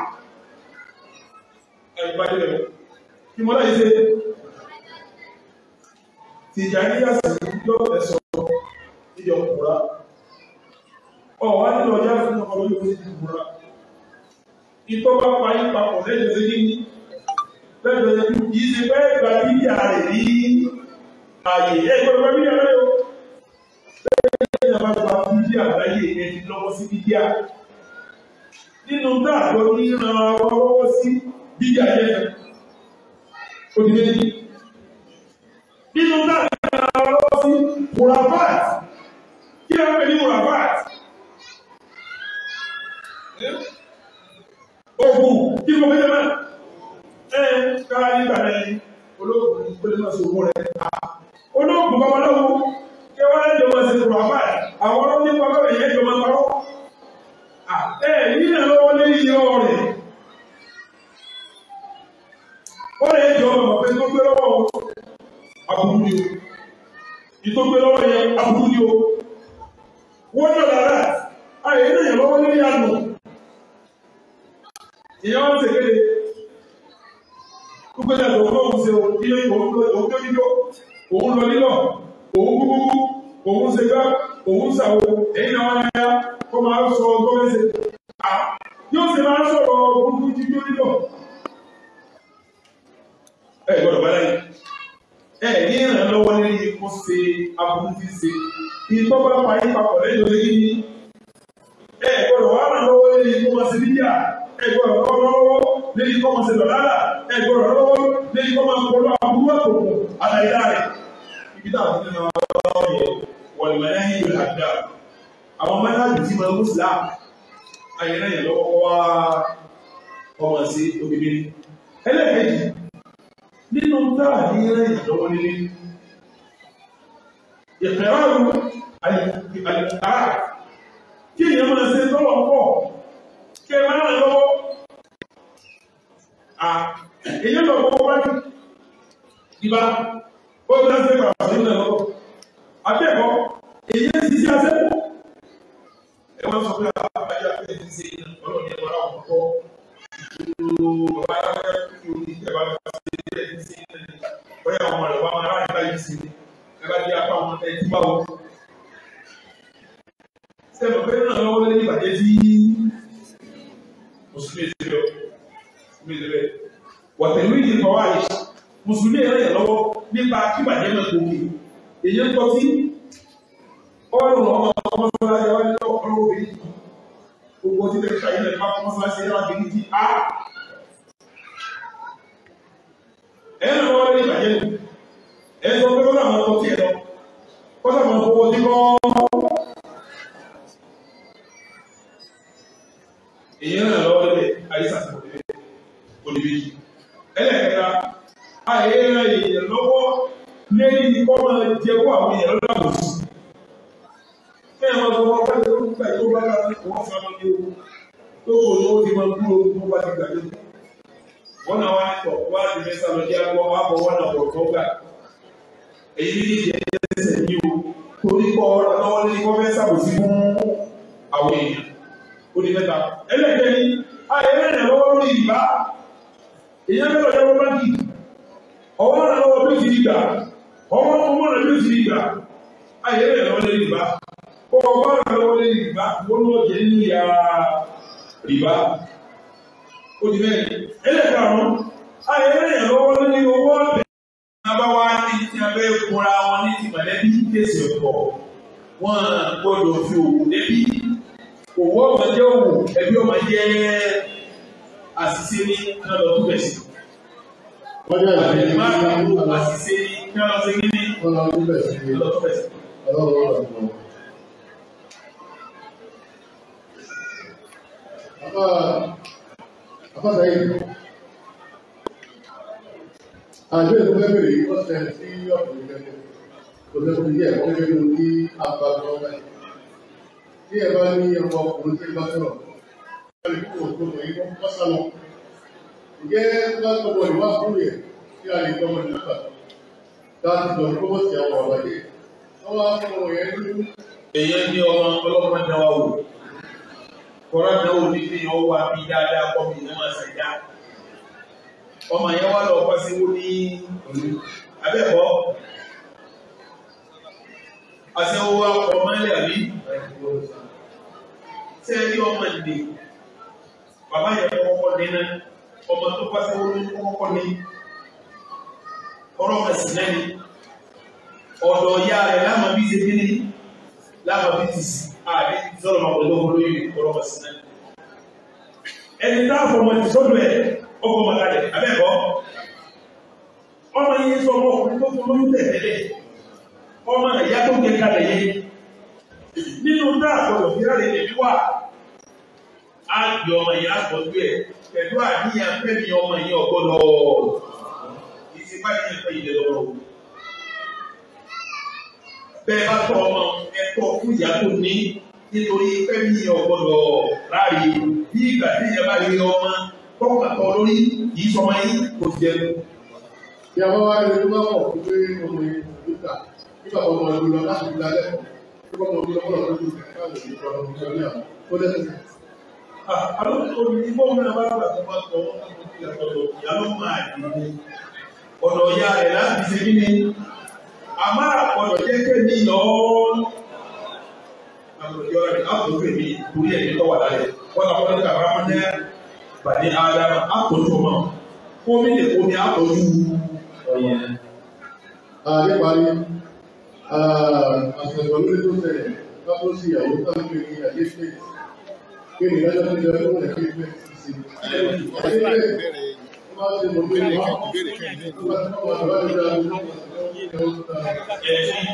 ẹ̀rù bá dé lọ kí mọ́lá yìí ṣe tìjà ní yàtọ̀ yóò fẹ́ sọ ìjọ kúra ọ̀ wá nínú ọjà fún ọkọ̀ lóyún fún ìjọ kúra ìtọ́ bá parí papọ̀ lẹ́yìn ọ̀sẹ̀ yìí lẹ́gbẹ̀ẹ́ lẹ́nu kì í ṣe pé gba bíbí ààrẹ ní ààyè ẹgbẹ́ gba bíbí ààrẹ o lẹ́gbẹ̀ẹ́ náà gba bíbí àgbáyé ẹ̀ ti lọ́wọ́ sí bíbí à nínú dáàbò ní ran ọwọ́ lọ́wọ́ sí bíbí ààrẹ náà ó di méjì nínú dáàbò ní ran ọwọ́ lọ́wọ́ sí wùràfáàt kí ẹ pè ní wùràfáàt ogun kí mo fẹ́ jẹ́ náà ẹ kára nígbà rẹ olóògùn ní pẹ̀lú náà sí owó rẹ ta olóògùn babaláwo kí wọn lè jọ máa ṣe kúrò àbá àwọn ọlọ́run nípa bẹ́ẹ̀ yẹn jọ máa parọ́ ẹ nínú lọ́wọ́ lé iye ọwọ́ rẹ wọn lè jọ ọmọ pé tó gbé lọ́wọ́ àbúrú ni o ìtògbé lọ́wọ́ yẹn àbúrú ni o wọ́n yọ̀ lára àyè nínú ìyẹn lọ́wọ́ lé ní àná ìyẹn wọn ti kéde kó gbẹ́dẹ̀ lòun náà ṣe òun kí òun tó nílò òun lọ nílò òun gúgúgú òun ṣe gbá òun ṣàwo èyí náà wọ́n yára kó máa sọ ọgbọ́n mẹ́sẹ̀ à yóò ṣe máa sọ̀rọ̀ burúkú jí tó nílò. ẹ gbọ́dọ̀ bá láyé ẹ ní ìrànlọ́wọ́ lórí kó ṣe aburú ti ṣe ìtọ́ bá pa yín papọ̀ lẹ́yìn olóyìn ní ẹ gbọ́dọ̀ wà lọ́wọ́ lórí kó máa ṣe níyà ẹ gbọ́dọ̀ lọ́wọ́ lẹ́yìn kọ́ máa ṣe lọ́lára ẹ̀gbọ́n rẹ̀ lọ́wọ́ lẹ́yìn kọ́ máa kọ́ lọ́wọ́ àbúrò àkókò àtàyẹ̀dá rẹ̀ ibi tá a ti nínú ọ̀rọ̀ yẹ wọ́n lè máa yẹ dá àwọn mẹ́tàlì tí máa ń mùsùlá àyẹ̀dá yẹn lọ́wọ́ wá ọmọ sí obìnrin ẹlẹ́ẹ̀kejì nínú táà ní ẹ̀rẹ́ ìjọba nílé ìpẹ̀rọ̀rù àyíká kí èèyàn máa ṣe tọ́lọ̀ pọ̀ kí ẹ máa lọ́wọ́ a ah, èyí lọ kó wá ní ìbá ó bí lásìkò àwọn àti ìlànà lọ abẹ́ẹ̀kọ́ èyí ń sisi asẹ́ ẹ wọ́n sọ pé àbájá pé ń ṣe ọlọ́ọ̀ni ẹ̀wọ̀n àwọn ọkọ̀ ìṣòro bàbá yàrá tó ní ìjọba ṣe ẹ̀ ń ṣe ẹ̀ bóyá àwọn ọmọ rẹ̀ wà máa ráyè báyìí ṣe ẹ bá di apá àwọn ẹ̀ tí bá wọ. sẹ́wọ̀n pé náà lọ́wọ́ lé ní ìbàjẹ́ tí mùsùlùmí ti lọ mùsùlùmí ti lọ wọ̀tẹ̀lú ìdí ìfọwọ́ àyè mùsùlùmí ẹ̀rọ yẹn lọ́wọ́ nípa kíbàjẹ́ náà tó kì í èyí ń tọ́sí ọlọ́run ọmọ ọmọ mọ́sálásí ọwọ́ nílò gbogbo tí bẹ́ẹ̀ ṣàyẹ̀ lẹ́nu fún mọ́sálásí ẹ̀rọ àbẹ̀yìn ti á. ẹ ń lórí ìbàjẹ́ nù ẹ sọ pé kọ́lá àwọn ọmọ ẹ lọ kọ́lá àwọn ọmọ tí kọ́. èyí ń lọ lórí àyíṣà tó kọ́ àìràn èèyàn lọ́wọ́ lẹ́yìn ní kọ́ máa jẹ owó àwọn èèyàn lọ́wọ́ sí. bẹ́ẹ̀ máa fọwọ́ pẹ́ tó ń gbà tó bá lára wọ́n fa máa ní owó tó kò ní ó ti máa kú owó tó bá ti gbà lé. wọ́n náà wá tọ̀ wá ti fẹ́ sálọ jẹ́ àgbọ̀ wá bọ̀ wọ́n náà bọ̀ tó gbà. èyí ní ìjẹ́ ẹsẹ̀ ní o torí kọ́ lọ́wọ́ ní kọ́ fẹ́ sàbòsí fún àwọn èèyàn ó ní mẹ́ta ẹlẹ́gbẹ̀ẹ́ ni àìràn èèyàn lọ́wọ́ lórí ìbá èèyàn mẹ́ta ọ̀dọ́ ọwọ́ náà lọ́wọ́ bí ti di gbà ọwọ́ ọmọ náà bí ti di gbà ayé rẹ̀ lọ́wọ́ lé rìbá ọwọ́ náà lọ́wọ́ lé rìbá wọ́n lọ́wọ́ jẹ́ nínú ya rìbá ó di bẹ́ẹ̀ ẹlẹ́ka wọn ayé rẹ̀ lọ́wọ́ lé owó ọ̀bẹ abawa ní ti abẹ́ kura wọn ní ti mọ̀lẹ́bí tẹ̀sẹ̀ pọ̀ wọn gbọ́dọ̀ fi òwò débi òwò ọmọdé òwò ẹbí ọmọdé àṣìṣe ní kálọ̀ tó bẹ̀ sí. Ọjọ́ ìṣẹ́yìn máa ń mú àṣìṣe ní kí wọ́n lọ sí kíní. Wọ́n lọ sí bẹ̀rẹ̀ sí ọlọ́run ọ̀rọ̀ ìgbọ̀n. Àbá Àbá Sàyìn. Àjọ ìlú Bẹ́bẹ̀rẹ̀ yìí wọ́n sẹ́yìn sí ọ̀pọ̀ ìgbẹ́lẹ̀. Kò lẹ́kùn yẹ kó lé lu ní àgbàgbọ́ báyìí. Bí ẹ bá ní ọmọ ọkùnrin tí ẹ bá sọ̀rọ̀, ẹ lè ìyẹn lọ́tọ̀ bọ̀ ìwà fún yẹ kí a lè gbọ́ ọmọ nípa láti lọ kó bọ́ sí àwọn ọ̀rọ̀ yẹ. Àwọn akọ̀wọ̀ yẹn ní. Èyẹ ní ọmọ ọlọ́mọ náà wò. Kọ́rọ́ náà ò ní fi ọwọ́ wa bí dáadáa kọ́ mi ní máa ṣe dá. Ọmọ yẹn wá lọ pàṣẹ wó ní abẹ́kọ̀. Àṣẹ owó ọkọ̀ mọ́lẹ̀ àbí. Ṣé ẹ ní ọmọ ìdè? Bàbá yẹn kọ́kọ́ dín náà ọmọ tó bá fẹ́ wọlé kọ́kọ́ ní ọ̀rọ̀ ẹ̀sìn lẹ́ni ọ̀dọ̀ ìyá rẹ̀ láàmà bí ṣe bíní láàmà bí ti sì àbí sọ̀rọ̀ máa wọlé owó lórí ọ̀rọ̀ ẹ̀sìn lẹ́ni. ẹni tá a fọmọ ti sọ́dọ̀ ẹ̀ ọkọ̀ màkàlẹ̀ abẹ́ẹ̀kọ́ ọmọ yẹn sọ ọmọ ọkùnrin tó fún lóyún tẹ̀lé ọmọ ìyá tó kẹ kalẹ̀ yẹn nínú tá a fọmọ fi a gbé ọmọ yẹn àpọ̀jù ẹ̀ pẹ̀lú àníyàn fẹ́mi ọmọ yẹn ọ̀gbọ́dọ̀ ìsìnká yẹn fẹ́ ilẹ̀ lọ́wọ́ o. bẹ́ẹ̀ bá tọ́ ọmọ ẹ̀kọ́ fún ìyá tó ní nítorí fẹ́mi ọ̀gbọ́dọ̀ ráàyè bí ìgbà tí ìyá bá rí ọmọ tọ́kà tọ́ lórí kì í sọmọ yín kò jẹ ìyàwó wa lè ló bá wọ̀ pé ọmọ yẹn ló ta nígbà tó ọmọ yẹn lọ láti fi dalẹ́ kó bá ọmọ yẹn lọ́wọ́ lọ́wọ́ lójú ká lè fi ọmọ yẹn lọ́wọ́ lọ́wọ́ àwọn olùdíbò mìíràn bá gbà tó bá tọ̀ wọ́n tó ti yàtọ̀ lọ ìyá ló máa dìde ọ̀dọ̀ ìyá rẹ̀ láti ṣe kí ni àmọ́ ọ̀dọ̀ jẹ́ kébi lọ́ọ́ àtòjọ rẹ̀ àtòjọ mi torí ẹ̀ nítorí wà lálẹ́ wọ́n làwọn ọ̀dọ́ kàrà wọn jẹ́ bàdé ádámà àtòjọ mọ́ omi lè omi àtòjọ ọ̀yẹ́. ààrẹ parí àṣẹ ìgbàlódé tó tẹ̀lé lábọ́sí ìyàwó táwọn ènìyàn lè pé ìdájọ́ tó jẹ́ owó rẹ̀ kéwì bẹ́ẹ̀ ti ṣe. Àti ilé tó bá ti mọ̀ pé wọ́n kọ́ tó bá ti mọ̀ wọ́n ti dáa lórí ẹ̀sìn bẹ́ẹ̀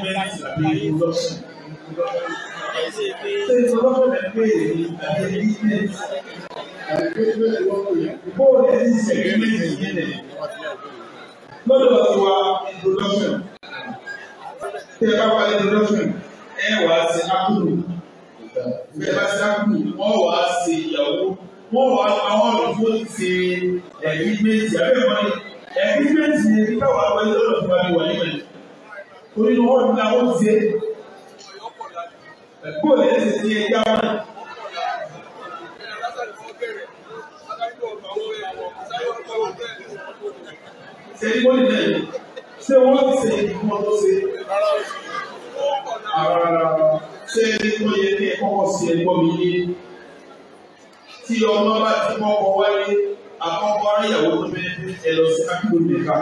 Ṣé ẹ bá wá introduction? Ẹ wàá ṣe ákùnrin ìfẹ́ bá sáàkù wọ́n wà á ṣe ìyàwó wọ́n wà á àwọn olùkó ṣe ẹ̀rí méjì abẹ́wọ̀n ni ẹ̀rí méjì ni káwọn àwọn ẹgbẹ́ olùkó wa ni wà ní mẹ́rin torí wọn ní àwọn ṣe ẹ̀kọ́ lè ṣe ti ẹja wọn. ṣe ní wọ́n ní bẹ́ẹ̀ ṣé wọ́n ti ṣe ìmọ̀ tó ṣe ṣé wọ́n yẹ kí ẹ kọ́kọ́ sí ẹgbọ́n mi yé tí ọmọ bá ti kọ́kọ́ wáyé àkọ́kọ́ aráyàwó tó fẹ́ ẹ lọ sí akíkó nìka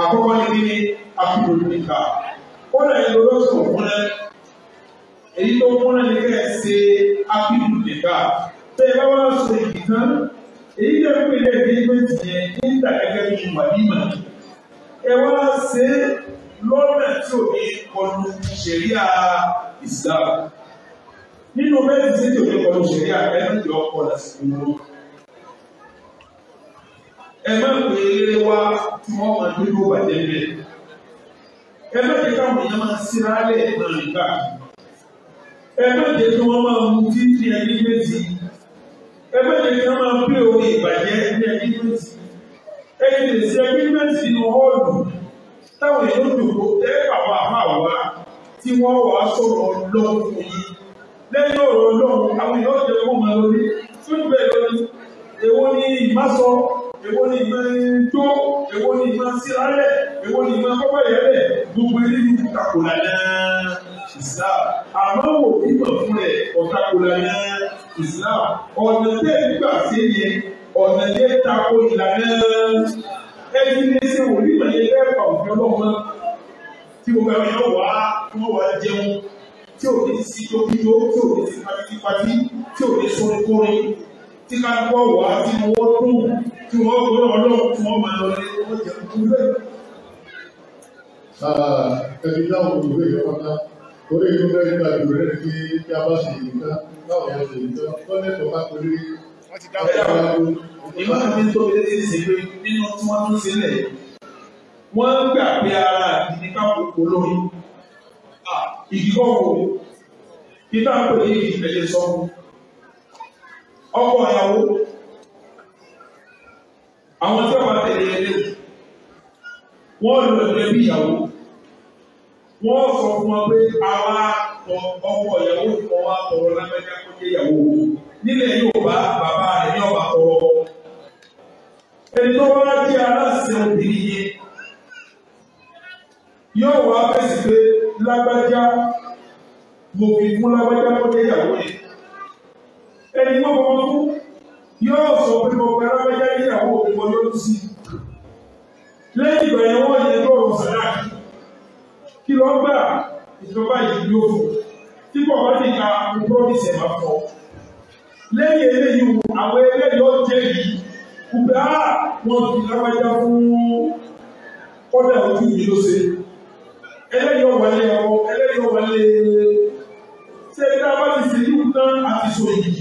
àkọ́kọ́ ní kí ni akíkó nìka ó lè lo lọ́sọ̀ fúnlẹ̀ èyí tó fúnlẹ̀ ní kẹ́ ẹ ṣe akíkó nìka tẹ́ ẹ bá wá ṣe ìtàn èyí tó fi lè fi ẹgbẹ́ tiẹ̀ nígbà gẹ́gẹ́ bí wàdìmọ̀ ẹ wá ṣe lọ́nà tí ò ní kọlu ṣẹ̀ríà. Islam nínú méjì tí tí òjò kọlu ṣe rí àpẹẹrẹ ìjọ ọkọ lásìkò wọn ẹ má pè é lé wá tí wọn máa ń dúró bàjẹ́ bẹ́ẹ̀ ẹ má jẹ káwọn èèyàn máa síra lẹ̀ náà nígbà ẹ má jẹ kí wọn máa mú títí ẹni méjì ẹ má jẹ kí wọn máa pè orí ìbàjẹ́ ẹni ẹni méjì ẹ lè ṣe ẹni méjì nínú ọ̀ọ́dù táwọn èèyàn dùn kó ẹ pàpà máa wá tí wọ́n wà sọ̀rọ̀ ọlọ́run fún lẹ́yìn ọ̀rọ̀ ọlọ́run àwọn èèyàn jẹ́ kó máa lórí fún lórí èwo ni ìmásọ èwo ni ìmọ̀ẹ́jọ́ èwo ni ìmọ̀sílálẹ̀ èwo ni ìmọ̀kọ́kọ́ ìyẹ́lẹ̀ gbogbo ilé ní kòtàkùlà náà Islam àmọ́ wò nígbà fún ẹ̀ kòtàkùlà náà Islam ọ̀nà tẹ́ ẹ sí yẹn ọ̀nà tẹ́ tako ìlànà ẹ̀ ti ní ṣe wòlíì mọ̀ yẹn lẹ́ẹ̀kọ̀ ọ̀fẹ́ ọlọ́run náà tí gbogbo àwọn èèyàn wà á kí wọ́n wà á jẹun tí ò ní sí tókíjó tí ò ní sí patipati tí ò ní sọ kórin tí ká kọ́ wà á tí wọ́n dùn tí wọ́n gbọ́dọ̀ ọlọ́run tí wọ́n máa lọ ní wọ́n jẹun tó lẹ́yìn. ẹbí láwọn olùgbé yẹn wọn ná orí ìlú bẹ́ẹ̀ nígbà tó rẹ̀ ní kí a bá ṣe ká báwọn yẹn ṣe èyí ká lọ́lẹ́tọ̀ọ́ bá torí ìmọ̀ àti tóbi lé wọ́n gbà pé ara àti ní kápòkò lórí ìdíkọ́wò títà pè ní ìfẹ̀lẹ̀ sọ ọkọ ìyàwó àwọn tí wọ́n tẹ̀lé ẹlẹ́ wọ́n lọ ẹgbẹ́ bí ìyàwó wọ́n sọ fún wọn pé àwa ọkọ ìyàwó kan wá tọrọ lámẹ́ká kó jẹ́ ìyàwó nílẹ̀ Yorùbá bàbá rẹ̀ ní ọba tọrọ ẹni tó wá jẹ́ aláṣẹ obìnrin yẹn yóò wá fèsì pé lágbájá mo fi fún lágbájá tó jẹ́ ìyàwó yẹn ẹni tó kọ́kọ́ fún yóò sọ pé mo fẹ́ lágbájá ìyàwó mi mo yóò tún sí i lẹ́yìn ìgbà yẹn wọ́n yẹ tó rọ sàrà kí ló gbà ìjọba yìí yóò fún tí kò wọ́n ti ka ìpọ́nìṣẹ̀ máa fọ́ lẹ́yìn eléyìí àwọn eléyìí ó jẹ́ yìí kùgbà wọn ah, fi lágbájá fún kọ́dà ojú mi ló ṣe eléyìí ọ̀wẹ́lẹ̀ ẹ̀wọ̀ eléyìí ọ̀wẹ́lẹ̀ ṣé bí a bá ti ṣe yíwù tán àti so ìyí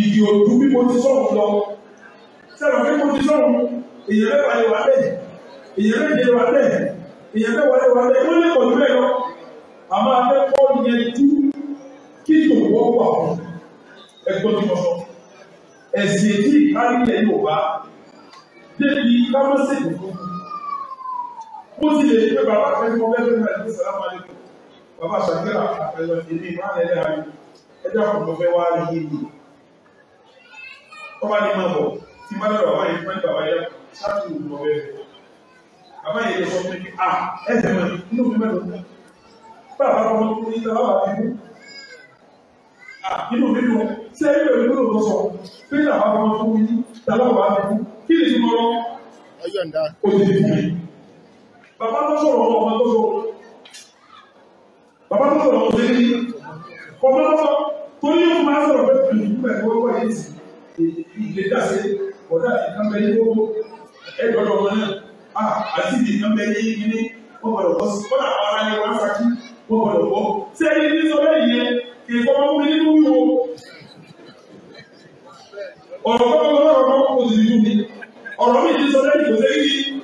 ìdí òdu bí mo ti sọ̀rọ̀ lọ sẹ́wọ̀n bí mo ti sọ̀rọ̀ èyàn mẹ́fà lè wà bẹ́ẹ̀ èyàn méje lè wà bẹ́ẹ̀ èyàn mẹ́wàá lè wà bẹ́ẹ̀ wọ́n lè pọ̀ jù bẹ́ẹ̀ lọ àmọ́ akẹ́kọ̀ọ́ yẹn tú kí yòówó wà fún ẹgbẹ́ tí mo sọ ẹ̀sìn èyí ìkárí ilẹ̀ Yorùbá débi kámẹ́sì kò tó kù bó ti lè pé bàbá kan ní mo fẹ́ fẹ́ fẹ́ sàlámù alẹ́kùn bàbá ṣàkíyà àfẹ́lọ́ ilé máa lẹ́lẹ́ àmì ẹjọ́ kò tó fẹ́ wá rí yìí ọba ní máa bọ̀ tí má lọ́rọ̀ àwọn ìfẹ́ bàbá yá ṣáàtì òun ọ̀bẹ bàbá yẹn sọ pé kí a ẹsẹ̀ mọ̀ inú mi mẹ́lọ mọ́ bàbá ọmọ tó ní ìlà wà nínú inú mi dùn ṣé ilé òní ló lọ sọ pé ìlà wà ọmọ tó ní ìlà wà nínú kí ni ìmọ̀ràn bàbá tó sọ̀rọ̀ ọmọ tó sọ bàbá tó sọ̀rọ̀ ọmọ tó yẹ ọmọ tó sọ tó yẹ fún máa sọ̀rọ̀ pẹ̀lú ìgbà tó wọ́pọ̀ yìí ti ìdílé dàsẹ́ ọ̀dà ìkànnì yìí gbogbo ẹ̀dọ̀dọ̀ wọn náà àti ìkànnì yìí ní wọ́n bọ̀dọ̀ bọ́ sí kọ́dà ara yẹn wọ́n sàkí wọ́n bọ̀dọ̀ bọ́ sẹ́yìn ní sọ bẹ́ẹ̀ yẹn ìfọwọ́múni nínú wo ọ̀rọ̀ kọ́kọ́ ọ̀rọ̀ kọ́kọ́ kò sì rí mi ọ̀rọ̀ mi ti sọ lẹ́yìn kò sẹ́yìn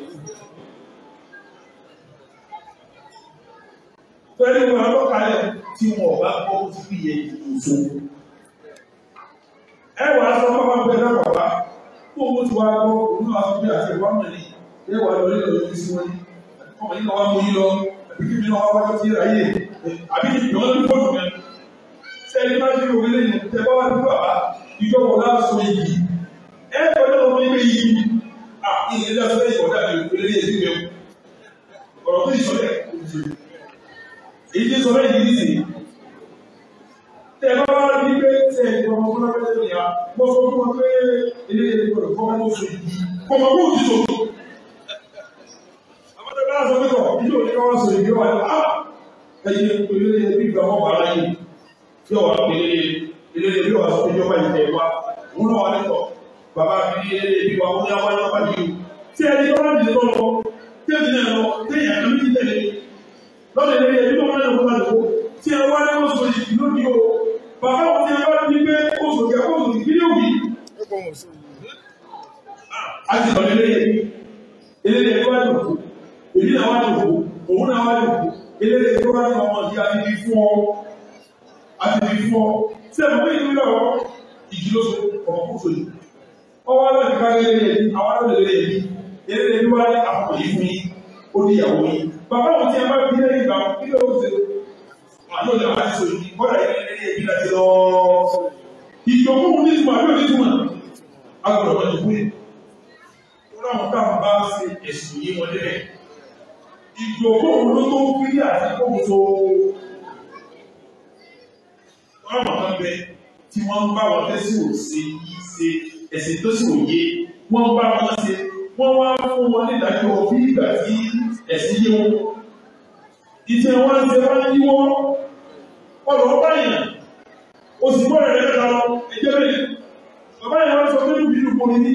pẹ̀lú ìwọ̀n ọlọ́kalẹ̀ tí wọ́n bá kọ́ tí fi yẹ ìṣò ẹwà sọ pápá bẹ náà bàbá kó owó ti wá gbọ́ òun náà fi bí àti ẹ̀wà mẹ́rin ẹ wà lọ nílò ojú sí wọn ọmọ yìí náà wá mú yín lọ àbí kí mi náà wá sí ayé àbí kí ìjọba ní fóònù rẹ sẹ́ni bá ti rògbé lẹ́yìn tẹ bá wá dúró àbá ìjọba náà sọ èyí ẹ pẹ̀lú ọmọ ilé yìí à èyí ti sọ bẹ́ẹ̀ yìí sì tẹ ẹ bá wá rí pé tẹ ẹ tọmọ fún ọmọ ẹgbẹ́ ìyá mo sọ fún ọ pé ilé ìyẹn gbọ́dọ̀ fún ọmọ oṣù yìí kọmọ kó ti sọ. àwọn ọmọdé bá sọ pé kọ ìlú òní wọn sọ èyí wà á ẹyẹ ìlú ìyẹn bí ìgbà wọn wà láyé yọ wà pé ilé ìyẹn bí wà sọ pé yọba ìtẹ wa wọn náà wà lẹkọ bàbá mi ní ilé ìbí wa wọn lọ́dọ̀ ilé ẹbí tó máa ń lọ́kọ́ lọ́kọ́ tí ẹ wá lẹ́wọ́ sórí lónìí o bàbá wọn ti ẹ bá ní pé oṣù kẹ oṣù kì í lóbi. a ti lọ ilé yẹn ilé yẹn tó wá lò fún èmi náà wá lò fún òun náà wá lò fún ilé yẹn tó wá lò ọmọ ìdí àti ibi fún ọ àti ibi fún ọ tí ẹ mọ̀ pé ìlú lọ ìdílóso ọ̀pọ̀ fún mi ọwọ́ lọ́dún ká ilé yẹn àwọn lọ́dún ilé yẹn ilé yẹn wá ní àpò yìí fún yín ó ní ìyàwó yìí bàbá òun ti ẹ bá bí lẹ́yìn ìgbà kí ló ń ṣe àná ìyá wa ti sọ yìí bọ́dà yẹn lẹ́yìn ẹbí láti lọ. ìjọba òun ní ìtumọ̀ àbí òní ìtumọ̀ agbọ̀dọ̀ wọn ti kú yẹn. wọ́n láwọn táwọn bá ṣe ẹ̀sùn yìí wọlé rẹ̀. ìjọba òun ló tó ń pín àti kóhùn tó. wọ́n láwọn kan bẹ tí wọ́n bá wọn tẹ́sí ò ṣe yìí ṣe ẹ̀sìn tó sì ò yé wọ́n bá wọn ṣe wọ́n wá fún wọn nídàájọ́ bí ìgbà tí ẹ̀sìn yí wọn ìfẹ́ wọn ṣe wá yí wọn ọ̀rọ̀ ọba yìí oṣù bọ́ọ̀rọ̀ rẹ̀ lọ́dọ̀ lọ ẹjẹ́ bẹ́ẹ̀ bàbá yìí wọn sọ pé níbi ìlú kò ní ní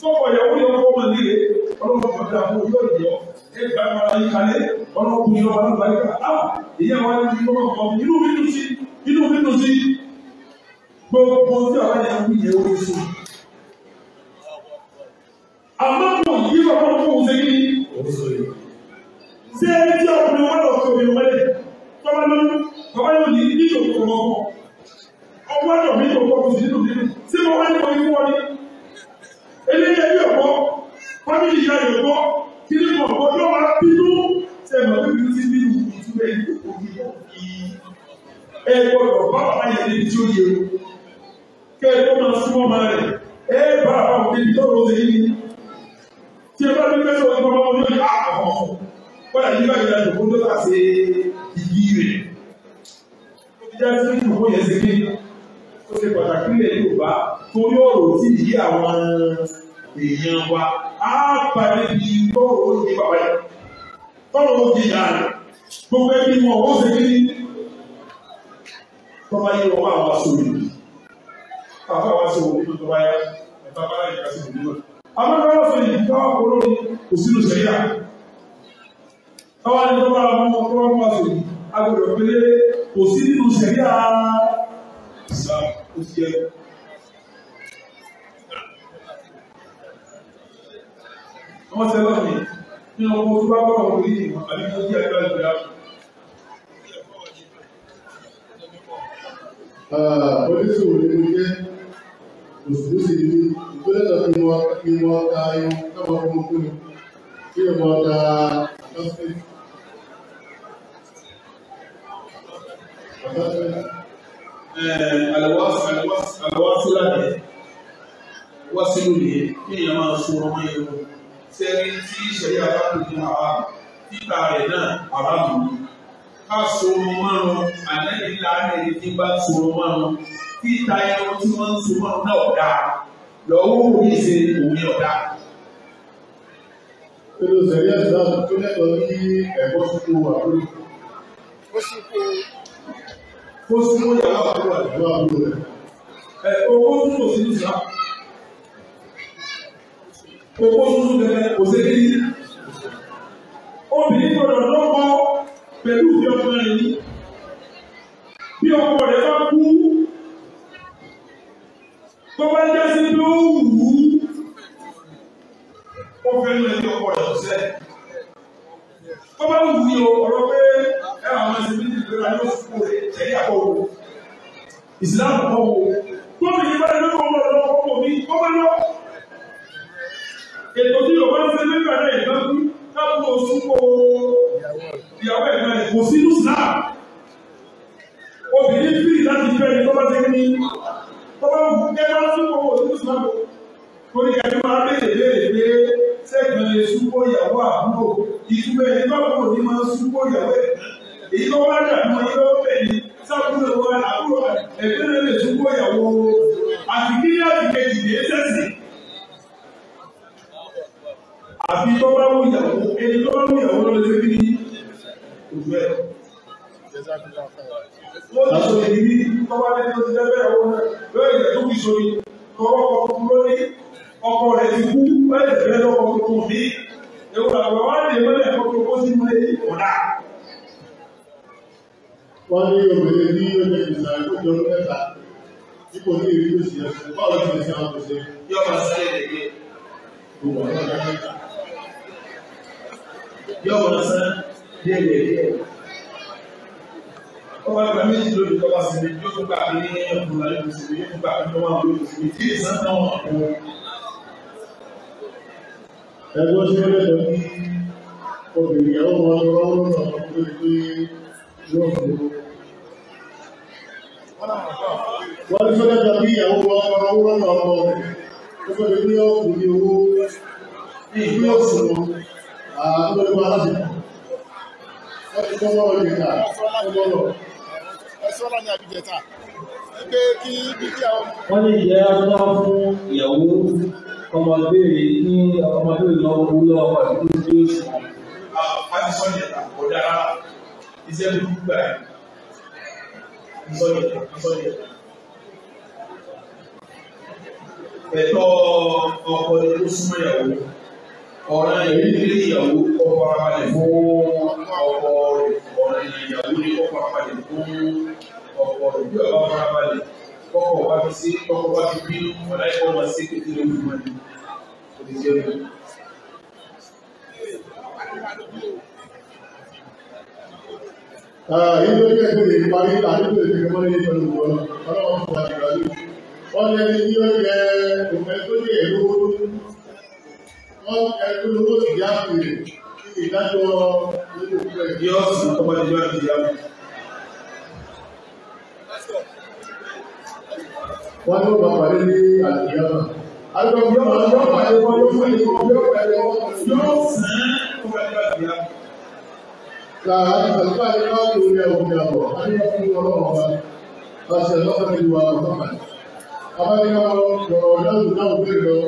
sọ́kọ̀ ìyàwó yẹn kọ́ mọ̀ nílé ọlọ́run ọ̀dọ̀ àbúrò yóò yọ ẹgbàá máa yí kalẹ̀ ọlọ́kùnrin ọba ló bá yí kalẹ̀ ah ìyá wa ni ọmọkùnrin inú mi dùn sí inú mi dùn sí gbogbo tí a bá yẹ kú yẹ o sí. àmọ́ kò yí bàbá kò ń segin ṣé ẹni tí ọkùnrin wọn lọ sí obìnrin wọlé tọ́ba lóyún bàbá yóò ní ní ìjò kò lọ ọkọ ọkọ ọjọ́ mi yóò kọ kùsì nínú nínú ṣé mo wá ní ikú wọlé eléyìí ẹbí ọkọ fámìlì ìyá rẹ kọ kí ni mo ọkọ yóò wá bínú ṣe mọ pé bínú ti bínú ìtúbẹ ìdókòwò yìí ẹ gbọ́dọ̀ bá bàbá yẹn níbi tí ó yẹ o kẹ ẹ kó máa súnmọ́ máa rẹ ẹ bá àwọn òbí tó lọ sí yìí tí ẹ bá ní pẹ́ sọ̀rọ̀ ìgbà kọ́lá yìí bá ìlànà òkú tó bá ṣe ìyí rẹ̀ ó ti já sí ìdòkó yẹn ṣe kéde ó ṣe pàtàkì ilẹ̀ Yorùbá torí ọ̀rọ̀ tí ìyí àwọn èèyàn wa á parí bí bọ́ọ̀rọ̀ ó yí bàbá yìí bọ́ọ̀rọ̀ ó yí dáadáa gbogbo ẹbí wọn ó ṣe kéde tọ́ba yìí wọ́n máa wá sórí bàbá wa sọ òkú tó bá yá bàbá yìí ká sí òkú náà. àmọ́ bá wọ́n sọ ìdíkà olórí kò sínú sẹ́yà káwá ní tọ́wọ́ àwọn ọmọ tó wọ́n mọ̀ sí agbọ̀dọ̀ pé kò sí nínú sẹ̀ríà ìsìlámù ó ti yẹ. wọ́n ṣe lọ́ọ̀nì nínú ọkọ̀ tó bá bọ̀ wọ́n rí ìmọ̀ àbí tó jẹ́ ẹgbẹ́ ìgbéra. Polisi wo ni mo jẹ́? Òṣèlú sì ni ìgbélé náà ni wọ́n ka irun káwọn ọmọ kúni kí ẹ̀ mọ̀ ọ́ da àlọ́wọ́sílà eh, yẹn wá sínú yẹn kí èèyàn máa sun ọmọ yẹn o sẹ́ni tí ìṣẹ̀lẹ̀ àbámu ní àbá títà rẹ̀ náà àbámu ní. ká sun ọmọ márùn àlẹ́yìn láàrin ẹni tí bá sun ọmọ márùn títa ẹran tí wọ́n ń sun márùn náà ọ̀dà lọ́wọ́ òní ṣe òní ọ̀dà. olùsẹ̀lẹ̀ ìsìlámù tó lẹ́tọ̀ọ́ ní ẹ̀gbọ́n tó ó súnmọ́ yàrá àbúrò àdúrà àbúrò rẹ̀ ẹ̀ owó tún kò sí ní ìsìlá owó tún bẹ̀rẹ̀ kò sí ní obìnrin gbọdọ̀ lọ́kọ pẹ̀lú bí ọkọ rẹ̀ ní bí ọkọ rẹ̀ bá kú tó bá jẹ́ sí ló wù ú ó fẹ́ lọ sí ọkọ rẹ̀ ọ̀sẹ̀ tó bá wù ú yìí ọ̀rọ̀ pé ẹ̀ àwọn ẹ̀sìn mi lórí ayé òfin òde tẹ̀lé àkọ́wò ìsìlámù kọ́wò tóbi yìí bá lórí owó ọ̀dọ́ ọkọ̀ mi kọ́mọ lọ. ètò tí yorùbá ń ṣe nígbà náà ìgbà kú káàbù oṣù kó ìyàwó ẹ̀ka ẹ̀ kò sí islam obìnrin fìrì láti fẹ́ ni tọ́ba ti ní tọ́ba ẹ bá tún kọ́ wọ́n sí islam torí ẹni máa béèrè béèrè pé sẹ́gbẹ̀rẹ̀ sùpọ̀ ìyàwó àbúrò ìtumẹ̀ ẹni bá wọ̀ ní máa sùpọ̀ ìyàwó ẹ̀ka èyí tó wá dà mọ́ yí lọ́wọ́ bẹ̀ ni sábúrò wa àbúrò ẹ̀gbẹ́ rẹ̀ lè tún gbóyàwó àti kí ní àti kejì lè tẹ̀sí. àfi tó bá wù yàwó èyí tó bá wù yàwó lọ́wọ́ lè fi ojú ẹ̀. wọ́n ti sọ èyí ní tọ́wọ́ lẹ́ni tó ti lẹ́bẹ̀ẹ́ wọn lọ́wọ́ ìgbà tó fi sori tọwọ́ ọkọ̀ lórí ọkọ̀ rẹ̀ ti kú báyìí lẹ́bẹ̀ẹ́ lọ́kọ̀ tó kù mí. èwúrọ̀ àwọn wá lè mọ́lẹ̀ kó tó kó sínú ilé ìkọ̀dá wọ́n ní obìnrin ní oúnjẹ ìsàn ìkójọ ọdún mẹ́ta tí kò ní ìrírí òsì ẹ̀sùn báwo ti lè àwọn òṣè. yóò máa sáré lèyẹ. yóò máa sáré díẹ̀ lèyẹ. ó wá méjì lórí tọ́ba sí mi yóò tún gbà ní ọkùnrin àlejò sí mi yóò tún gbà ní ọmọ àlejò sí mi tí ìsàn náà wà fún un. ẹgbẹ́ tí ó lè ní obìnrin àwọn ọmọ ọlọ́run náà ló ń pè é yóò fún un wọ́n ní sọ́jà tàbí ìyàwó wa ọmọ wúrọ̀ náà lọ ó fẹ́ ní ọkùnrin ní owó ní ìpínlẹ̀ ọ̀sùn lọ àwọn ọmọ aláṣẹ wọ́n ti tọ́wọ́ ọ̀rẹ́ ìta ọmọ lọ. ẹ̀sọ́lá ni àbíjẹta pé kí bíbí àwọn. wọ́n ní ìyá tó fún ìyàwó ọmọbìnrin ní ọmọbìnrin náà owó lọ́wọ́ àti tó ń gbé oṣù. àwọn àti sọ́jà kò dára iṣẹ́ burúkú báyìí ìsọdẹ ìsọdẹ ẹ̀tọ́ ọkọ ni ó súnmọ́ ìyàwó ọ̀ràn ìrírí ìyàwó kọ́ farabalẹ̀ fún ọkọ rẹ̀ ọ̀ràn ìyàwó ni kọ́ farabalẹ̀ fún ọkọ rẹ̀ bí ọba farabalẹ̀ kọ́kọ́ bá fi sí kọ́kọ́ bá fi bínú ọ̀la ẹ̀kọ́ máa sí kékeré fún wọn ní jẹ́ bẹ́ẹ̀ nítorí ẹ̀sìn lè parí àdúgbò èdè kan mọ́lẹ́ pẹ̀lú wọn ọlọ́run fún àjẹgbà lù. wọ́n lé ní ní oúnjẹ òfin tó lè lówó wọ́n ẹ̀kú lówó sì yá pèrè kí ìdájọ́ nínú ìfẹ́ ìdí ọ̀sìn ọmọdéjọ́ ìdíyà. wọ́n ní wọ́n pàdé ní àdìyà náà. àjọ yóò máa ń wọ́n pàdé wọn yóò fún ìwọ̀n yóò pẹ̀lú yóò sàn án kó wọ́n lára ìfẹ̀lúfà ní máa ń lórí ẹ̀wọ̀n ní àbọ̀ adéwà fún ọlọ́run ọba àti ẹ̀lọ́fà ní ìwà àbọ̀fà. Abájọ́ ọ̀rọ̀ náà lò náà bẹ̀rẹ̀ lọ